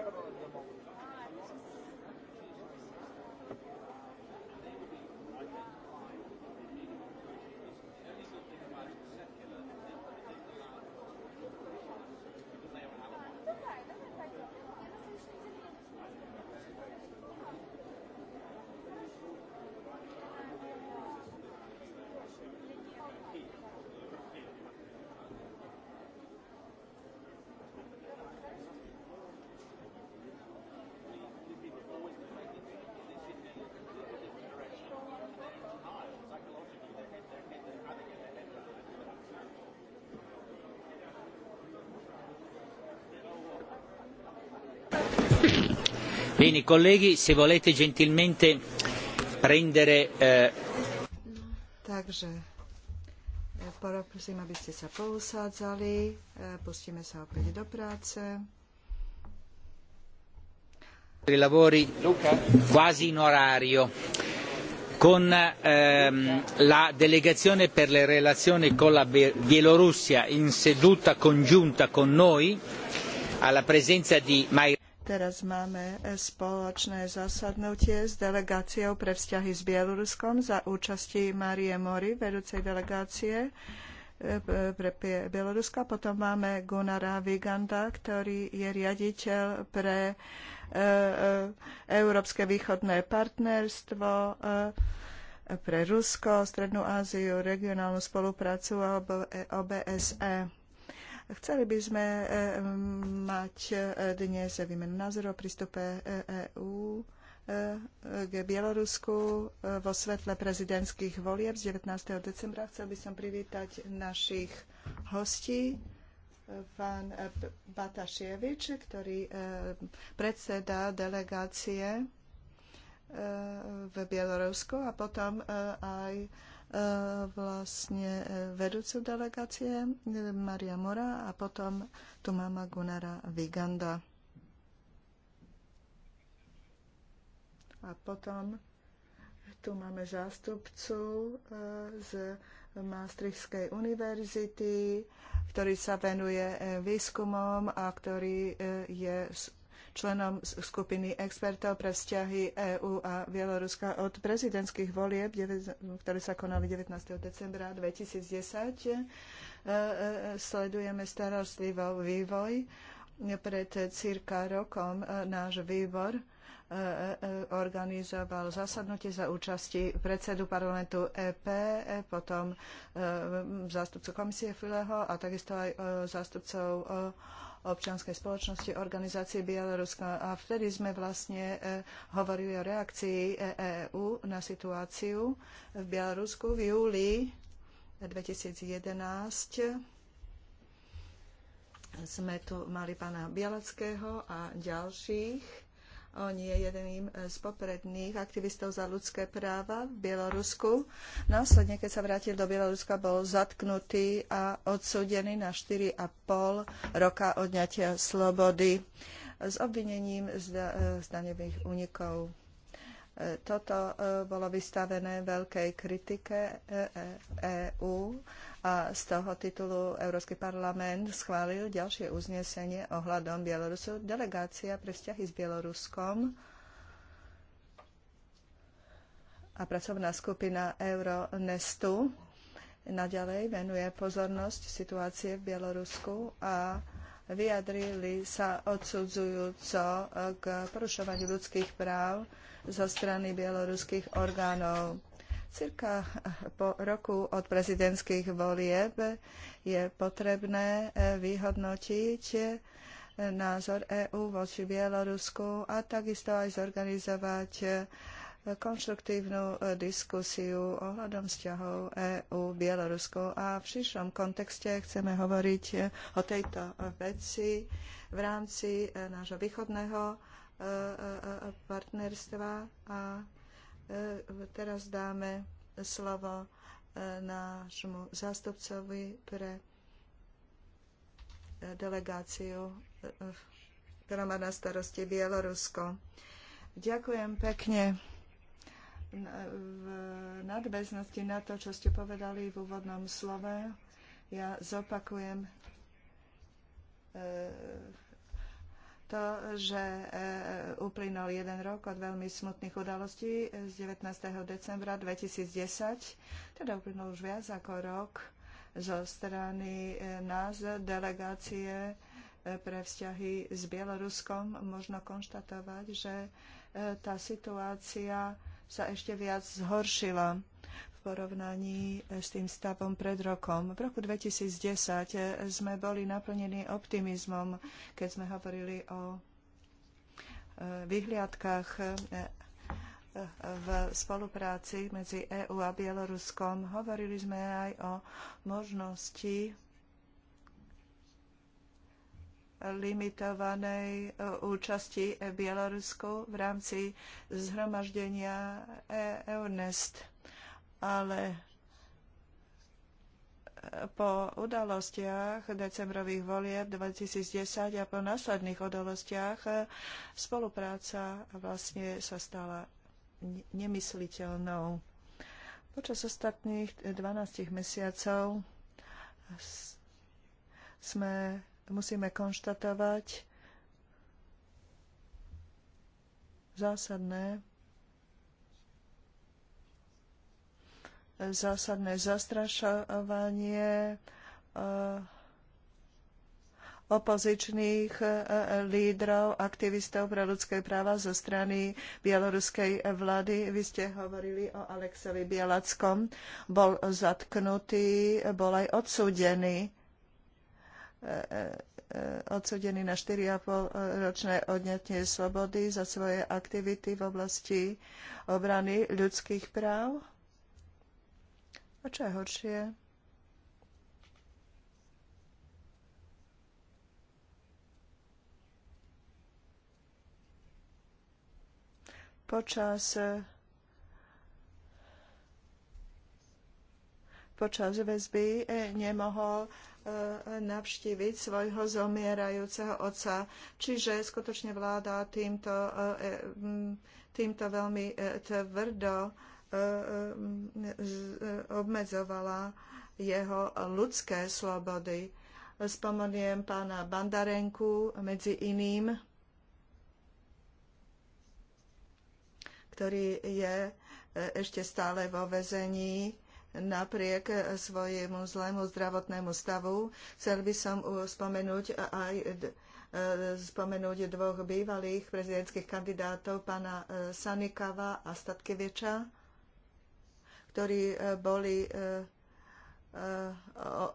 Speaker 2: Ricardo.
Speaker 1: Bene, colleghi, se volete gentilmente Eh...
Speaker 4: Takže, eh, poprosím, aby ste sa pousádzali, eh, pustíme sa opäť do práce.
Speaker 1: lavori quasi in orario con ehm, la delegazione per le relazioni con la Bielorussia in seduta congiunta con noi alla presenza di Mai
Speaker 4: Teraz máme spoločné zasadnutie s delegáciou pre vzťahy s Bieloruskom za účasti Marie Mori, vedúcej delegácie e, pre Bieloruska. Potom máme Gunara Viganda, ktorý je riaditeľ pre e, e, Európske východné partnerstvo pre Rusko, Strednú Áziu, regionálnu spoluprácu a OBSE. Chceli by sme e, mať e, dnes výmenu názorov o prístupe EÚ e k Bielorusku vo svetle prezidentských volieb z 19. decembra. Chcel by som privítať našich hostí pán Bataševič, ktorý predseda delegácie v Bielorusku a potom aj E, vlastne e, vedúcu delegácie e, Maria Mora a potom tu máme Gunara Viganda. A potom tu máme zástupcu z Maastrichtskej univerzity, ktorý sa venuje výskumom a ktorý je členom skupiny expertov pre vzťahy EÚ a Bieloruska od prezidentských volieb, ktoré sa konali 19. decembra 2010. E, e, sledujeme starostlivo vývoj. Pred cirka rokom e, náš výbor organizoval zasadnutie za účasti predsedu parlamentu EP, potom zástupcu komisie Fileho a takisto aj zástupcov občianskej spoločnosti organizácie Bieloruska. A vtedy sme vlastne e, hovorili o reakcii EÚ e e na situáciu v Bielorusku v júli 2011 sme tu mali pána Bielackého a ďalších on je jedným e, z popredných aktivistov za ľudské práva v Bielorusku. Následne, keď sa vrátil do Bieloruska, bol zatknutý a odsudený na 4,5 roka odňatia slobody s obvinením z e, daňových únikov. E, toto bolo vystavené veľkej kritike EÚ. -E a z toho titulu Európsky parlament schválil ďalšie uznesenie ohľadom Bielorusu. Delegácia pre vzťahy s Bieloruskom a pracovná skupina Euronestu naďalej venuje pozornosť situácie v Bielorusku a vyjadrili sa odsudzujúco k porušovaniu ľudských práv zo strany bieloruských orgánov. Cirka po roku od prezidentských volieb je potrebné e, vyhodnotiť e, názor EÚ voči Bielorusku a takisto aj zorganizovať e, konštruktívnu diskusiu ohľadom vzťahov EÚ Bielorusko a v širšom kontexte chceme hovoriť o tejto veci v rámci nášho východného partnerstva a E, teraz dáme slovo e, nášmu zástupcovi pre e, delegáciu, ktorá má na starosti Bielorusko. Ďakujem pekne v nadväznosti na to, čo ste povedali v úvodnom slove. Ja zopakujem to, že e, uplynul jeden rok od veľmi smutných udalostí z 19. decembra 2010, teda uplynul už viac ako rok zo strany e, nás, delegácie e, pre vzťahy s Bieloruskom, možno konštatovať, že tá situácia sa ešte viac zhoršila porovnaní e, s tým stavom pred rokom. V roku 2010 e, sme boli naplnení optimizmom, keď sme hovorili o e, vyhliadkách v spolupráci medzi EÚ a Bieloruskom. Hovorili sme aj o možnosti limitovanej účasti Bielorusku v rámci zhromaždenia EUNEST ale e, po udalostiach decembrových volieb 2010 a po následných udalostiach e, spolupráca vlastne sa stala nemysliteľnou. Počas ostatných 12 mesiacov sme, musíme konštatovať zásadné zásadné zastrašovanie eh, opozičných eh, lídrov, aktivistov pre ľudské práva zo strany bieloruskej vlády. Vy ste hovorili o Alexovi Bielackom. Bol zatknutý, bol aj odsúdený eh, odsudený na 4,5 ročné odňatie slobody za svoje aktivity v oblasti obrany ľudských práv a čo je horšie, počas počas väzby e, nemohol e, navštíviť svojho zomierajúceho otca. Čiže skutočne vláda týmto, e, týmto veľmi tvrdo E, e, e, obmedzovala jeho ľudské slobody. Spomeniem pána Bandarenku medzi iným, ktorý je ešte stále vo vezení napriek svojemu zlému zdravotnému stavu. Chcel by som spomenúť aj spomenúť dvoch bývalých prezidentských kandidátov, pána Sanikava a Statkeviča ktorí e, boli e, e,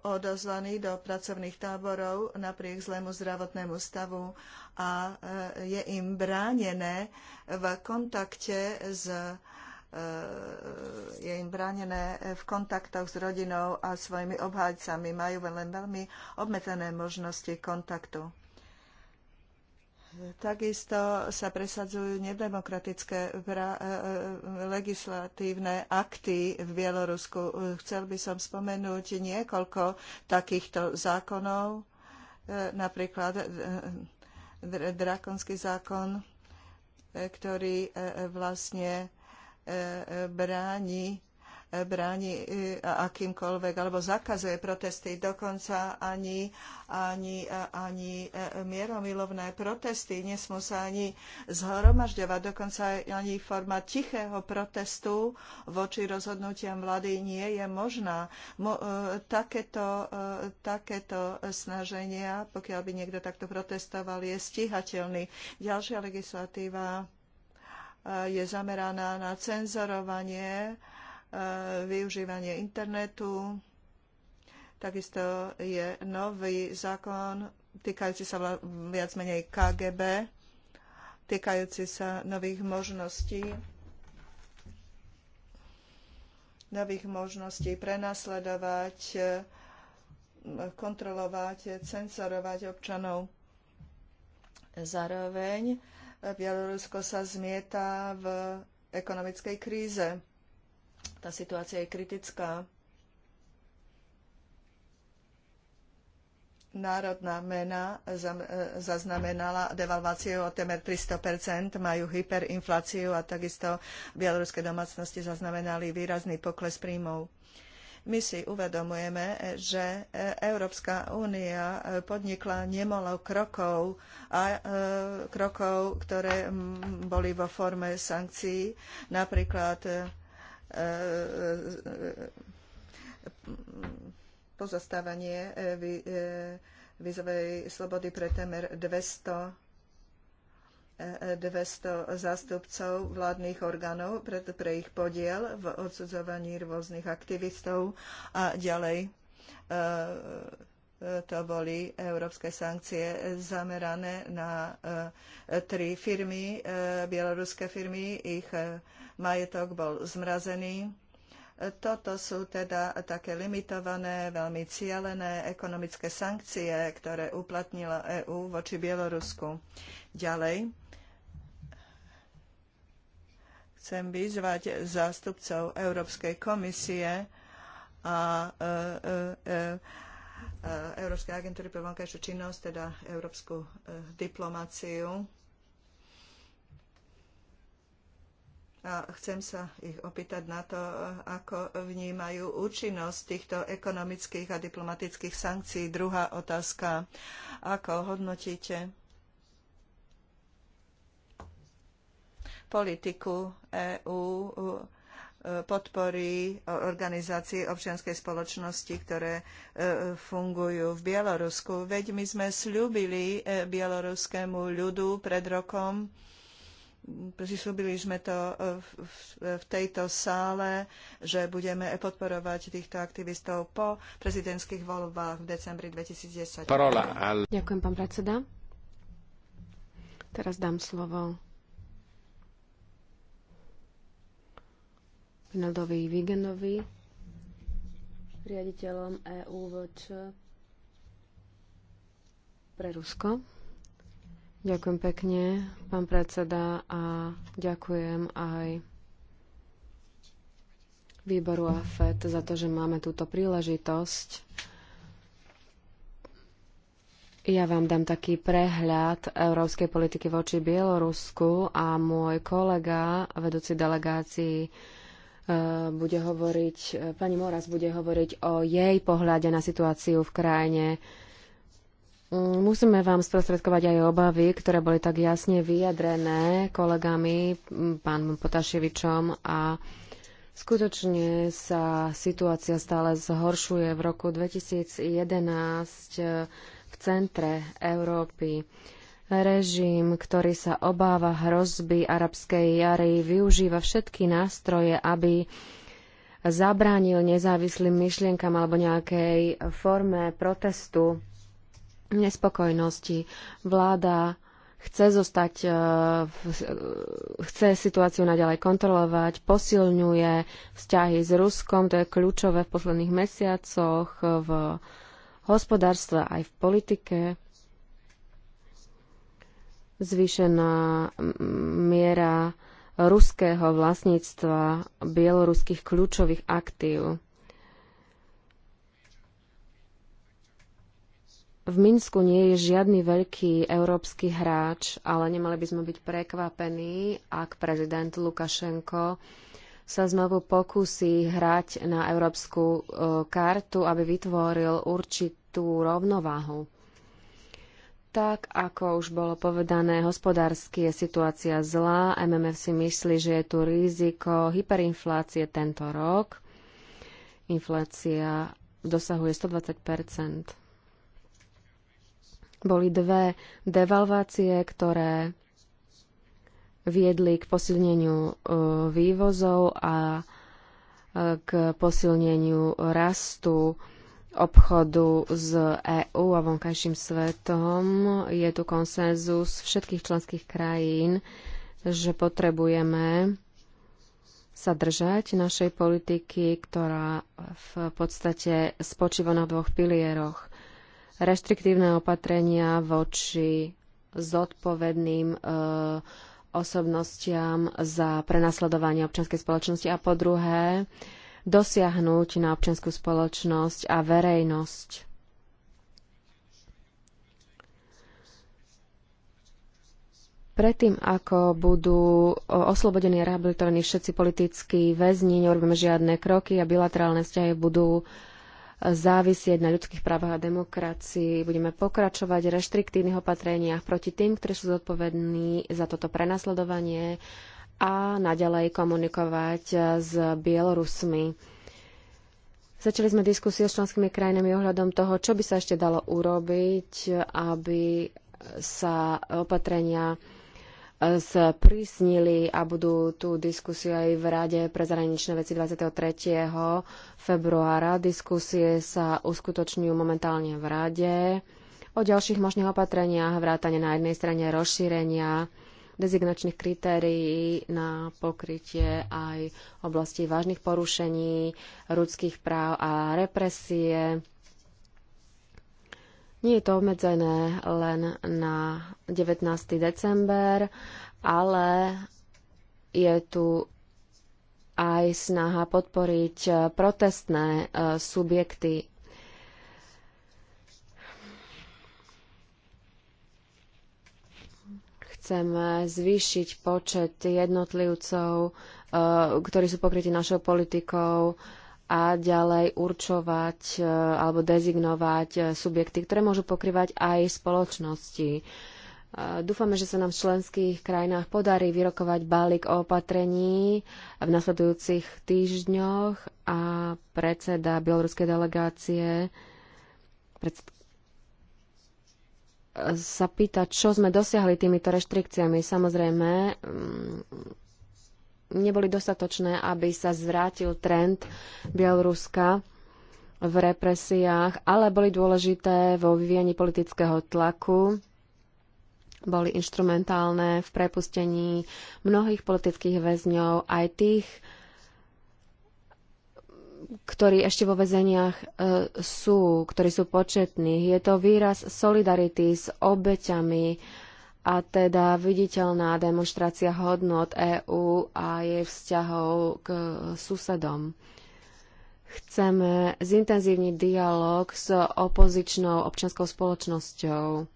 Speaker 4: odozvaní do pracovných táborov napriek zlému zdravotnému stavu a je im bránené v kontakte s je im bránené v kontaktoch s rodinou a svojimi obhajcami. Majú len veľmi obmedzené možnosti kontaktu. Takisto sa presadzujú nedemokratické e, e, legislatívne akty v Bielorusku. Chcel by som spomenúť niekoľko takýchto zákonov, e, napríklad drakonský zákon, ktorý vlastne bráni bráni e, akýmkoľvek alebo zakazuje protesty, dokonca ani, ani, e, ani e, mieromilovné protesty nesmú sa ani zhromažďovať, dokonca ani forma tichého protestu voči rozhodnutiam vlády nie je možná. Mo, takéto, takéto snaženia, pokiaľ by niekto takto protestoval, je stíhateľný. Ďalšia legislatíva je zameraná na cenzorovanie E, využívanie internetu. Takisto je nový zákon týkajúci sa viac menej KGB, týkajúci sa nových možností nových možností prenasledovať, kontrolovať, cenzorovať občanov. Zároveň Bielorusko sa zmieta v ekonomickej kríze tá situácia je kritická. národná mena e, zaznamenala devalváciu o temer 300 majú hyperinfláciu a takisto bieloruské domácnosti zaznamenali výrazný pokles príjmov. My si uvedomujeme, že e, Európska únia e, podnikla nemalo krokov, a, krokov, ktoré boli vo forme sankcií, napríklad E, e, pozastávanie e, vizovej slobody pre témer 200 200 zástupcov vládnych orgánov pre, pre ich podiel v odsudzovaní rôznych aktivistov a ďalej. To boli európske sankcie zamerané na tri firmy, bieloruské firmy, ich majetok bol zmrazený. Toto sú teda také limitované, veľmi cielené ekonomické sankcie, ktoré uplatnila EÚ voči Bielorusku. Ďalej chcem vyzvať zástupcov Európskej komisie a e, e, e, Európskej agentúry pre vonkajšiu činnosť, teda Európsku diplomáciu, a chcem sa ich opýtať na to, ako vnímajú účinnosť týchto ekonomických a diplomatických sankcií. Druhá otázka, ako hodnotíte politiku EÚ podpory organizácií občianskej spoločnosti, ktoré e, fungujú v Bielorusku. Veď my sme slúbili e, bieloruskému ľudu pred rokom, Prislúbili sme to eh, v tejto sále, že budeme podporovať týchto aktivistov po prezidentských voľbách v decembri 2010. Parola.
Speaker 3: Ďakujem, pán predseda. Teraz dám slovo Vinaldovi Vigenovi, riaditeľom EUVČ pre Rusko. Ďakujem pekne, pán predseda, a ďakujem aj výboru AFET za to, že máme túto príležitosť. Ja vám dám taký prehľad európskej politiky voči Bielorusku a môj kolega, vedúci delegácii, e, bude hovoriť, e, pani Moras bude hovoriť o jej pohľade na situáciu v krajine Musíme vám sprostredkovať aj obavy, ktoré boli tak jasne vyjadrené kolegami, pánom Potaševičom a skutočne sa situácia stále zhoršuje. V roku 2011 e, v centre Európy režim, ktorý sa obáva hrozby arabskej jary, využíva všetky nástroje, aby zabránil nezávislým myšlienkam alebo nejakej forme protestu nespokojnosti. Vláda chce zostať, e, e, chce situáciu naďalej kontrolovať, posilňuje vzťahy s Ruskom, to je kľúčové v posledných mesiacoch v hospodárstve aj v politike. Zvýšená miera ruského vlastníctva bieloruských kľúčových aktív. v Minsku nie je žiadny veľký európsky hráč, ale nemali by sme byť prekvapení, ak prezident Lukašenko sa znovu pokusí hrať na európsku e, kartu, aby vytvoril určitú rovnováhu. Tak, ako už bolo povedané, hospodársky je situácia zlá. MMF si myslí, že je tu riziko hyperinflácie tento rok. Inflácia dosahuje 120 boli dve devalvácie, ktoré viedli k posilneniu e, vývozov a e, k posilneniu rastu obchodu s EÚ a vonkajším svetom. Je tu konsenzus všetkých členských krajín, že potrebujeme sa držať našej politiky, ktorá v podstate spočíva na dvoch pilieroch reštriktívne opatrenia voči zodpovedným e, osobnostiam za prenasledovanie občianskej spoločnosti a po druhé dosiahnuť na občianskú spoločnosť a verejnosť. Predtým, ako budú e, oslobodení a rehabilitovaní všetci politickí väzni, neurobíme žiadne kroky a bilaterálne vzťahy budú uh, závisieť na ľudských právach a demokracii. Budeme pokračovať v reštriktívnych opatreniach proti tým, ktorí sú zodpovední za toto prenasledovanie a naďalej komunikovať s Bielorusmi. Začali sme diskusie s členskými krajinami ohľadom toho, čo by sa ešte dalo urobiť, aby sa opatrenia sprísnili a budú tú diskusiu aj v Rade pre zahraničné veci 23. februára. Diskusie sa uskutočňujú momentálne v Rade o ďalších možných opatreniach, vrátane na jednej strane rozšírenia dezignačných kritérií na pokrytie aj oblasti vážnych porušení ľudských práv a represie nie je to obmedzené len na 19. december, ale je tu aj snaha podporiť eh, protestné eh, subjekty chceme zvýšiť počet jednotlivcov, eh, ktorí sú pokrytí našou politikou a ďalej určovať e, alebo dezignovať e, subjekty, ktoré môžu pokrývať aj spoločnosti. E, dúfame, že sa nám v členských krajinách podarí vyrokovať balík o opatrení v nasledujúcich týždňoch a predseda bieloruskej delegácie predsed... sa pýta, čo sme dosiahli týmito reštrikciami. Samozrejme, mm, neboli dostatočné, aby sa zvrátil trend Bieloruska v represiách, ale boli dôležité vo vyvíjaní politického tlaku, boli inštrumentálne v prepustení mnohých politických väzňov, aj tých, ktorí ešte vo väzeniach e, sú, ktorí sú početní. Je to výraz solidarity s obeťami a teda viditeľná demonstrácia hodnot EÚ a jej vzťahov k susedom. Chceme zintenzívniť dialog s opozičnou občianskou spoločnosťou.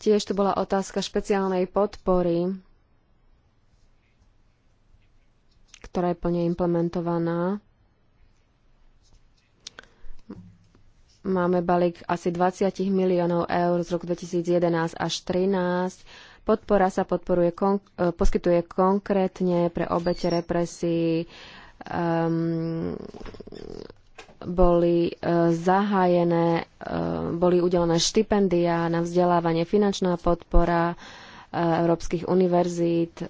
Speaker 3: Tiež tu bola otázka špeciálnej podpory, ktorá je plne implementovaná Máme balík asi 20 miliónov eur z roku 2011 až 2013 Podpora sa podporuje, kon, e, poskytuje konkrétne pre obete represí. Um, boli uh, zahájené, uh, boli udelené štipendia na vzdelávanie, finančná podpora európskych univerzít.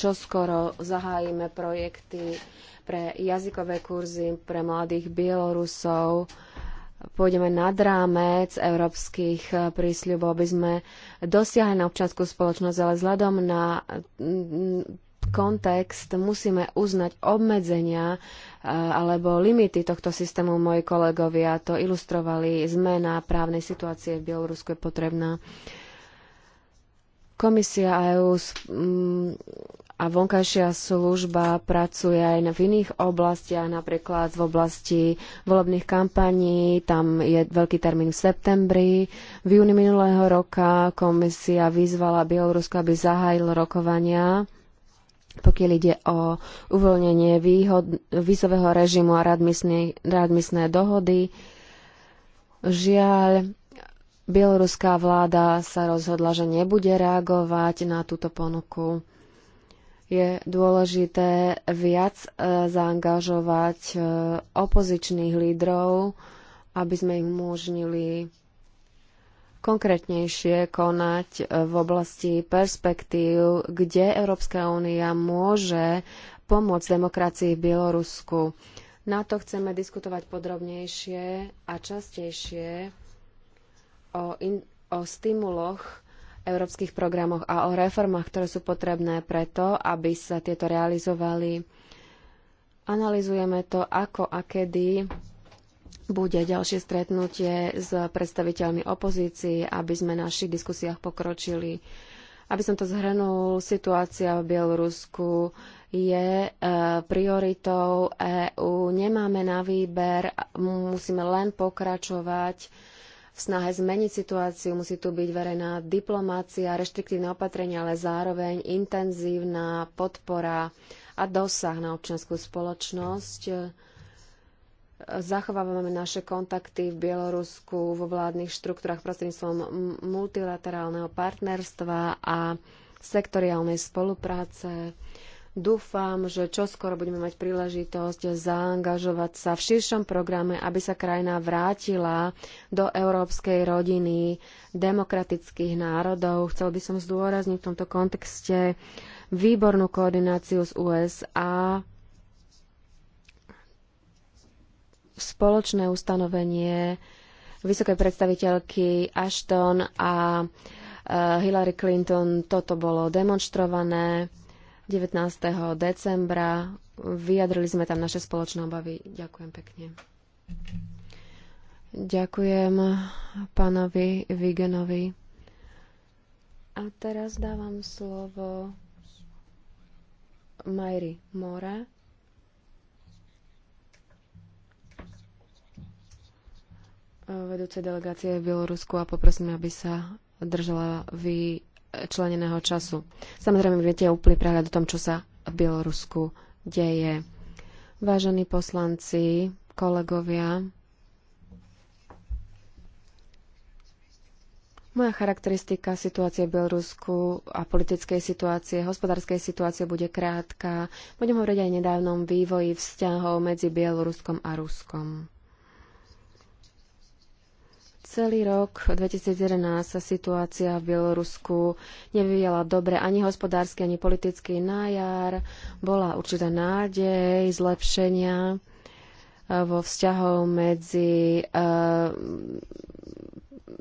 Speaker 3: čo skoro zahájime projekty pre jazykové kurzy pre mladých Bielorusov. Pôjdeme nad rámec európskych eh, prísľubov, aby sme dosiahli na občanskú spoločnosť, ale vzhľadom na mm, kontext musíme uznať obmedzenia eh, alebo limity tohto systému. Moji kolegovia to ilustrovali. Zmena právnej situácie v Bielorusku je potrebná. Komisia a EU a vonkajšia služba pracuje aj v iných oblastiach, napríklad v oblasti volebných kampaní, tam je veľký termín v septembri. V júni minulého roka komisia vyzvala Bielorusko, aby zahájil rokovania pokiaľ ide o uvoľnenie výhod, vízového režimu a readmisné dohody. Žiaľ, bieloruská vláda sa rozhodla, že nebude reagovať na túto ponuku je dôležité viac e, zaangažovať e, opozičných lídrov, aby sme im umožnili konkrétnejšie konať e, v oblasti perspektív, kde Európska únia môže pomôcť demokracii v Bielorusku. Na to chceme diskutovať podrobnejšie a častejšie o, in, o stimuloch európskych programoch a o reformách, ktoré sú potrebné preto, aby sa tieto realizovali. Analizujeme to, ako a kedy bude ďalšie stretnutie s predstaviteľmi opozícií, aby sme v našich diskusiách pokročili. Aby som to zhrnul, situácia v Bielorusku je e, prioritou EÚ. Nemáme na výber, musíme len pokračovať v snahe zmeniť situáciu. Musí tu byť verejná diplomácia, reštriktívne opatrenia, ale zároveň intenzívna podpora a dosah na občianskú spoločnosť. Zachovávame naše kontakty v Bielorusku vo vládnych štruktúrach prostredníctvom multilaterálneho partnerstva a sektoriálnej spolupráce. Dúfam, že čoskoro budeme mať príležitosť zaangažovať sa v širšom programe, aby sa krajina vrátila do európskej rodiny demokratických národov. Chcel by som zdôrazniť v tomto kontexte výbornú koordináciu z USA, spoločné ustanovenie vysokej predstaviteľky Ashton a e, Hillary Clinton. Toto bolo demonstrované 19. decembra. Vyjadrili sme tam naše spoločné obavy. Ďakujem pekne. Ďakujem pánovi Vigenovi. A teraz dávam slovo Majri More. vedúcej delegácie v Bielorusku a poprosím, aby sa držala vy členeného času. Samozrejme, viete úplný prehľad o tom, čo sa v Bielorusku deje. Vážení poslanci, kolegovia, Moja charakteristika situácie v Bielorusku a politickej situácie, hospodárskej situácie bude krátka. Budem hovoriť aj o nedávnom vývoji vzťahov medzi Bieloruskom a Ruskom. Celý rok 2011 sa situácia v Bielorusku nevyvíjala dobre ani hospodársky, ani politicky. Na jar bola určitá nádej zlepšenia e, vo vzťahov medzi uh,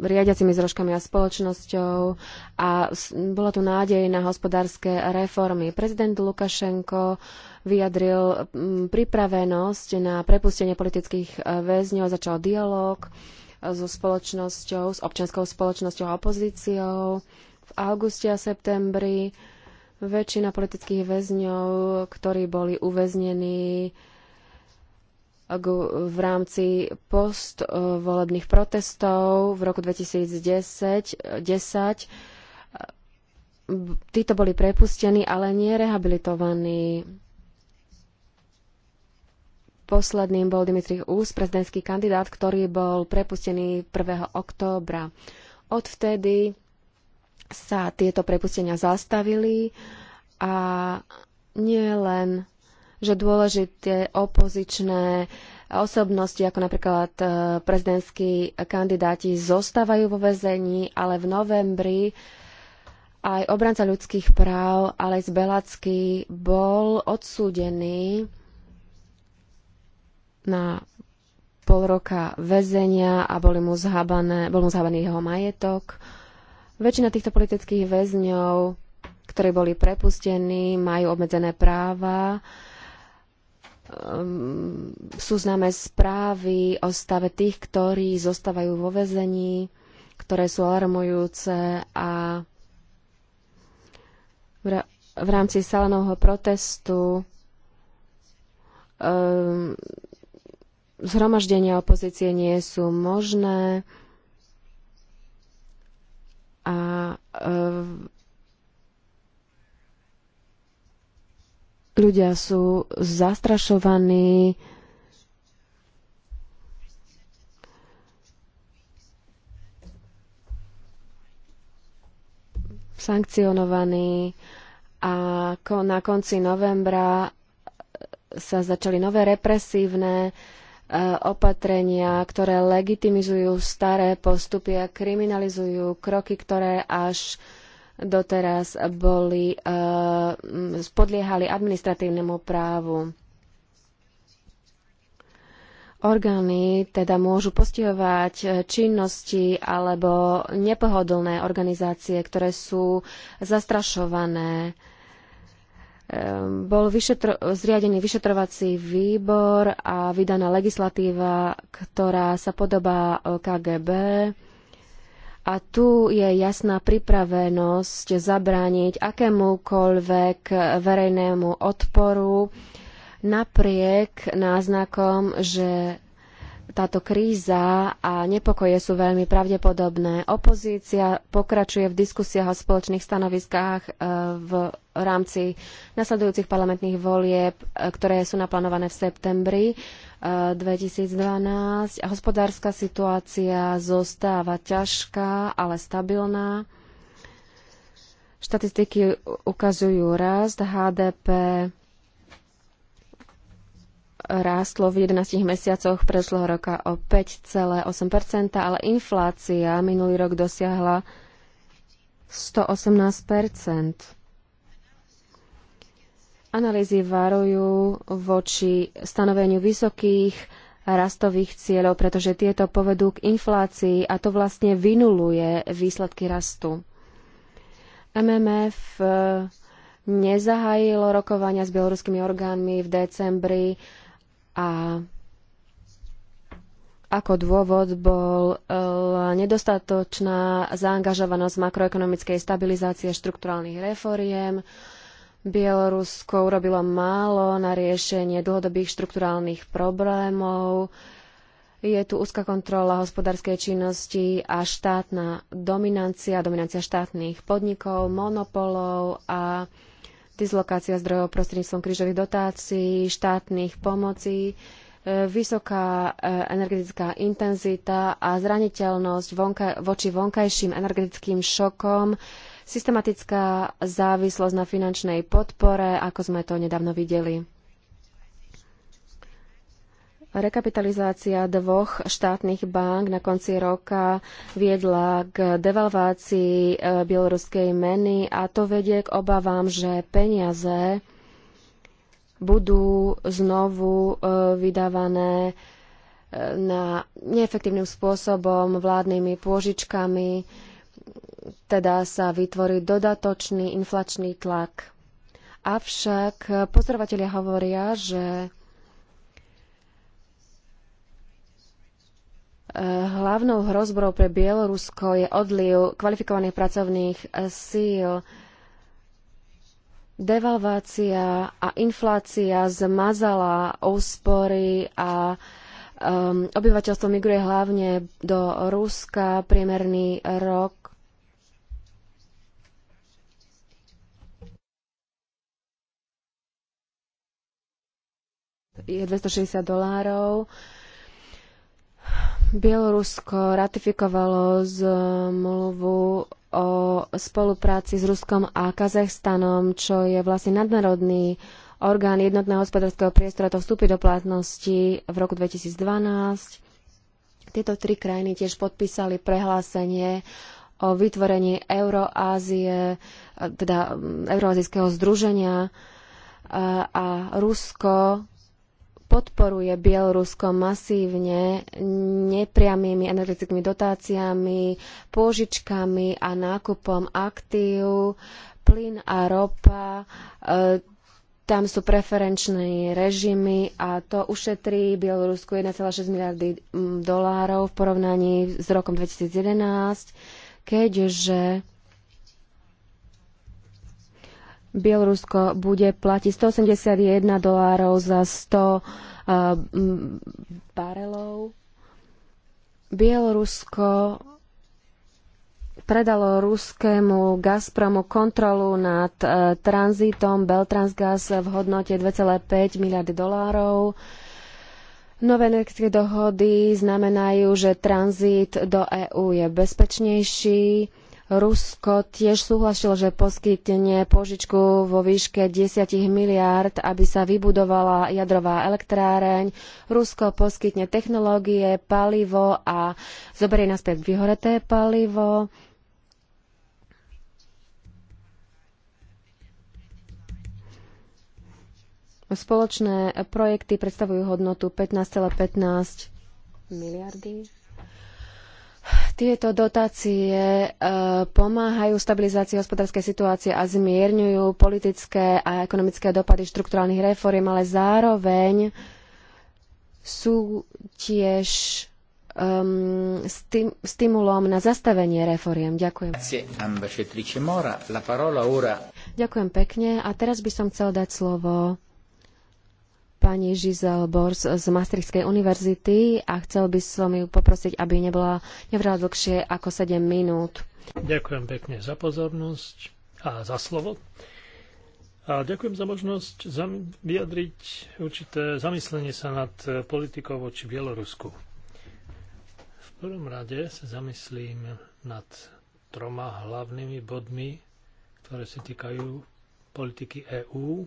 Speaker 3: riadiacimi zložkami a spoločnosťou a bola tu nádej na hospodárske reformy. Prezident Lukašenko vyjadril pripravenosť na prepustenie politických e, väzňov, začal dialog so spoločnosťou, s občianskou spoločnosťou a opozíciou. V auguste a septembri väčšina politických väzňov, ktorí boli uväznení v rámci postvolebných protestov v roku 2010, 10, títo boli prepustení, ale nerehabilitovaní. rehabilitovaní. Posledným bol Dimitrich Ús, prezidentský kandidát, ktorý bol prepustený 1. októbra. Odvtedy sa tieto prepustenia zastavili a nie len, že dôležité opozičné osobnosti, ako napríklad e, prezidentskí kandidáti, zostávajú vo väzení, ale v novembri aj obranca ľudských práv Alex Belacký bol odsúdený na pol roka väzenia a boli mu zhábané, bol mu zhábaný jeho majetok. Väčšina týchto politických väzňov, ktorí boli prepustení, majú obmedzené práva. Um, sú známe správy o stave tých, ktorí zostávajú vo väzení, ktoré sú alarmujúce a v rámci salenovho protestu um, zhromaždenia opozície nie sú možné a e, ľudia sú zastrašovaní sankcionovaní a na konci novembra e, sa začali nové represívne uh, E, opatrenia, ktoré legitimizujú staré postupy a kriminalizujú kroky, ktoré až doteraz boli, e, podliehali administratívnemu právu. Orgány teda môžu postihovať e, činnosti alebo nepohodlné organizácie, ktoré sú zastrašované Ehm, bol vyšetro- zriadený vyšetrovací výbor a vydaná legislatíva, ktorá sa podobá KGB. A tu je jasná pripravenosť zabrániť akémukoľvek verejnému odporu napriek náznakom, že táto kríza a nepokoje sú veľmi pravdepodobné. Opozícia pokračuje v diskusiách o spoločných stanoviskách e, v rámci nasledujúcich parlamentných volieb, e, ktoré sú naplánované v septembri 2012. E, hospodárska situácia zostáva ťažká, ale stabilná. Štatistiky ukazujú rast HDP rástlo v 11 mesiacoch prešlého roka o 5,8%, ale inflácia minulý rok dosiahla 118%. Analýzy varujú voči stanoveniu vysokých rastových cieľov, pretože tieto povedú k inflácii a to vlastne vynuluje výsledky rastu. MMF eh, nezahájilo rokovania s bieloruskými orgánmi v decembri a ako dôvod bol eh, nedostatočná zaangažovanosť makroekonomickej stabilizácie štrukturálnych reforiem. Bielorusko urobilo málo na riešenie dlhodobých štrukturálnych problémov. Je tu úzka kontrola hospodárskej činnosti a štátna dominancia, dominancia štátnych podnikov, monopolov a dislokácia zdrojov prostredníctvom krížových dotácií, štátnych pomocí, e, vysoká e, energetická intenzita a zraniteľnosť vonka voči vonkajším energetickým šokom, systematická závislosť na finančnej podpore, ako sme to nedávno videli. Rekapitalizácia dvoch štátnych bank na konci roka viedla k devalvácii e, bieloruskej meny a to vedie k obavám, že peniaze budú znovu e, vydávané e, na neefektívnym spôsobom vládnymi pôžičkami, teda sa vytvorí dodatočný inflačný tlak. Avšak pozorovatelia hovoria, že Hlavnou hrozbou pre Bielorusko je odliv kvalifikovaných pracovných eh, síl. Devalvácia a inflácia zmazala úspory a um, obyvateľstvo migruje hlavne do Ruska. Priemerný rok je 260 dolárov. Bielorusko ratifikovalo zmluvu o spolupráci s Ruskom a Kazachstanom, čo je vlastne nadnárodný orgán jednotného hospodárskeho priestora, to vstúpi do platnosti v roku 2012. Tieto tri krajiny tiež podpísali prehlásenie o vytvorení Euroázie, teda mm, Euroazijského združenia a Rusko podporuje Bielorusko masívne nepriamými energetickými dotáciami, pôžičkami a nákupom aktív, plyn a ropa. E, tam sú preferenčné režimy a to ušetrí Bielorusku 1,6 miliardy mm, dolárov v porovnaní s rokom 2011, keďže Bielorusko bude platiť 181 dolárov za 100 uh, barelov. Bielorusko predalo ruskému Gazpromu kontrolu nad uh, tranzitom Beltransgas v hodnote 2,5 miliardy dolárov. Nové energetické dohody znamenajú, že tranzit do EÚ je bezpečnejší Rusko tiež súhlasilo, že poskytne požičku vo výške 10 miliárd, aby sa vybudovala jadrová elektráreň. Rusko poskytne technológie, palivo a zoberie naspäť vyhoreté palivo. Spoločné projekty predstavujú hodnotu 15,15 ,15 miliardy tieto dotácie e, pomáhajú stabilizácii hospodárskej situácie a zmierňujú politické a ekonomické dopady štrukturálnych reforiem, ale zároveň sú tiež um, stim stimulom na zastavenie reforiem. Ďakujem. Ďakujem pekne a teraz by som chcel dať slovo pani Žizel Bors z Maastrichtskej univerzity a chcel by som ju poprosiť, aby nebola nevrala dlhšie ako 7 minút.
Speaker 2: Ďakujem pekne za pozornosť a za slovo. A ďakujem za možnosť vyjadriť určité zamyslenie sa nad politikou voči Bielorusku. V prvom rade sa zamyslím nad troma hlavnými bodmi, ktoré sa týkajú politiky EÚ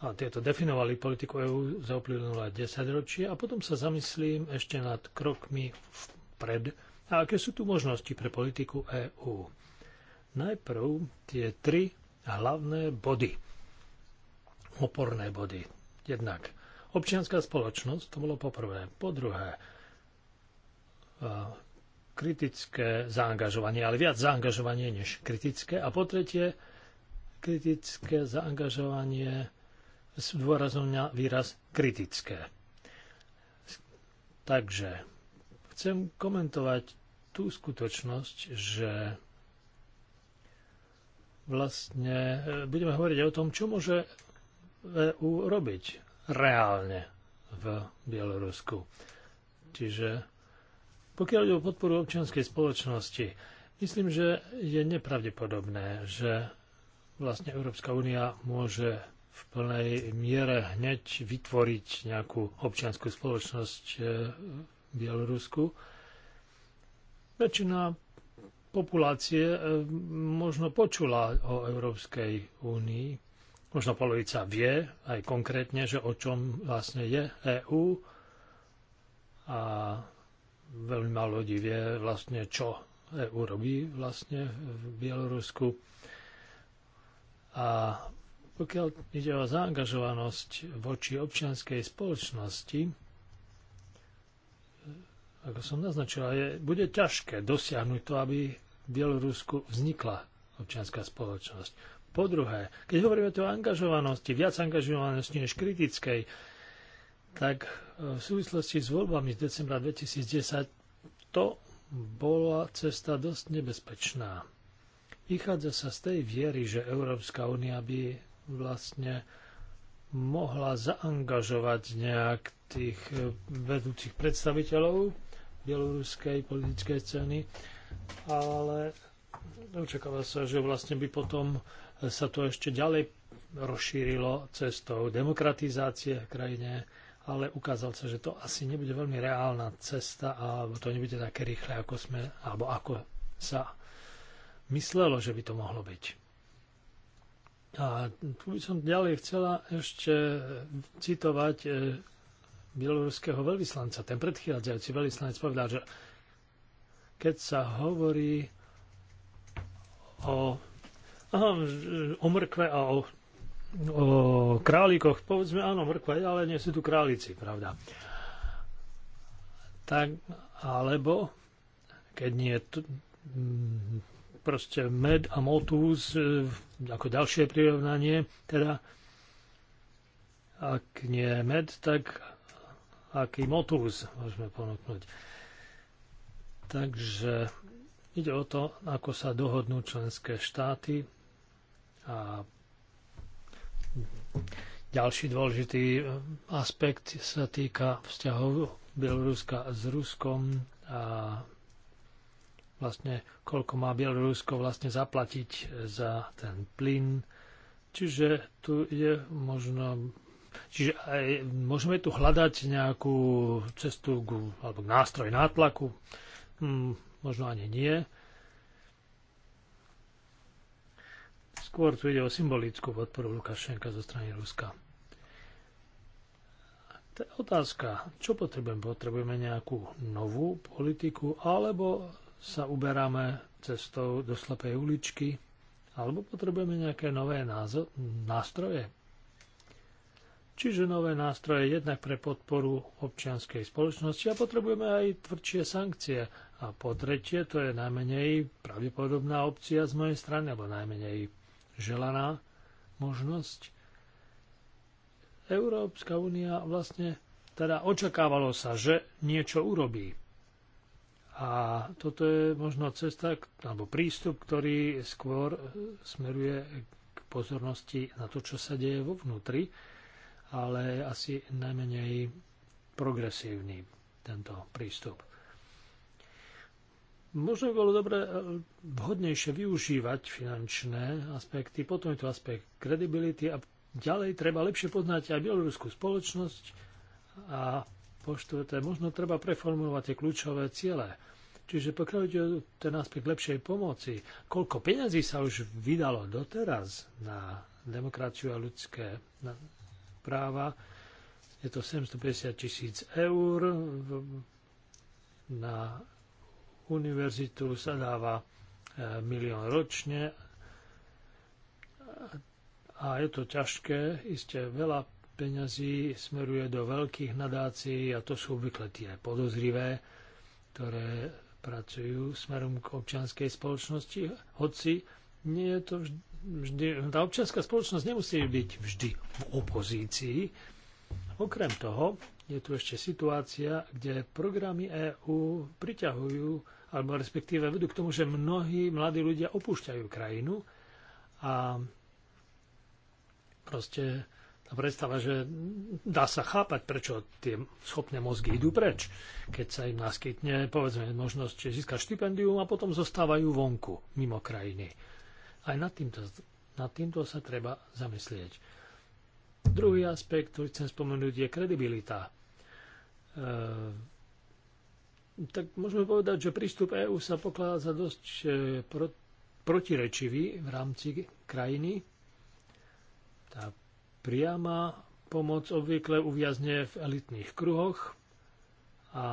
Speaker 2: a tieto definovali politiku EÚ za uplynulé 10 ročie a potom sa zamyslím ešte nad krokmi vpred a aké sú tu možnosti pre politiku EÚ. Najprv tie tri hlavné body, oporné body. Jednak občianská spoločnosť, to bolo poprvé. Po druhé, e, kritické zaangažovanie, ale viac zaangažovanie než kritické. A po tretie, kritické zaangažovanie s dôrazom na výraz kritické. Takže chcem komentovať tú skutočnosť, že vlastne e, budeme hovoriť o tom, čo môže EU robiť reálne v Bielorusku. Čiže pokiaľ ide o podporu občianskej spoločnosti, myslím, že je nepravdepodobné, že vlastne Európska únia môže v plnej miere hneď vytvoriť nejakú občianskú spoločnosť e, v Bielorusku. Väčšina populácie e, možno počula o Európskej únii. Možno polovica vie aj konkrétne, že o čom vlastne je EÚ a veľmi málo ľudí vie vlastne, čo EU robí vlastne v Bielorusku. A pokiaľ ide o zaangažovanosť voči občianskej spoločnosti, ako som naznačila, je, bude ťažké dosiahnuť to, aby v Bielorusku vznikla občianská spoločnosť. Po druhé, keď hovoríme tu o angažovanosti, viac angažovanosti než kritickej, tak e, v súvislosti s voľbami z decembra 2010 to bola cesta dosť nebezpečná. Vychádza sa z tej viery, že Európska únia by vlastne mohla zaangažovať nejak tých eh, vedúcich predstaviteľov bieloruskej politickej scény, ale očakáva sa, že vlastne by potom sa to ešte ďalej rozšírilo cestou demokratizácie v krajine, ale ukázal sa, že to asi nebude veľmi reálna cesta a to nebude také rýchle, ako sme, alebo ako sa myslelo, že by to mohlo byť. A tu by som ďalej chcela ešte citovať e, bieloruského veľvyslanca. Ten predchádzajúci veľvyslanec povedal, že keď sa hovorí o, aha, o mrkve a o, o králikoch, povedzme áno, mrkva je, ale nie sú tu králici, pravda. Tak, alebo keď nie je proste med a motus e, ako ďalšie prirovnanie, teda ak nie med, tak aký motus môžeme ponúknuť. Takže ide o to, ako sa dohodnú členské štáty a ďalší dôležitý e, aspekt sa týka vzťahov Bieloruska s Ruskom a vlastne koľko má Bielorusko vlastne zaplatiť za ten plyn. Čiže tu je možno Čiže aj, môžeme tu hľadať nejakú cestu k, alebo nástroj nátlaku? Hm, možno ani nie. Skôr tu ide o symbolickú podporu Lukašenka zo strany Ruska. To je otázka, čo potrebujeme? Potrebujeme nejakú novú politiku alebo sa uberáme cestou do slepej uličky, alebo potrebujeme nejaké nové nástroje. Čiže nové nástroje jednak pre podporu občianskej spoločnosti a potrebujeme aj tvrdšie sankcie. A po tretie, to je najmenej pravdepodobná opcia z mojej strany, alebo najmenej želaná možnosť. Európska únia vlastne teda očakávalo sa, že niečo urobí. A toto je možno cesta, alebo prístup, ktorý skôr e, smeruje k pozornosti na to, čo sa deje vo vnútri, ale asi najmenej progresívny tento prístup. Možno by bolo dobre vhodnejšie využívať finančné aspekty, potom je to aspekt kredibility a ďalej treba lepšie poznať aj bieloruskú spoločnosť a po štvrté, možno treba preformulovať tie kľúčové ciele. Čiže pokiaľ ide ten aspekt lepšej pomoci, koľko peňazí sa už vydalo doteraz na demokraciu a ľudské práva, je to 750 tisíc eur, na univerzitu sa dáva e, milión ročne a je to ťažké, iste veľa peňazí smeruje do veľkých nadácií a to sú obvykle tie podozrivé, ktoré pracujú smerom k občianskej spoločnosti, hoci nie je to vždy, tá občianská spoločnosť nemusí byť vždy v opozícii. Okrem toho je tu ešte situácia, kde programy EÚ priťahujú, alebo respektíve vedú k tomu, že mnohí mladí ľudia opúšťajú krajinu a proste tá predstava, že dá sa chápať, prečo tie schopné mozgy idú preč, keď sa im naskytne, povedzme, možnosť získať štipendium a potom zostávajú vonku, mimo krajiny. Aj nad týmto, nad týmto sa treba zamyslieť. Druhý aspekt, ktorý chcem spomenúť, je kredibilita. E tak môžeme povedať, že prístup EÚ sa pokladá za dosť e, pro, protirečivý v rámci krajiny. Tá Priama pomoc obvykle uviazne v elitných kruhoch a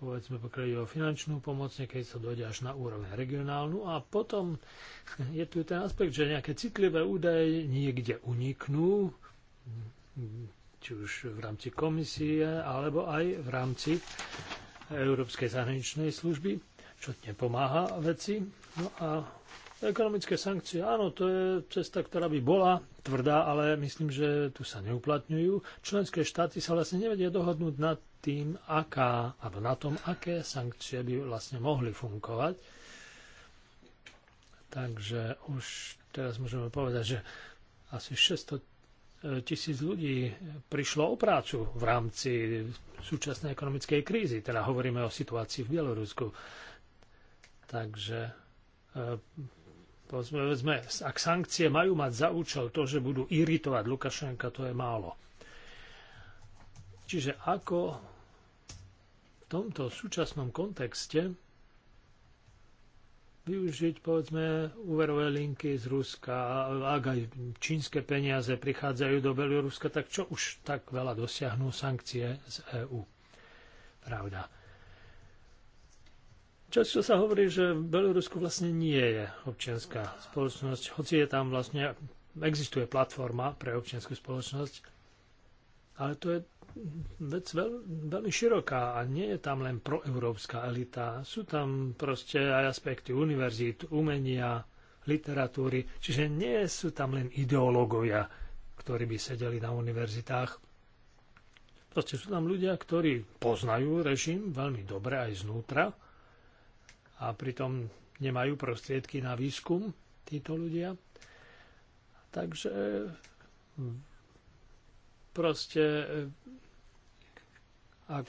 Speaker 2: povedzme pokiaľ o finančnú pomoc, niekedy sa dojde až na úroveň regionálnu a potom je tu ten aspekt, že nejaké citlivé údaje niekde uniknú, či už v rámci komisie, alebo aj v rámci Európskej zahraničnej služby, čo nepomáha veci. No a Ekonomické sankcie, áno, to je cesta, ktorá by bola tvrdá, ale myslím, že tu sa neuplatňujú. Členské štáty sa vlastne nevedia dohodnúť nad tým, aká, alebo na tom, aké sankcie by vlastne mohli fungovať. Takže už teraz môžeme povedať, že asi 600 e, tisíc ľudí prišlo o prácu v rámci súčasnej ekonomickej krízy. Teda hovoríme o situácii v Bielorusku. Takže e, Povedzme, ak sankcie majú mať za účel to, že budú iritovať Lukašenka, to je málo. Čiže ako v tomto súčasnom kontexte využiť, povedzme, úverové linky z Ruska, ak aj čínske peniaze prichádzajú do Beloruska, tak čo už tak veľa dosiahnu sankcie z EÚ? Pravda. Často sa hovorí, že v Belorusku vlastne nie je občianská spoločnosť, hoci je tam vlastne, existuje platforma pre občianskú spoločnosť, ale to je vec veľ, veľmi široká a nie je tam len proeurópska elita. Sú tam proste aj aspekty univerzít, umenia, literatúry, čiže nie sú tam len ideológovia, ktorí by sedeli na univerzitách. Proste sú tam ľudia, ktorí poznajú režim veľmi dobre aj znútra, a pritom nemajú prostriedky na výskum títo ľudia. Takže e, proste e, ak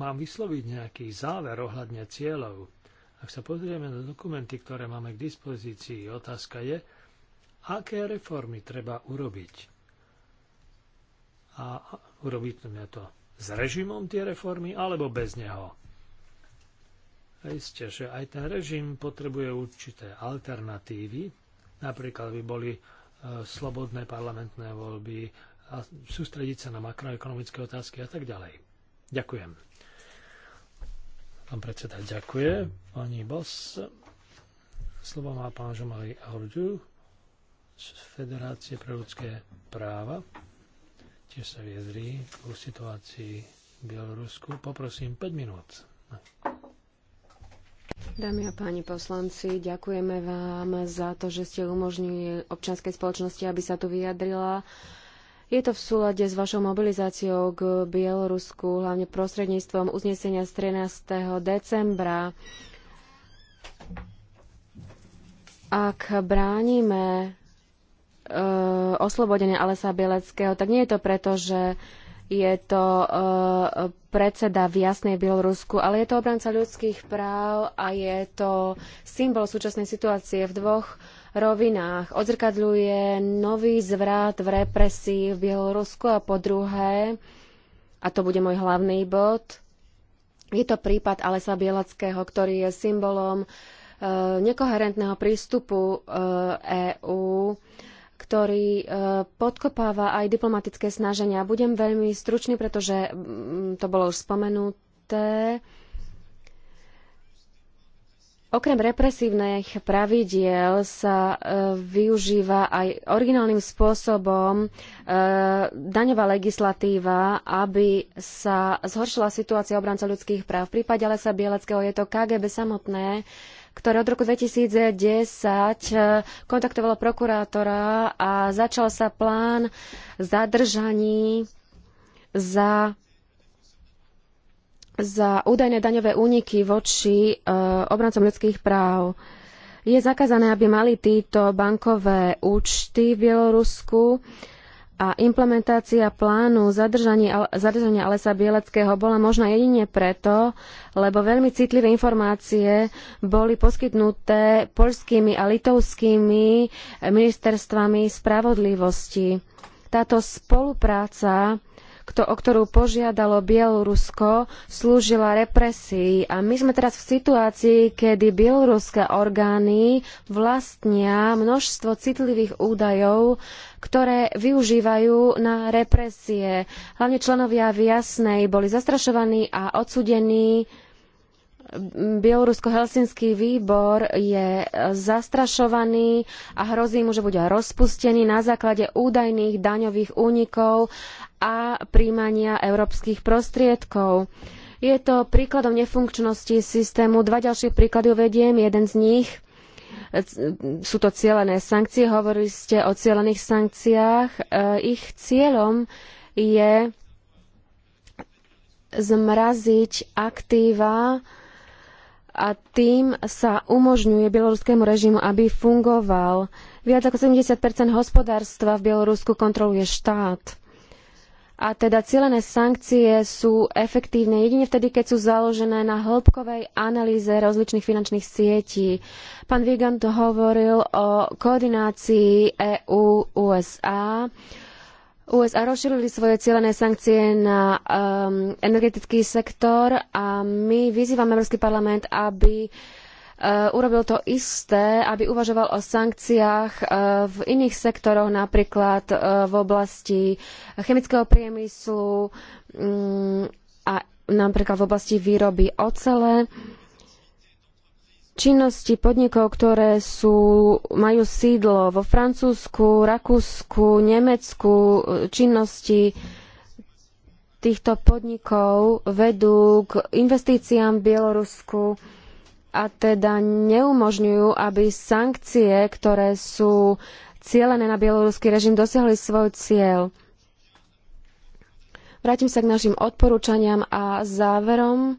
Speaker 2: mám vysloviť nejaký záver ohľadne cieľov, ak sa pozrieme na dokumenty, ktoré máme k dispozícii, otázka je, aké reformy treba urobiť. A urobiť to s režimom tie reformy alebo bez neho. A isté, že aj ten režim potrebuje určité alternatívy, napríklad by boli e, slobodné parlamentné voľby a sústrediť sa na makroekonomické otázky a tak ďalej. Ďakujem. Pán predseda, ďakujem. Pani Bos, slovo má pán Žomali Hordu z Federácie pre ľudské práva. Tiež sa viedri o situácii v Bielorusku. Poprosím 5 minút.
Speaker 3: Dámy a páni poslanci, ďakujeme vám za to, že ste umožnili občianskej spoločnosti, aby sa tu vyjadrila. Je to v súlade s vašou mobilizáciou k Bielorusku, hlavne prostredníctvom uznesenia z 13. decembra. Ak bránime e, oslobodenie Alesa Bieleckého, tak nie je to preto, že je to eh, predseda v jasnej Bielorusku, ale je to obranca ľudských práv a je to symbol súčasnej situácie v dvoch rovinách. Odzrkadľuje nový zvrat v represii v Bielorusku a po druhé, a to bude môj hlavný bod, je to prípad Alesa Bielackého, ktorý je symbolom e, nekoherentného prístupu EÚ eh, e ktorý e, podkopáva aj diplomatické snaženia. Budem veľmi stručný, pretože mm, to bolo už spomenuté. Okrem represívnych pravidiel sa e, využíva aj originálnym spôsobom e, daňová legislatíva, aby sa zhoršila situácia obranca ľudských práv. V prípade lesa Bieleckého je to KGB samotné, e, ktoré od roku 2010 eh, kontaktovalo prokurátora a začal sa plán zadržaní za za údajné daňové úniky voči e, obrancom ľudských práv. Je zakázané, aby mali títo bankové účty v Bielorusku. E, a implementácia plánu zadržania, Alesa Bieleckého bola možná jedine preto, lebo veľmi citlivé informácie boli poskytnuté poľskými a litovskými ministerstvami spravodlivosti. Táto spolupráca kto, o ktorú požiadalo Bielorusko, slúžila represii. A my sme teraz v situácii, kedy bieloruské orgány vlastnia množstvo citlivých údajov, ktoré využívajú na represie. Hlavne členovia v Jasnej boli zastrašovaní a odsudení. Bielorusko-Helsinský výbor je zastrašovaný a hrozí mu, že bude rozpustený na základe údajných daňových únikov a príjmania európskych prostriedkov. Je to príkladom nefunkčnosti systému. Dva ďalšie príklady uvediem. Jeden z nich e, sú to cielené sankcie. Hovorili ste o cielených sankciách. E, ich cieľom je zmraziť aktíva a tým sa umožňuje bieloruskému režimu, aby fungoval. Viac ako 70 hospodárstva v Bielorusku kontroluje štát a teda cielené sankcie sú efektívne jedine vtedy, keď sú založené na hĺbkovej analýze rozličných finančných sietí. Pán Vigant hovoril o koordinácii EU-USA. USA rozšírili svoje cielené sankcie na um, energetický sektor a my vyzývame Európsky parlament, aby uh, Eh, urobil to isté, aby uvažoval o sankciách eh, v iných sektoroch, napríklad eh, v oblasti chemického priemyslu mm, a napríklad v oblasti výroby ocele činnosti podnikov, ktoré sú, majú sídlo vo Francúzsku, Rakúsku, Nemecku, činnosti týchto podnikov vedú k investíciám v Bielorusku a teda neumožňujú, aby sankcie, ktoré sú cielené na bieloruský režim, dosiahli svoj cieľ. Vrátim sa k našim odporúčaniam a záverom.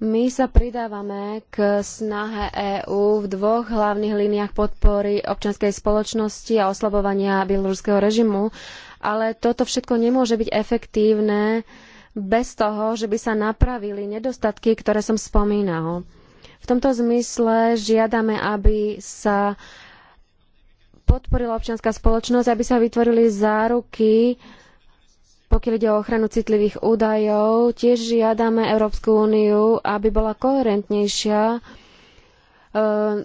Speaker 3: My sa pridávame k snahe EÚ v dvoch hlavných líniách podpory občianskej spoločnosti a oslabovania bieloruského režimu, ale toto všetko nemôže byť efektívne bez toho, že by sa napravili nedostatky, ktoré som spomínal. V tomto zmysle žiadame, aby sa podporila občianska spoločnosť, aby sa vytvorili záruky, pokiaľ ide o ochranu citlivých údajov. Tiež žiadame Európsku úniu, aby bola koherentnejšia e,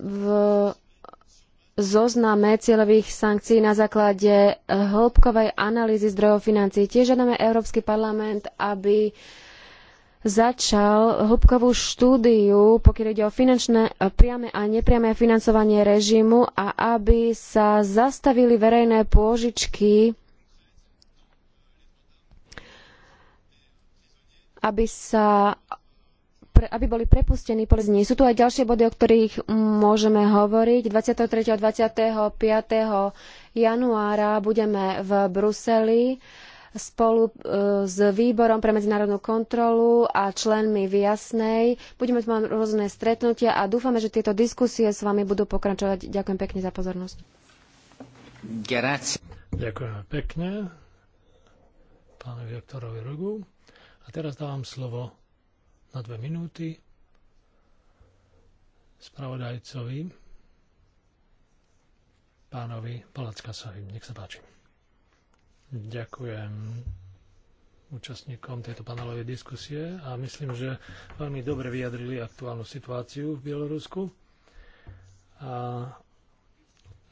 Speaker 3: v zozname cieľových sankcií na základe eh, hĺbkovej analýzy zdrojov financií. Tiež žiadame Európsky parlament, aby začal hĺbkovú štúdiu, pokiaľ ide o finančné eh, priame a nepriame financovanie režimu a aby sa zastavili verejné pôžičky, aby sa pre, aby boli prepustení policajti. Sú tu aj ďalšie body, o ktorých môžeme hovoriť. 23. a 25. januára budeme v Bruseli spolu e, s Výborom pre medzinárodnú kontrolu a členmi v Jasnej. Budeme tu mať rôzne stretnutia a dúfame, že tieto diskusie s vami budú pokračovať. Ďakujem pekne za pozornosť.
Speaker 2: Ďakujem pekne pánovi doktorovi Rogu. A teraz dávam slovo na dve minúty spravodajcovi pánovi Palackasovi. Nech sa páči. Ďakujem účastníkom tejto panelovej diskusie a myslím, že veľmi dobre vyjadrili aktuálnu situáciu v Bielorusku. A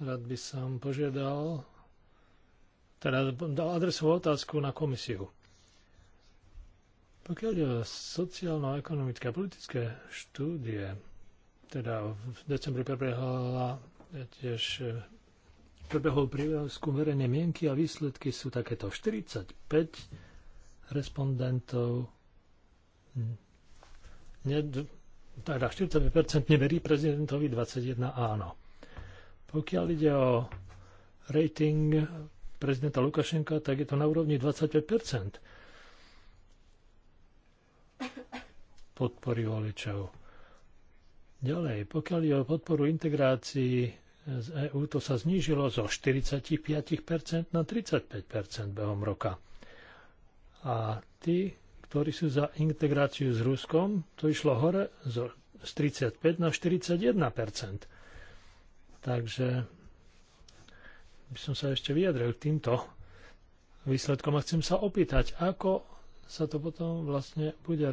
Speaker 2: rád by som požiadal, teda dal adresovú otázku na komisiu. Pokiaľ ide o sociálno-ekonomické a politické štúdie, teda v decembri prebehla eh, tiež eh, prebehol prieskum verejnej mienky a výsledky sú takéto 45 respondentov hm, teda 45% neverí prezidentovi, 21 áno. Pokiaľ ide o rating prezidenta Lukašenka, tak je to na úrovni 25% podpory voličov. Ďalej, pokiaľ je o podporu integrácii z EÚ, to sa znížilo zo 45% na 35% behom roka. A tí, ktorí sú za integráciu s Ruskom, to išlo hore z 35 na 41 Takže by som sa ešte vyjadril k týmto výsledkom a chcem sa opýtať, ako sa to potom vlastne bude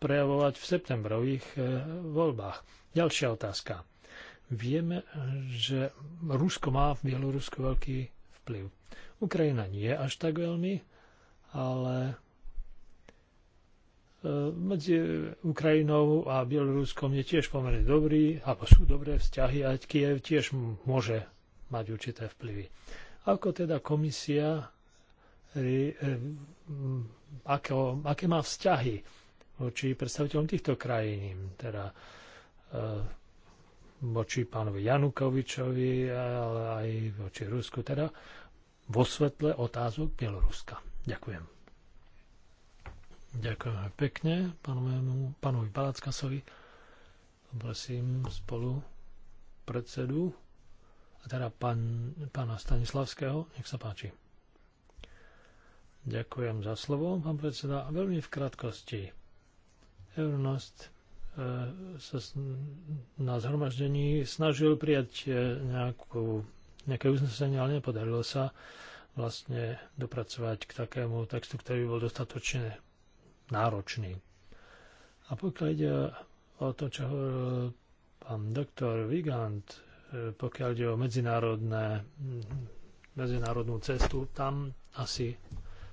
Speaker 2: prejavovať v septembrových e, voľbách. Ďalšia otázka. Vieme, že Rusko má v Bielorusku veľký vplyv. Ukrajina nie až tak veľmi, ale e, medzi Ukrajinou a Bieloruskom je tiež pomerne dobrý, alebo sú dobré vzťahy, aj Kiev tiež môže mať určité vplyvy. Ako teda komisia Eh, ako, aké má vzťahy voči predstaviteľom týchto krajín, teda eh, voči pánovi Janukovičovi, ale aj voči Rusku, teda vo svetle otázok Bieloruska. Ďakujem. Ďakujem pekne pánu, pánovi Palackasovi. Prosím spolu predsedu, a teda pán, pána Stanislavského. Nech sa páči. Ďakujem za slovo, pán predseda. Veľmi v krátkosti. Euronost e, sa na zhromaždení snažil prijať e, nejakú, nejaké uznesenie, ale nepodarilo sa vlastne dopracovať k takému textu, ktorý bol dostatočne náročný. A pokiaľ ide o to, čo hovoril pán doktor Vigant, e, pokiaľ ide o medzinárodné, medzinárodnú cestu, tam asi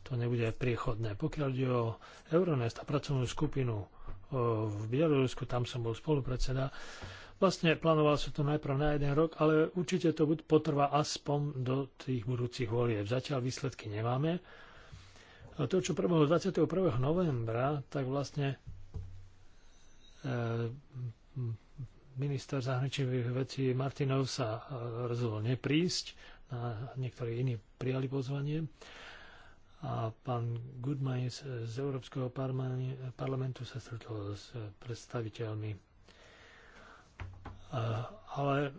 Speaker 2: to nebude priechodné. Pokiaľ ide o Euronest a pracovnú skupinu v Bielorusku, tam som bol spolupredseda, vlastne plánoval sa to najprv na jeden rok, ale určite to potrvá aspoň do tých budúcich volieb. Zatiaľ výsledky nemáme. A to, čo prebehlo 21. novembra, tak vlastne e, minister zahraničných vecí Martinov sa e, rozhodol neprísť, a niektorí iní prijali pozvanie a pán Goodmines z Európskeho parlamentu sa stretol s predstaviteľmi. Ale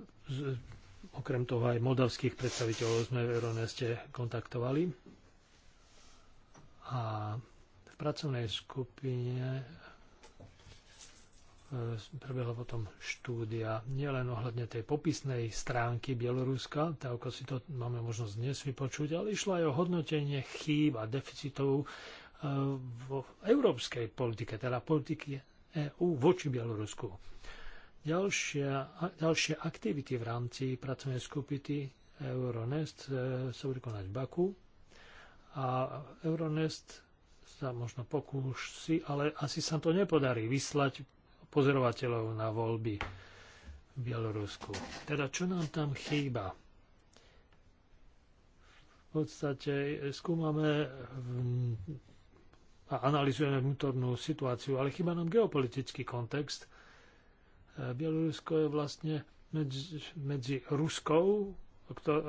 Speaker 2: okrem toho aj moldavských predstaviteľov sme v Euroneste kontaktovali. A v pracovnej skupine E, prebehla potom štúdia nielen ohľadne tej popisnej stránky Bieloruska, tak ako si to máme možnosť dnes vypočuť, ale išlo aj o hodnotenie chýb a deficitov e, v európskej politike, teda politiky EÚ voči Bielorusku. Ďalšia, ďalšie aktivity v rámci pracovnej skupiny Euronest e, sa budú konať v Baku a Euronest sa možno si, ale asi sa to nepodarí vyslať pozorovateľov na voľby v Bielorusku. Teda čo nám tam chýba? V podstate skúmame a analizujeme vnútornú situáciu, ale chýba nám geopolitický kontext. Bielorusko je vlastne medzi, medzi Ruskou,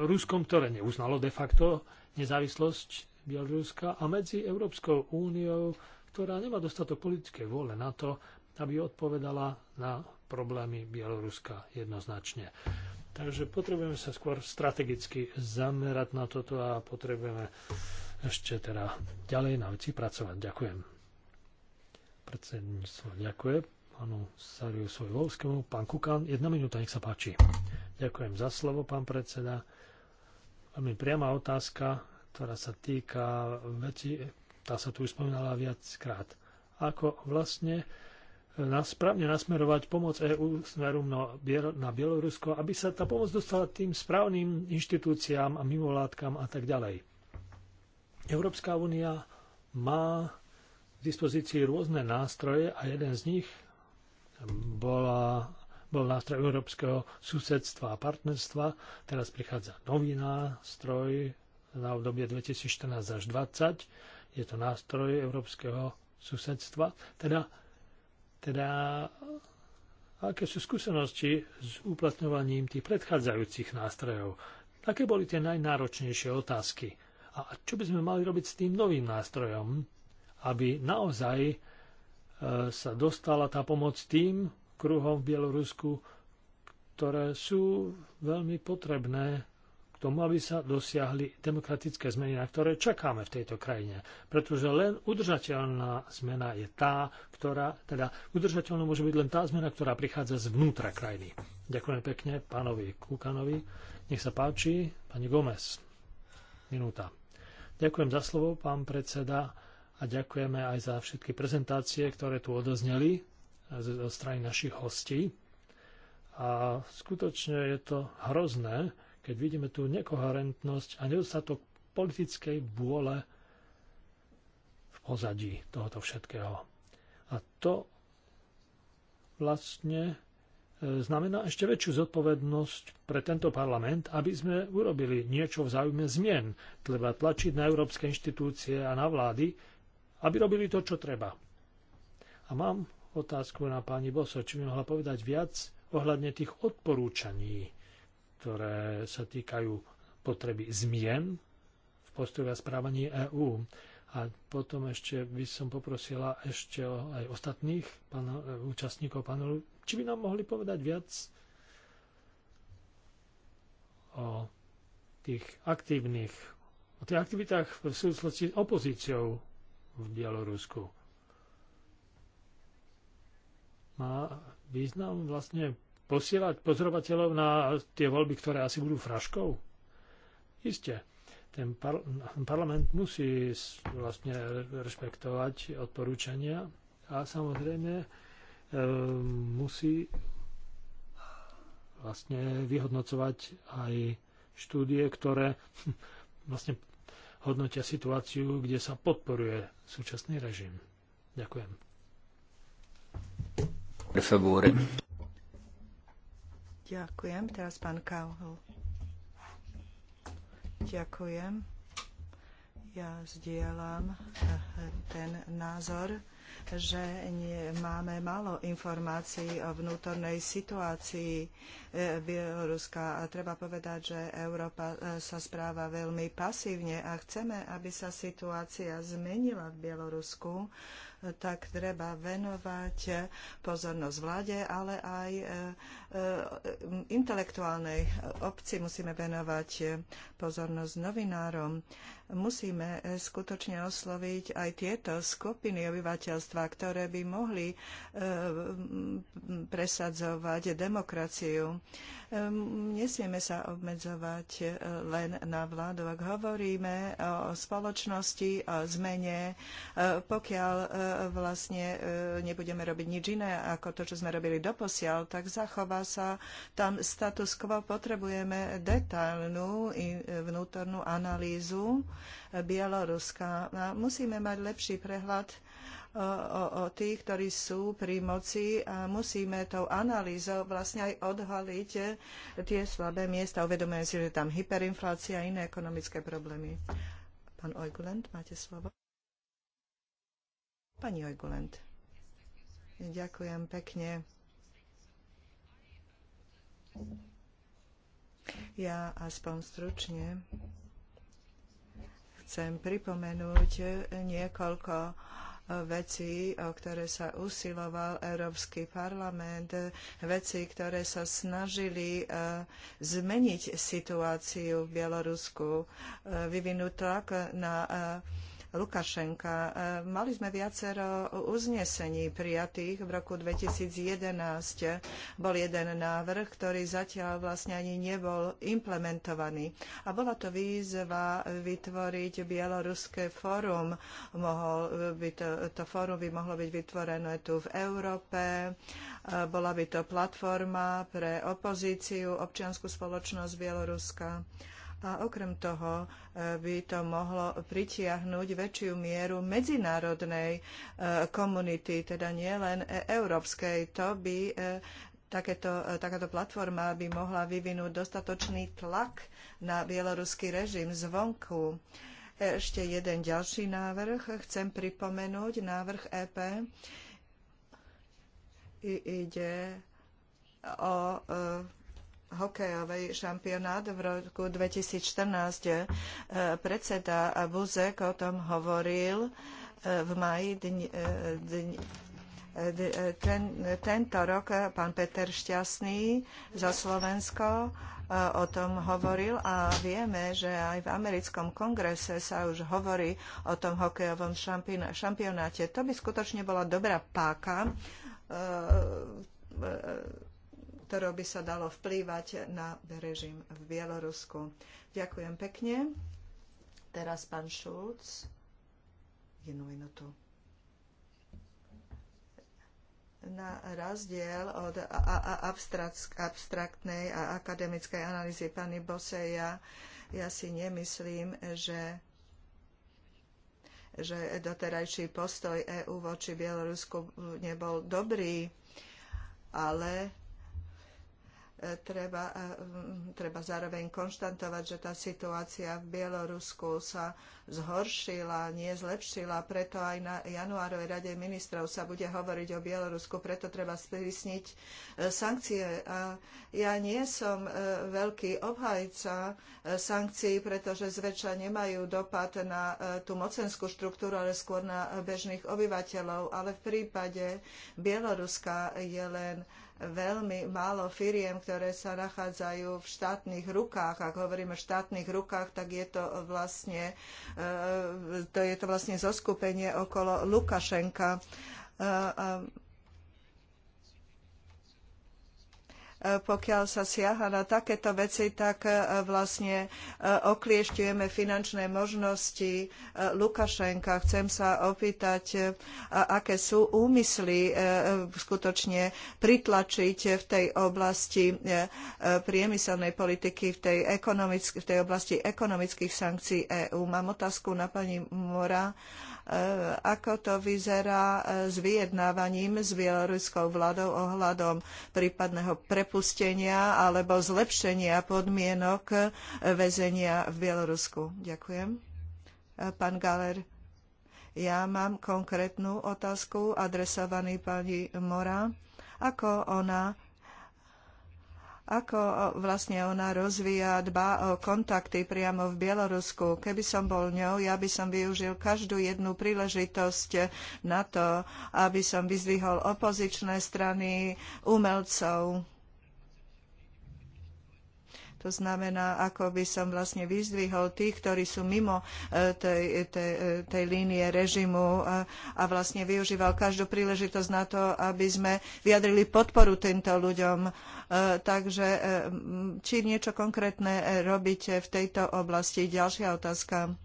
Speaker 2: Ruskom, ktoré neuznalo de facto nezávislosť Bieloruska a medzi Európskou úniou, ktorá nemá dostatok politickej vôle na to, aby odpovedala na problémy Bieloruska jednoznačne. Takže potrebujeme sa skôr strategicky zamerať na toto a potrebujeme ešte teda ďalej na veci pracovať. Ďakujem. Predsedníctvo ďakuje pánu Sariu Volskému. Pán Kukan, jedna minúta, nech sa páči. Ďakujem za slovo, pán predseda. Veľmi priama otázka, ktorá sa týka veci, tá sa tu už spomínala viackrát. Ako vlastne správne nasmerovať pomoc EÚ smerom na, Bielorusko, aby sa tá pomoc dostala tým správnym inštitúciám a mimovládkam a tak ďalej. Európska únia má k dispozícii rôzne nástroje a jeden z nich bola, bol nástroj európskeho susedstva a partnerstva. Teraz prichádza nový nástroj na obdobie 2014 až 2020. Je to nástroj európskeho susedstva. Teda teda, aké sú skúsenosti s uplatňovaním tých predchádzajúcich nástrojov? Aké boli tie najnáročnejšie otázky? A čo by sme mali robiť s tým novým nástrojom, aby naozaj e, sa dostala tá pomoc tým kruhom v Bielorusku, ktoré sú veľmi potrebné tomu, aby sa dosiahli demokratické zmeny, na ktoré čakáme v tejto krajine. Pretože len udržateľná zmena je tá, ktorá, teda udržateľná môže byť len tá zmena, ktorá prichádza zvnútra krajiny. Ďakujem pekne pánovi Kukanovi. Nech sa páči, pani Gomez. Minúta. Ďakujem za slovo, pán predseda, a ďakujeme aj za všetky prezentácie, ktoré tu odozneli zo strany našich hostí. A skutočne je to hrozné, keď vidíme tú nekoherentnosť a nedostatok politickej vôle v pozadí tohoto všetkého. A to vlastne e, znamená ešte väčšiu zodpovednosť pre tento parlament, aby sme urobili niečo v záujme zmien. Treba tlačiť na európske inštitúcie a na vlády, aby robili to, čo treba. A mám otázku na pani Boso, či mi mohla povedať viac ohľadne tých odporúčaní, ktoré sa týkajú potreby zmien v postoji a správaní EÚ. A potom ešte by som poprosila ešte aj ostatných pána, e, účastníkov panelu, či by nám mohli povedať viac o tých aktívnych, o tých aktivitách v súvislosti s opozíciou v Bielorusku. Má význam vlastne posielať pozorovateľov na tie voľby, ktoré asi budú fraškou? Isté. Ten par- parlament musí vlastne rešpektovať odporúčania a samozrejme e, musí vlastne vyhodnocovať aj štúdie, ktoré vlastne hodnotia situáciu, kde sa podporuje súčasný režim. Ďakujem.
Speaker 4: Ďakujem. Teraz pán Kauhl. Ďakujem. Ja zdieľam eh, ten názor, že nie, máme málo informácií o vnútornej situácii eh, Bieloruska. A treba povedať, že Európa eh, sa správa veľmi pasívne a chceme, aby sa situácia zmenila v Bielorusku tak treba venovať pozornosť vláde, ale aj e, e, intelektuálnej obci musíme venovať pozornosť novinárom. Musíme skutočne osloviť aj tieto skupiny obyvateľstva, ktoré by mohli e, presadzovať demokraciu. Ehm, nesmieme sa obmedzovať eh, len na vládu. Ak hovoríme o spoločnosti, o zmene, eh, pokiaľ eh, vlastne nebudeme robiť nič iné ako to, čo sme robili doposiaľ, tak zachová sa tam status quo. Potrebujeme detailnú vnútornú analýzu Bieloruska. Musíme mať lepší prehľad o, o, tých, ktorí sú pri moci a musíme tou analýzou vlastne aj odhaliť e, tie slabé miesta. Uvedomujem si, že tam hyperinflácia a iné ekonomické problémy. Pán Ojgulent, máte slovo. Pani Ojgulent. Ďakujem pekne. Ja aspoň stručne chcem pripomenúť niekoľko uh, veci, o ktoré sa usiloval Európsky parlament, veci, ktoré sa snažili e, zmeniť situáciu v Bielorusku, e, vyvinúť tlak na e, Lukašenka. E, mali sme viacero uznesení prijatých v roku 2011. Bol jeden návrh, ktorý zatiaľ vlastne ani nebol implementovaný. A bola to výzva vytvoriť Bieloruské fórum. Mohol by to, to fórum by mohlo byť vytvorené tu v Európe. E, bola by to platforma pre opozíciu, občiansku spoločnosť Bieloruska a okrem toho e, by to mohlo pritiahnuť väčšiu mieru medzinárodnej e, komunity, teda nielen e, európskej. To by takéto, takáto platforma by mohla vyvinúť dostatočný tlak na bieloruský režim zvonku. Ešte jeden ďalší návrh. Chcem pripomenúť návrh EP. I, ide o hokejový šampionát v roku 2014. E, predseda Buzek o tom hovoril e, v maji e, ten, tento rok pán Peter Šťastný za Slovensko o tom hovoril a vieme, že aj v americkom kongrese sa už hovorí o tom hokejovom šampionáte. To by skutočne bola dobrá páka ktorou by sa dalo vplývať na režim v Bielorusku. Ďakujem pekne. Teraz pán Šulc. Jednu minútu na rozdiel od abstraktnej a akademickej analýzy pani Boseja, ja si nemyslím, že že doterajší postoj EÚ voči Bielorusku nebol dobrý, ale treba, e, treba zároveň konštantovať, že tá situácia v Bielorusku sa zhoršila, nie zlepšila, preto aj na januárovej rade ministrov sa bude hovoriť o Bielorusku, preto treba sprísniť e, sankcie. A ja nie som e, veľký obhajca sankcií, pretože zväčša nemajú dopad na tú mocenskú štruktúru, ale skôr na bežných obyvateľov. Ale v prípade Bieloruska je len veľmi málo firiem, ktoré sa nachádzajú v štátnych rukách. Ak hovoríme o štátnych rukách, tak je to vlastne, e, to je to vlastne zoskupenie okolo Lukašenka. E, e, E, pokiaľ sa siaha na takéto veci, tak e, vlastne e, okliešťujeme finančné možnosti Lukašenka. Chcem sa opýtať, aké sú úmysly skutočne pritlačiť v tej oblasti priemyselnej politiky, v tej, v tej oblasti ekonomických sankcií EÚ. Mám otázku na pani Mora E, ako to vyzerá e, s vyjednávaním s bieloruskou vládou ohľadom prípadného prepustenia alebo zlepšenia podmienok e, väzenia v Bielorusku. Ďakujem. Pán Galer, ja mám konkrétnu otázku adresovaný pani Mora. Ako ona ako vlastne ona rozvíja, dba o kontakty priamo v Bielorusku. Keby som bol ňou, ja by som využil každú jednu príležitosť na to, aby som vyzdvihol opozičné strany, umelcov, to znamená, ako by som vlastne vyzdvihol tých, ktorí sú mimo e, tej, tej, e, tej línie režimu a, a vlastne využíval každú príležitosť na to, aby sme vyjadrili podporu týmto ľuďom. E, takže či niečo konkrétne robíte v tejto oblasti? Ďalšia otázka.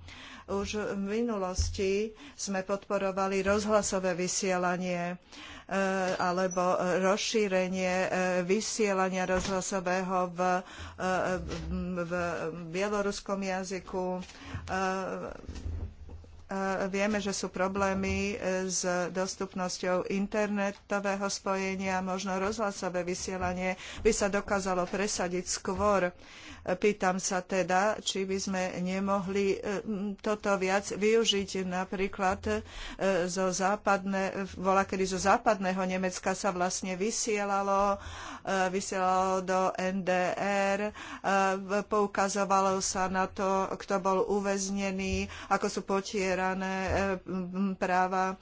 Speaker 4: Už v minulosti sme podporovali rozhlasové vysielanie. Uh, Eh, alebo rozšírenie eh, vysielania rozhlasového eh, v, v bieloruskom jazyku. Vieme, že sú problémy s dostupnosťou internetového spojenia, možno rozhlasové vysielanie by sa dokázalo presadiť skôr. Pýtam sa teda, či by sme nemohli e, toto viac využiť. Napríklad e, zo západné, volá, kedy zo západného Nemecka sa vlastne vysielalo, e, vysielalo do NDR, poukazovalo sa na to, kto bol uväznený, ako sú potierané práva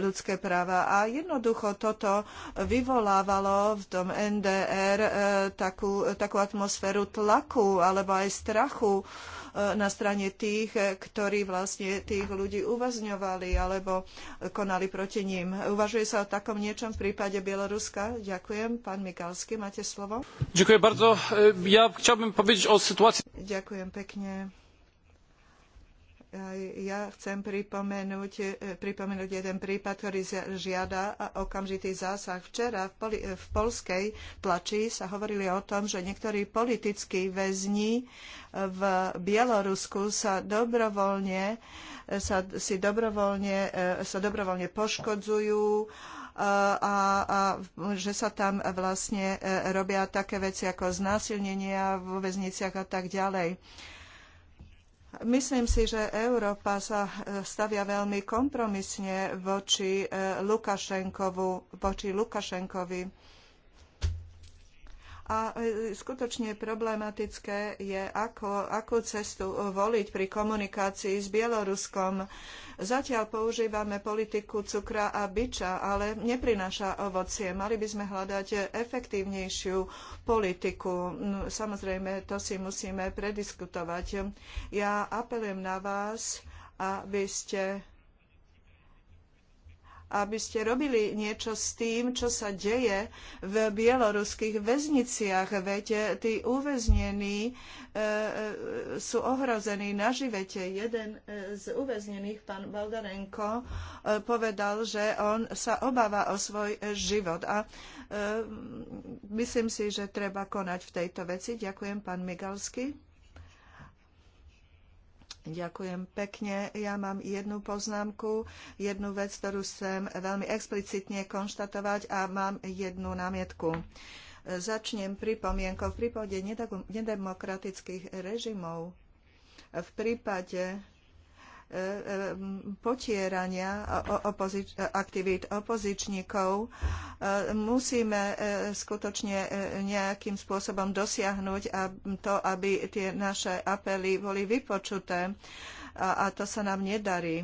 Speaker 4: ľudské práva. A jednoducho toto vyvolávalo v tom NDR e, takú, takú atmosféru tlaku alebo aj strachu e, na strane tých, ktorí vlastne tých ľudí uvazňovali alebo konali proti ním. Uvažuje sa o takom niečom v prípade Bieloruska? Ďakujem. Pán Mikalsky, máte slovo.
Speaker 2: Ďakujem bardzo. E, ja chciałbym povedať o situácii.
Speaker 4: Ďakujem pekne. Ja chcem pripomenúť, e, pripomenúť jeden prípad, ktorý žiada okamžitý zásah. Včera v, poli, v polskej tlači sa hovorili o tom, že niektorí politickí väzni e, v Bielorusku sa dobrovoľne, e, sa, si dobrovoľne, sa dobrovoľne poškodzujú, a, a, že sa tam vlastne robia také veci ako znásilnenia vo väzniciach a tak ďalej. Myslím si, že Európa sa e, stavia veľmi kompromisne voči e, Lukašenkovu, voči Lukašenkovi a e, skutočne problematické je, ako, akú cestu e, voliť pri komunikácii s Bieloruskom. Zatiaľ používame politiku cukra a biča, ale neprináša ovocie. Mali by sme hľadať efektívnejšiu politiku. Samozrejme, to si musíme prediskutovať. Ja apelujem na vás, aby ste aby ste robili niečo s tým, čo sa deje v bieloruských väzniciach. Veď tí uväznení e, e sú ohrození na živete. Jeden e, z uväznených, pán Baldarenko, e, povedal, že on sa obáva o svoj život. A e, myslím si, že treba konať v tejto veci. Ďakujem, pán Migalsky. Ďakujem pekne. Ja mám jednu poznámku, jednu vec, ktorú chcem veľmi explicitne konštatovať a mám jednu námietku. Začnem pripomienkou v prípade nedemokratických režimov. V prípade E, e, potierania opozič- e, aktivít opozičníkov. Musíme skutočne nejakým spôsobom dosiahnuť to, aby tie naše apely boli vypočuté a to sa nám nedarí.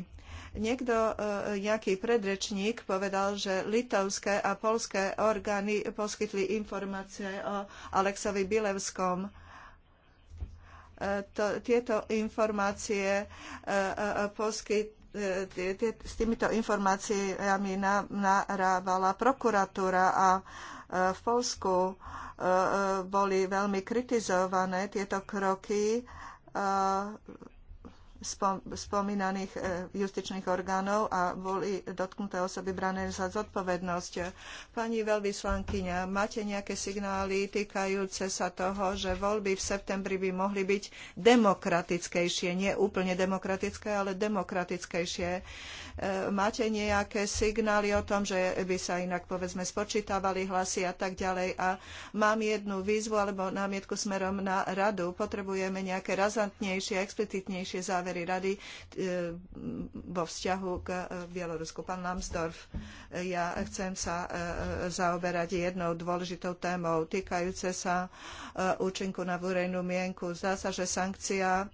Speaker 4: Niekto, nejaký predrečník, povedal, že litovské a poľské orgány poskytli informácie o Alexovi Bilevskom to, tieto informácie e, e, e, poskytnúť s týmito informáciami narávala prokuratúra a v Polsku boli veľmi kritizované tieto kroky spomínaných e, justičných orgánov a boli dotknuté osoby brané za zodpovednosť. Pani veľvyslankyňa, máte nejaké signály týkajúce sa toho, že voľby v septembri by mohli byť demokratickejšie, nie úplne demokratické, ale demokratickejšie. E, máte nejaké signály o tom, že by sa inak povedzme spočítavali hlasy a tak ďalej. A mám jednu výzvu alebo námietku smerom na radu. Potrebujeme nejaké razantnejšie, explicitnejšie závery závery rady e, vo vzťahu k e, Bielorusku. Pán Lambsdorff, e, ja chcem sa zaoberať jednou dôležitou témou týkajúce sa účinku na verejnú mienku. Zdá sa, že sankcia,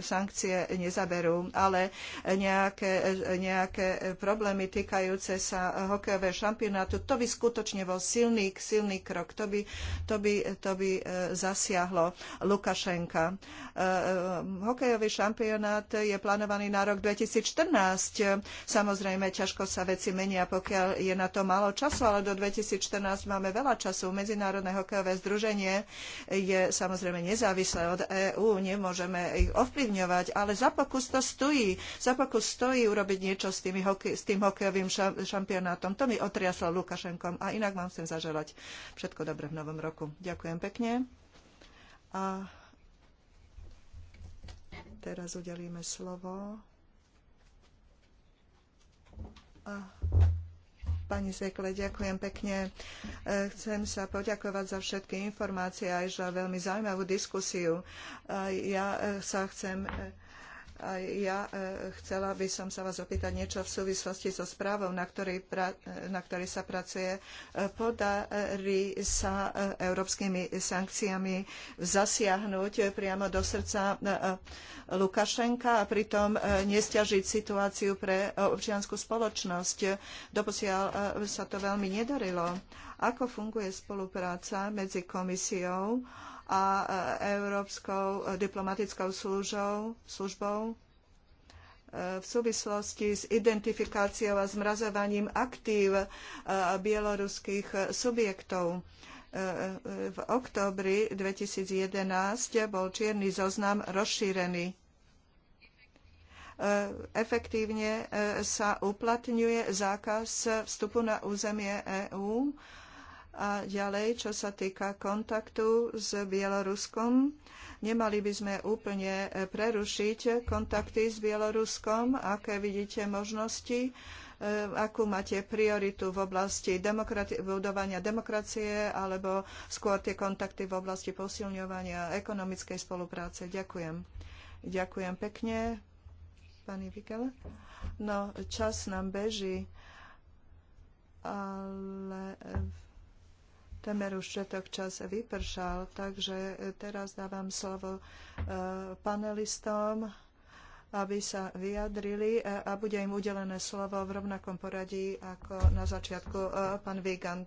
Speaker 4: sankcie nezaberú, ale nejaké, nejaké problémy týkajúce sa hokejového šampionátu, to by skutočne bol silný, silný krok. To by, to by, to by zasiahlo Lukašenka. Hokejový šampionát telefonát je plánovaný na rok 2014. Samozrejme, ťažko sa veci menia, pokiaľ je na to málo času, ale do 2014 máme veľa času. Medzinárodné hokejové združenie je samozrejme nezávislé od EÚ, nemôžeme ich ovplyvňovať, ale za pokus to stojí. Za pokus stojí urobiť niečo s, tými hokej, s tým hokejovým šampionátom. To mi otriaslo Lukašenkom a inak vám chcem zaželať všetko dobré v novom roku. Ďakujem pekne. A teraz udelíme slovo. A Pani Zekle, ďakujem pekne. E, chcem sa poďakovať za všetky informácie aj za veľmi zaujímavú diskusiu. Ja e, sa chcem e, a ja e, chcela by som sa vás opýtať niečo v súvislosti so správou, na ktorej, pra, e, na ktorej sa pracuje. E, podarí sa európskymi sankciami zasiahnuť priamo do srdca Lukašenka a pritom nestiažiť situáciu pre občiansku spoločnosť. Doposiaľ sa to veľmi nedarilo. Ako funguje spolupráca medzi komisiou a e, Európskou e, diplomatickou služou, službou e, v súvislosti s identifikáciou a zmrazovaním aktív bieloruských subjektov v októbri 2011 bol čierny zoznam rozšírený. Efektívne sa uplatňuje zákaz vstupu na územie EÚ a ďalej, čo sa týka kontaktu s Bieloruskom, nemali by sme úplne e, prerušiť kontakty s Bieloruskom, aké vidíte možnosti e, akú máte prioritu v oblasti demokrati- budovania demokracie alebo skôr tie kontakty v oblasti posilňovania ekonomickej spolupráce. Ďakujem. Ďakujem pekne, pani Vigel. No, čas nám beží, ale Temer už všetok čas vypršal, takže teraz dávam slovo e, panelistom, aby sa vyjadrili e, a bude im udelené slovo v rovnakom poradí ako na začiatku e, pán Vigant.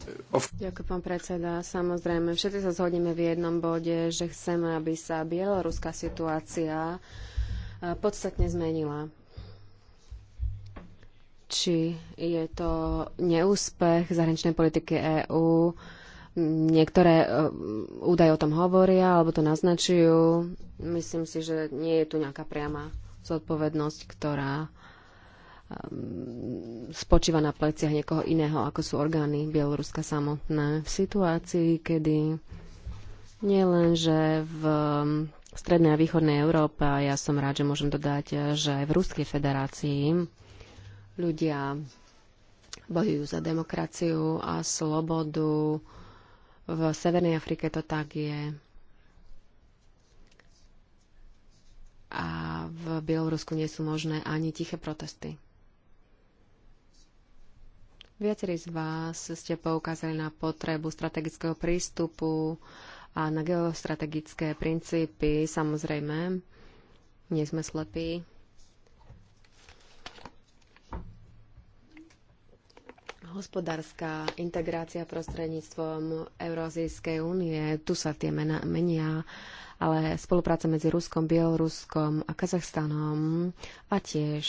Speaker 3: Ďakujem, pán predseda. Samozrejme, všetci sa zhodneme v jednom bode, že chceme, aby sa bieloruská situácia podstatne zmenila či je to neúspech zahraničnej politiky EÚ Niektoré e, údaje o tom hovoria alebo to naznačujú. Myslím si, že nie je tu nejaká priama zodpovednosť, ktorá e, spočíva na pleciach niekoho iného, ako sú orgány Bieloruska samotné. V situácii, kedy nielen, že v e, strednej a východnej Európe, a ja som rád, že môžem dodať, že aj v Ruskej federácii ľudia bojujú za demokraciu a slobodu v Severnej Afrike to tak je. A v Bielorusku nie sú možné ani tiché protesty. Viacerí z vás ste poukázali na potrebu strategického prístupu a na geostrategické princípy. Samozrejme, nie sme slepí. Hospodárska integrácia prostredníctvom Eurózijskej únie, tu sa tie mena menia, ale spolupráca medzi Ruskom, Bieloruskom a Kazachstanom a tiež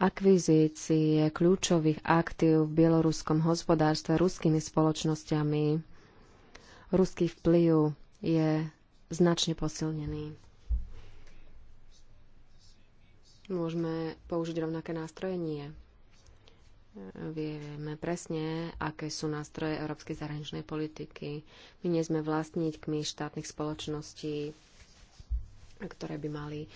Speaker 3: akvizície kľúčových aktív v bieloruskom hospodárstve ruskými spoločnosťami. Ruský vplyv je značne posilnený. Môžeme použiť rovnaké nástroje? Nie. Vieme presne, aké sú nástroje európskej zahraničnej politiky. My nie sme vlastníkmi štátnych spoločností, ktoré by mali e,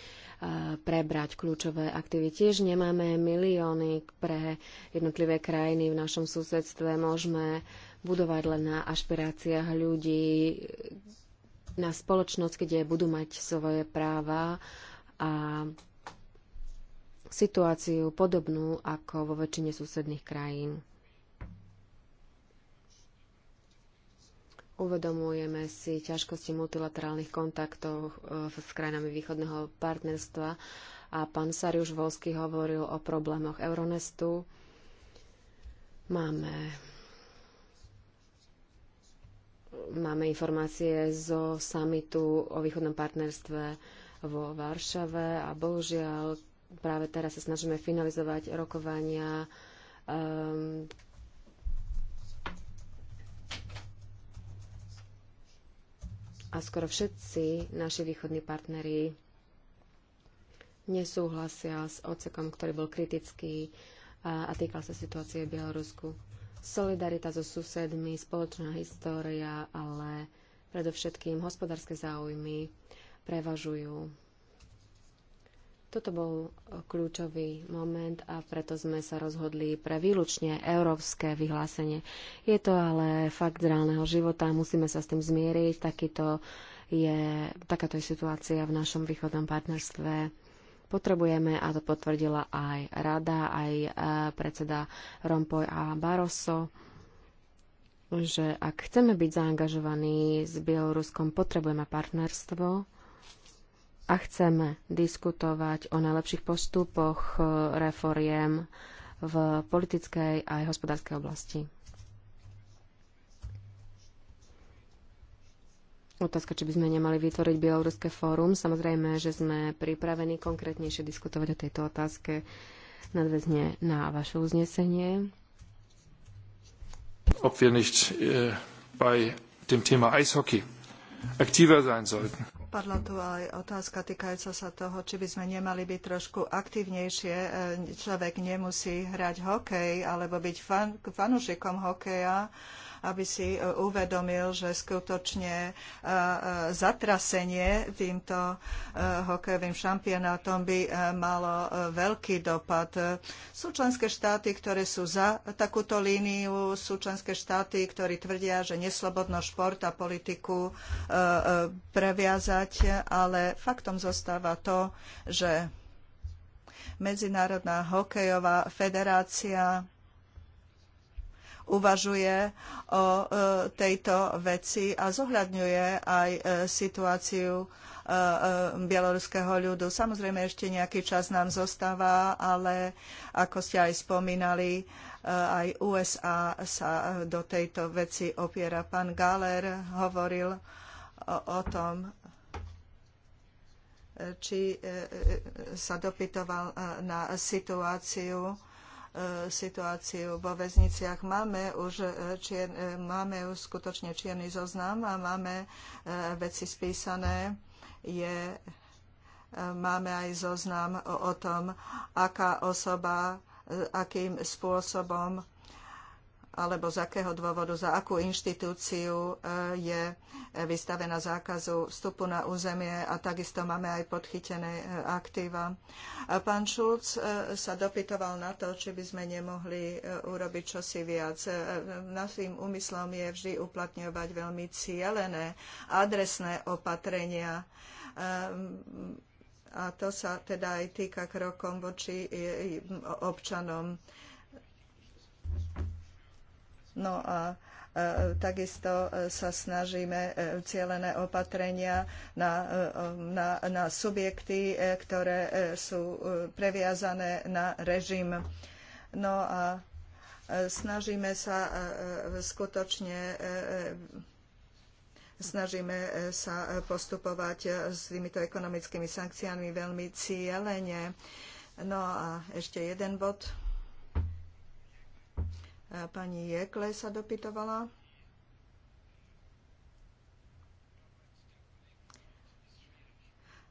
Speaker 3: prebrať kľúčové aktivity. Tiež nemáme milióny pre jednotlivé krajiny v našom susedstve. Môžeme budovať len na ašpiráciách ľudí, na spoločnosť, kde budú mať svoje práva a situáciu podobnú ako vo väčšine susedných krajín. Uvedomujeme si ťažkosti multilaterálnych kontaktov eh, s krajinami východného partnerstva a pán Sariuš Volsky hovoril o problémoch Euronestu. Máme máme informácie zo samitu o východnom partnerstve vo Varšave a bohužiaľ Práve teraz sa snažíme finalizovať rokovania. Um, a skoro všetci naši východní partneri nesúhlasia s ocekom, ktorý bol kritický a, a týkal sa situácie v Bielorusku. Solidarita so susedmi, spoločná história, ale predovšetkým hospodárske záujmy prevažujú toto bol e, kľúčový moment a preto sme sa rozhodli pre výlučne európske vyhlásenie. Je to ale fakt reálneho života, musíme sa s tým zmieriť. Takýto je, takáto je situácia v našom východnom partnerstve. Potrebujeme, a to potvrdila aj rada, aj e, predseda Rompoy a Barroso, že ak chceme byť zaangažovaní s Bieloruskom, potrebujeme partnerstvo a chceme diskutovať o najlepších postupoch e, reforiem v politickej aj hospodárskej oblasti. Otázka, či by sme nemali vytvoriť Bieloruské fórum. Samozrejme, že sme pripravení konkrétnejšie diskutovať o tejto otázke nadväzne na vaše uznesenie.
Speaker 2: Ob wir nicht äh, bei dem Thema Eishockey aktiver sein sollten.
Speaker 4: Padla tu aj otázka týkajúca sa toho, či by sme nemali byť trošku aktívnejšie. E, človek nemusí hrať hokej alebo byť fan, fanúšikom hokeja aby si e, uvedomil, že skutočne e, e, zatrasenie týmto hokejovým šampionátom by malo veľký dopad. Sú členské štáty, ktoré sú za takúto líniu, sú členské štáty, ktorí tvrdia, že neslobodno šport a politiku previazať, ale faktom zostáva to, že Medzinárodná hokejová federácia uvažuje o e, tejto veci a zohľadňuje aj e, situáciu e, bieloruského ľudu. Samozrejme, ešte nejaký čas nám zostáva, ale ako ste aj spomínali, aj USA sa do tejto veci opiera. Pán Galer hovoril o, o tom, či sa dopytoval na situáciu E, situáciu vo väzniciach. Máme už, e, čier, e, máme už skutočne čierny zoznam a máme veci spísané. Je, máme aj zoznam o, o tom, aká osoba, akým spôsobom alebo z akého dôvodu, za akú inštitúciu je vystavená zákazu vstupu na územie a takisto máme aj podchytené e, aktíva. E, pán Šulc e, sa dopytoval na to, či by sme nemohli urobiť čosi viac. Našim úmyslom je vždy uplatňovať veľmi cielené, adresné opatrenia a to sa teda aj týka krokom voči občanom. No a E, takisto e, sa snažíme e, cielené opatrenia na, na, na subjekty, ktoré sú previazané na režim. No a snažíme sa skutočne snažíme sa postupovať s týmito ekonomickými sankciami veľmi cieľene. No a ešte jeden bod. Pani Jekle sa dopytovala.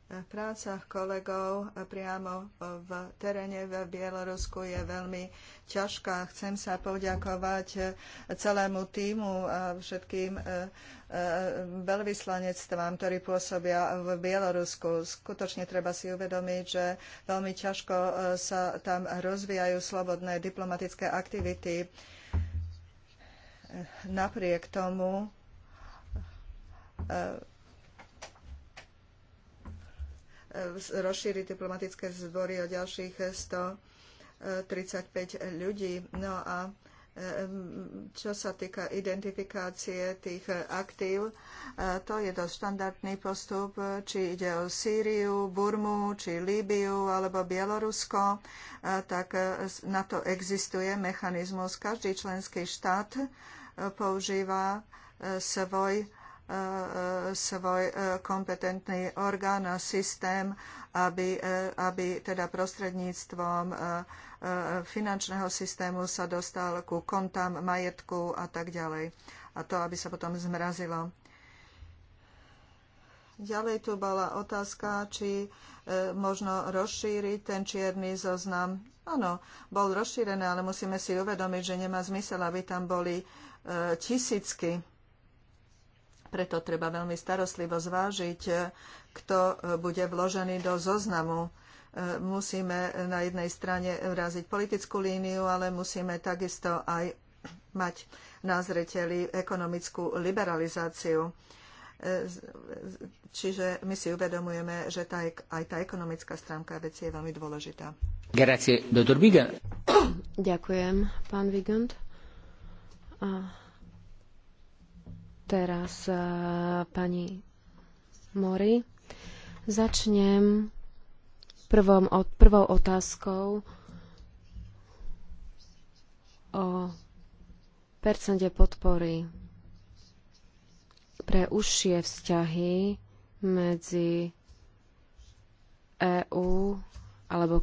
Speaker 4: práca kolegov priamo v teréne v Bielorusku je veľmi ťažká. Chcem sa poďakovať celému týmu a všetkým e, e, veľvyslanectvám, ktorí pôsobia v Bielorusku. Skutočne treba si uvedomiť, že veľmi ťažko e, sa tam rozvíjajú slobodné diplomatické aktivity. Napriek tomu rozšíriť diplomatické zbory o ďalších 135 ľudí. No a čo sa týka identifikácie tých aktív, e, to je dosť štandardný postup, či ide o Sýriu, Burmu, či Líbiu alebo Bielorusko, e, tak e, na to existuje mechanizmus. Každý členský štát používa svoj svoj e, kompetentný orgán a systém, aby, e, aby teda prostredníctvom e, finančného systému sa dostal ku kontám, majetku a tak ďalej. A to, aby sa potom zmrazilo. Ďalej tu bola otázka, či možno rozšíriť ten čierny zoznam. Áno, bol rozšírený, ale musíme si uvedomiť, že nemá zmysel, aby tam boli tisícky preto treba veľmi starostlivo zvážiť, e, kto e, bude vložený do zoznamu. E, musíme na jednej strane vraziť politickú líniu, ale musíme takisto aj mať na zreteli ekonomickú liberalizáciu. Čiže my si uvedomujeme, že tá, aj tá ekonomická stránka
Speaker 3: veci je veľmi dôležitá. Grazie, Ďakujem, pán Vigand. A Teraz e, pani Mori. Začnem prvom, od, prvou otázkou o percente podpory pre užšie vzťahy medzi EÚ alebo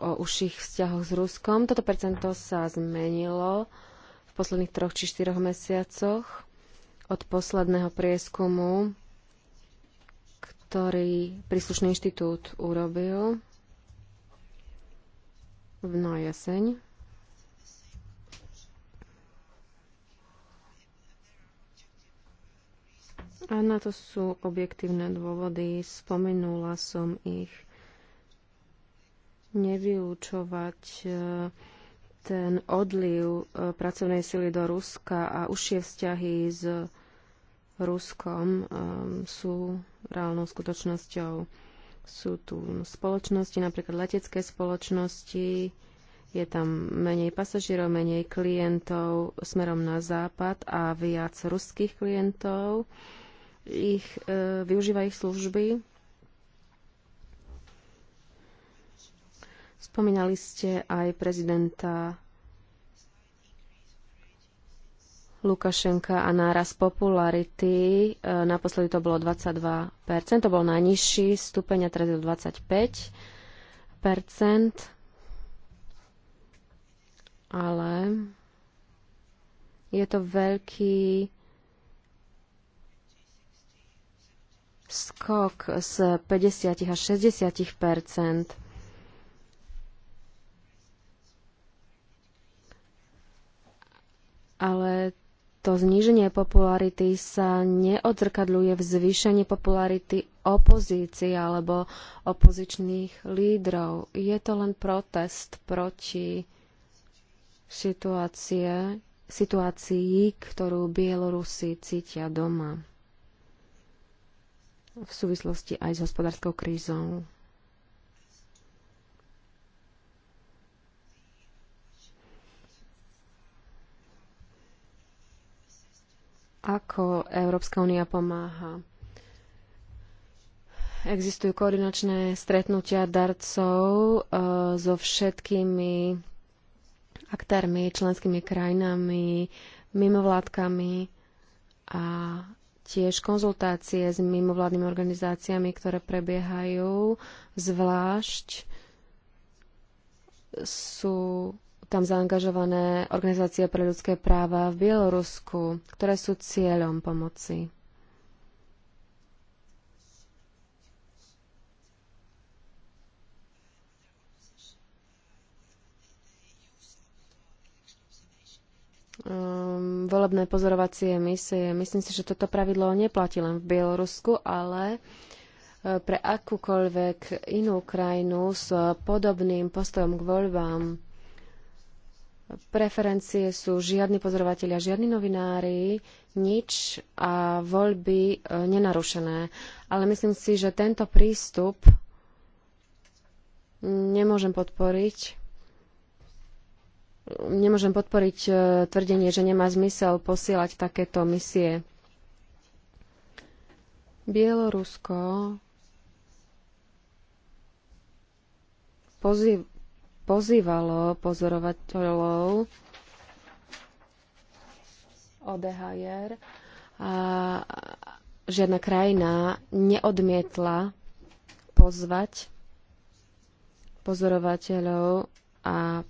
Speaker 3: o užších vzťahoch s Ruskom. Toto percento sa zmenilo v posledných troch či štyroch mesiacoch od posledného prieskumu, ktorý príslušný inštitút urobil na jeseň. A na to sú objektívne dôvody. Spomenula som ich. Nevyučovať eh, ten odliv e, pracovnej sily do Ruska a užšie vzťahy s Ruskom e, sú reálnou skutočnosťou. Sú tu spoločnosti, napríklad letecké spoločnosti, je tam menej pasažierov, menej klientov smerom na západ a viac ruských klientov. Ich, e, využíva ich služby Spomínali ste aj prezidenta Lukašenka a náraz popularity. E, naposledy to bolo 22%, to bol najnižší stupeň a teraz je 25%. Ale je to veľký skok z 50 až 60 ale to zníženie popularity sa neodzrkadľuje v zvýšení popularity opozície alebo opozičných lídrov. Je to len protest proti situácie, situácii, ktorú Bielorusi cítia doma v súvislosti aj s hospodárskou krízou. Ako Európska únia pomáha? Existujú koordinačné stretnutia darcov e, so všetkými aktérmi, členskými krajinami, mimovládkami a tiež konzultácie s mimovládnymi organizáciami, ktoré prebiehajú, zvlášť sú tam zaangažované organizácie pre ľudské práva v Bielorusku, ktoré sú cieľom pomoci. um, volebné pozorovacie misie. Myslím si, že toto pravidlo neplatí len v Bielorusku, ale e, pre akúkoľvek inú krajinu s podobným postojom k voľbám preferencie sú žiadni pozorovatelia, žiadni novinári, nič a voľby e, nenarušené. Ale myslím si, že tento prístup nemôžem podporiť. Nemôžem podporiť e, tvrdenie, že nemá zmysel posielať takéto misie. Bielorusko pozýv, pozývalo pozorovateľov ODHR a žiadna krajina neodmietla pozvať pozorovateľov a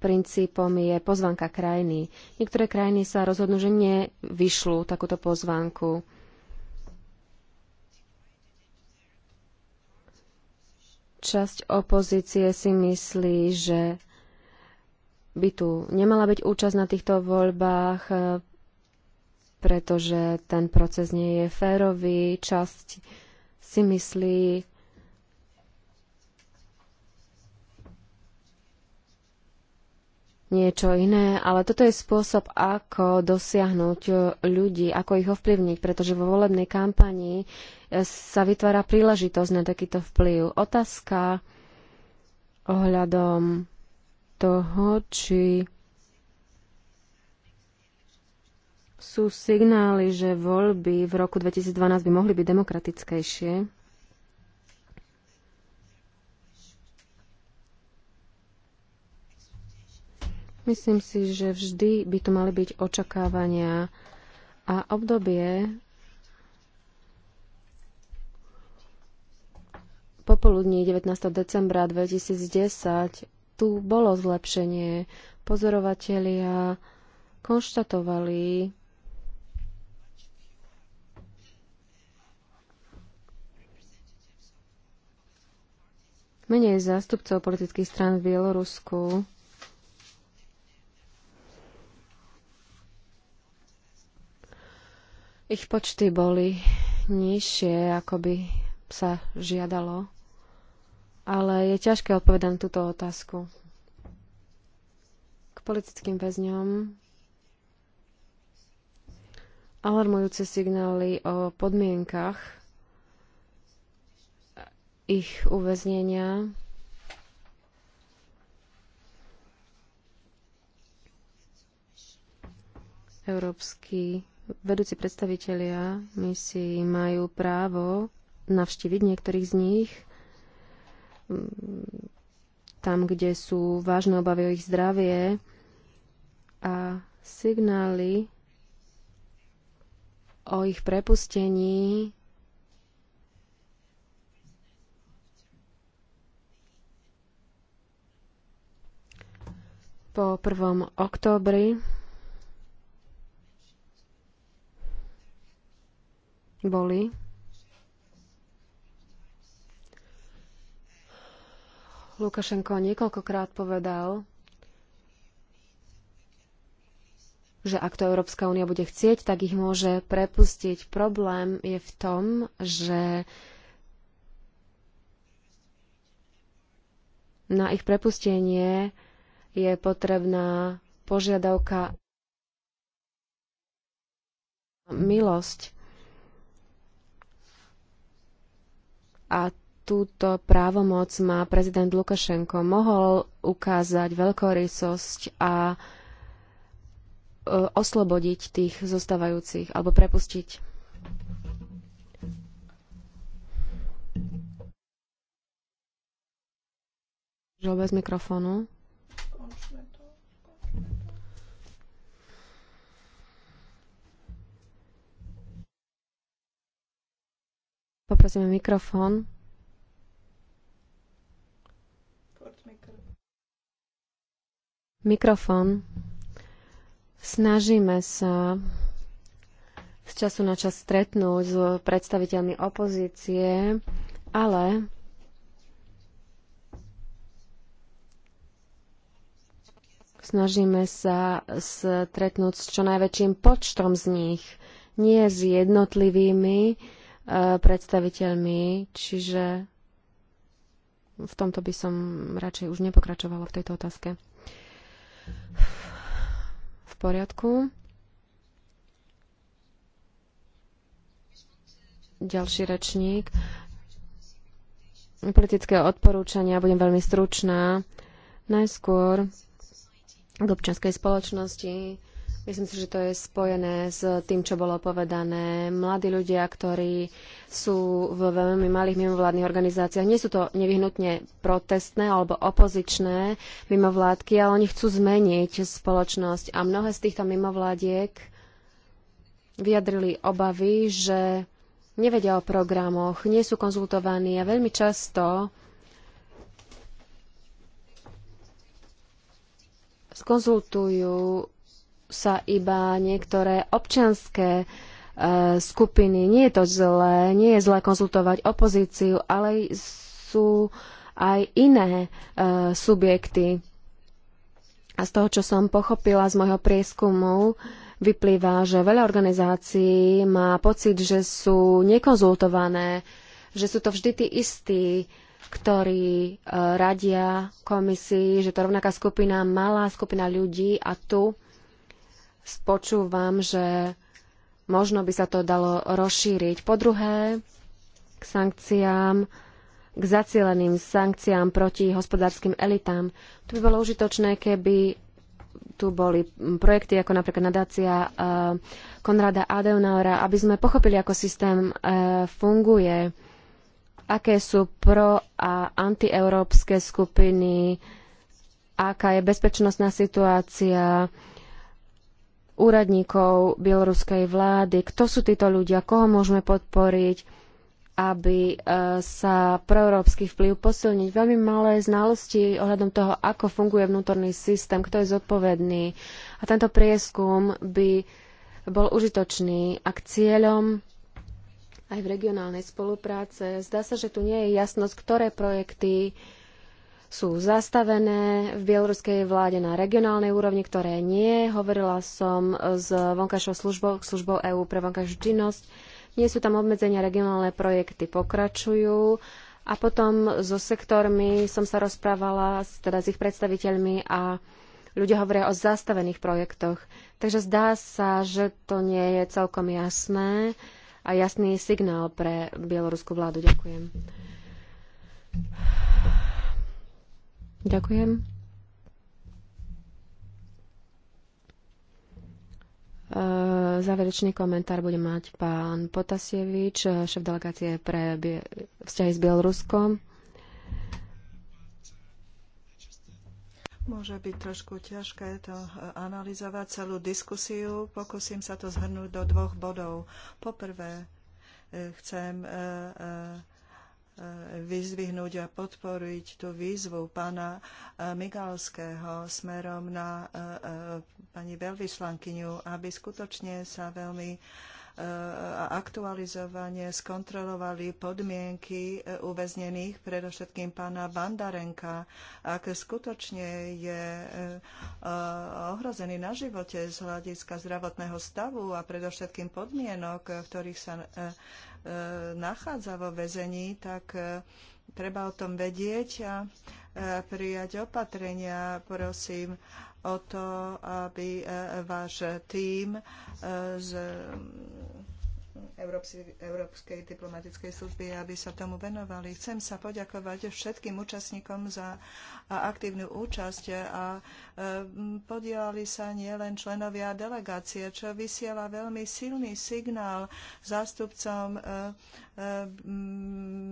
Speaker 3: princípom je pozvanka krajiny. Niektoré krajiny sa rozhodnú, že nevyšľú takúto pozvanku časť opozície si myslí, že by tu nemala byť účasť na týchto voľbách, e, pretože ten proces nie je férový. Časť si myslí, niečo iné, ale toto je spôsob, ako dosiahnuť e, ľudí, ako ich ovplyvniť, pretože vo volebnej kampanii e, sa vytvára príležitosť na takýto vplyv. Otázka ohľadom toho, či sú signály, že voľby v roku 2012 by mohli byť demokratickejšie. Myslím si, že vždy by to mali byť očakávania a obdobie popoludní 19. decembra 2010 tu bolo zlepšenie. Pozorovatelia konštatovali, menej zástupcov politických strán v Bielorusku ich počty boli nižšie, ako by sa žiadalo. Ale je ťažké odpovedať na túto otázku. K politickým väzňom alarmujúce signály o podmienkach ich uväznenia Európsky vedúci predstavitelia misií majú právo navštíviť niektorých z nich mm, tam, kde sú vážne obavy o ich zdravie a signály o ich prepustení po 1. októbri boli Lukašenko niekoľkokrát povedal, že ak to Európska únia bude chcieť, tak ich môže prepustiť. Problém je v tom, že na ich prepustenie je potrebná požiadavka milosť. a túto právomoc má prezident Lukašenko. Mohol ukázať veľkorysosť a e, oslobodiť tých zostávajúcich alebo prepustiť. Žil bez mikrofónu. Poprosíme mikrofón. Mikrofón. Snažíme sa z času na čas stretnúť s predstaviteľmi opozície, ale snažíme sa stretnúť s čo najväčším počtom z nich, nie s jednotlivými, Eh, predstaviteľmi, čiže v tomto by som radšej už nepokračovala v tejto otázke. V poriadku. Ďalší rečník. Politické odporúčania, budem veľmi stručná. Najskôr k občianskej spoločnosti Myslím si, že to je spojené s tým, čo bolo povedané. Mladí ľudia, ktorí sú v veľmi malých mimovládnych organizáciách, nie sú to nevyhnutne protestné alebo opozičné mimovládky, ale oni chcú zmeniť spoločnosť. A mnohé z týchto mimovládiek vyjadrili obavy, že nevedia o programoch, nie sú konzultovaní a veľmi často skonzultujú sa iba niektoré občianske skupiny. Nie je to zlé, nie je zlé konzultovať opozíciu, ale sú aj iné e, subjekty. A z toho, čo som pochopila z môjho prieskumu, vyplýva, že veľa organizácií má pocit, že sú nekonzultované, že sú to vždy tí istí, ktorí e, radia komisii, že to rovnaká skupina, malá skupina ľudí a tu spočúvam, že možno by sa to dalo rozšíriť. Po druhé, k sankciám, k zacieleným sankciám proti hospodárskym elitám. Tu by bolo užitočné, keby tu boli projekty ako napríklad nadácia e, Konrada Adenauera, aby sme pochopili, ako systém e, funguje, aké sú pro- a antieurópske skupiny, aká je bezpečnostná situácia, úradníkov bieloruskej vlády. Kto sú títo ľudia? Koho môžeme podporiť? aby e, sa proeurópsky vplyv posilniť. Veľmi malé znalosti ohľadom toho, ako funguje vnútorný systém, kto je zodpovedný. A tento prieskum by bol užitočný a k cieľom aj v regionálnej spolupráce. Zdá sa, že tu nie je jasnosť, ktoré projekty sú zastavené v bieloruskej vláde na regionálnej úrovni, ktoré nie. Hovorila som s vonkajšou službou, službou EÚ pre vonkajšiu činnosť. Nie sú tam obmedzenia, regionálne projekty pokračujú. A potom so sektormi som sa rozprávala, teda s ich predstaviteľmi a ľudia hovoria o zastavených projektoch. Takže zdá sa, že to nie je celkom jasné a jasný signál pre bieloruskú vládu. Ďakujem. Ďakujem. E, záverečný komentár bude mať pán Potasievič, šéf delegácie pre vzťahy s Bieloruskom.
Speaker 4: Môže byť trošku ťažké to e, analyzovať celú diskusiu. Pokúsim sa to zhrnúť do dvoch bodov. Poprvé, e, chcem vyzvihnúť a podporiť tú výzvu pána e, Migalského smerom na e, e, pani veľvyslankyňu, aby skutočne sa veľmi a aktualizovane skontrolovali podmienky e, uväznených, predovšetkým pána Bandarenka. Ak skutočne je e, e, ohrozený na živote z hľadiska zdravotného stavu a predovšetkým podmienok, v ktorých sa nachádza vo väzení, tak treba o tom vedieť a prijať opatrenia. Prosím, o to, aby e, váš e, tím e, z Európskej diplomatickej služby, aby sa tomu venovali. Chcem sa poďakovať všetkým účastníkom za aktívnu účasť a e, podielali sa nielen členovia delegácie, čo vysiela veľmi silný signál zástupcom e, e,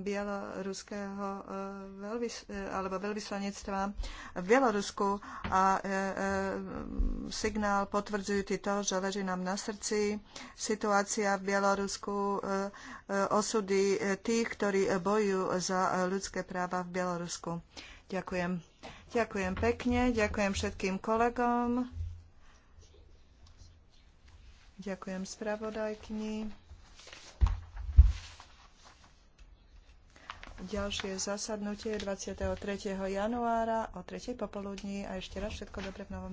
Speaker 4: bieloruského veľvys- alebo veľvyslanectva v Bielorusku a signál potvrdzujú to, že leží nám na srdci situácia v Bielorusku Bielorusku e, e, osudy e, tých, ktorí bojujú za ľudské práva v Bielorusku. Ďakujem. Ďakujem pekne, ďakujem všetkým kolegom. Ďakujem spravodajkni. Ďalšie zasadnutie 23. januára o 3. popoludní a ešte raz všetko dobre v novom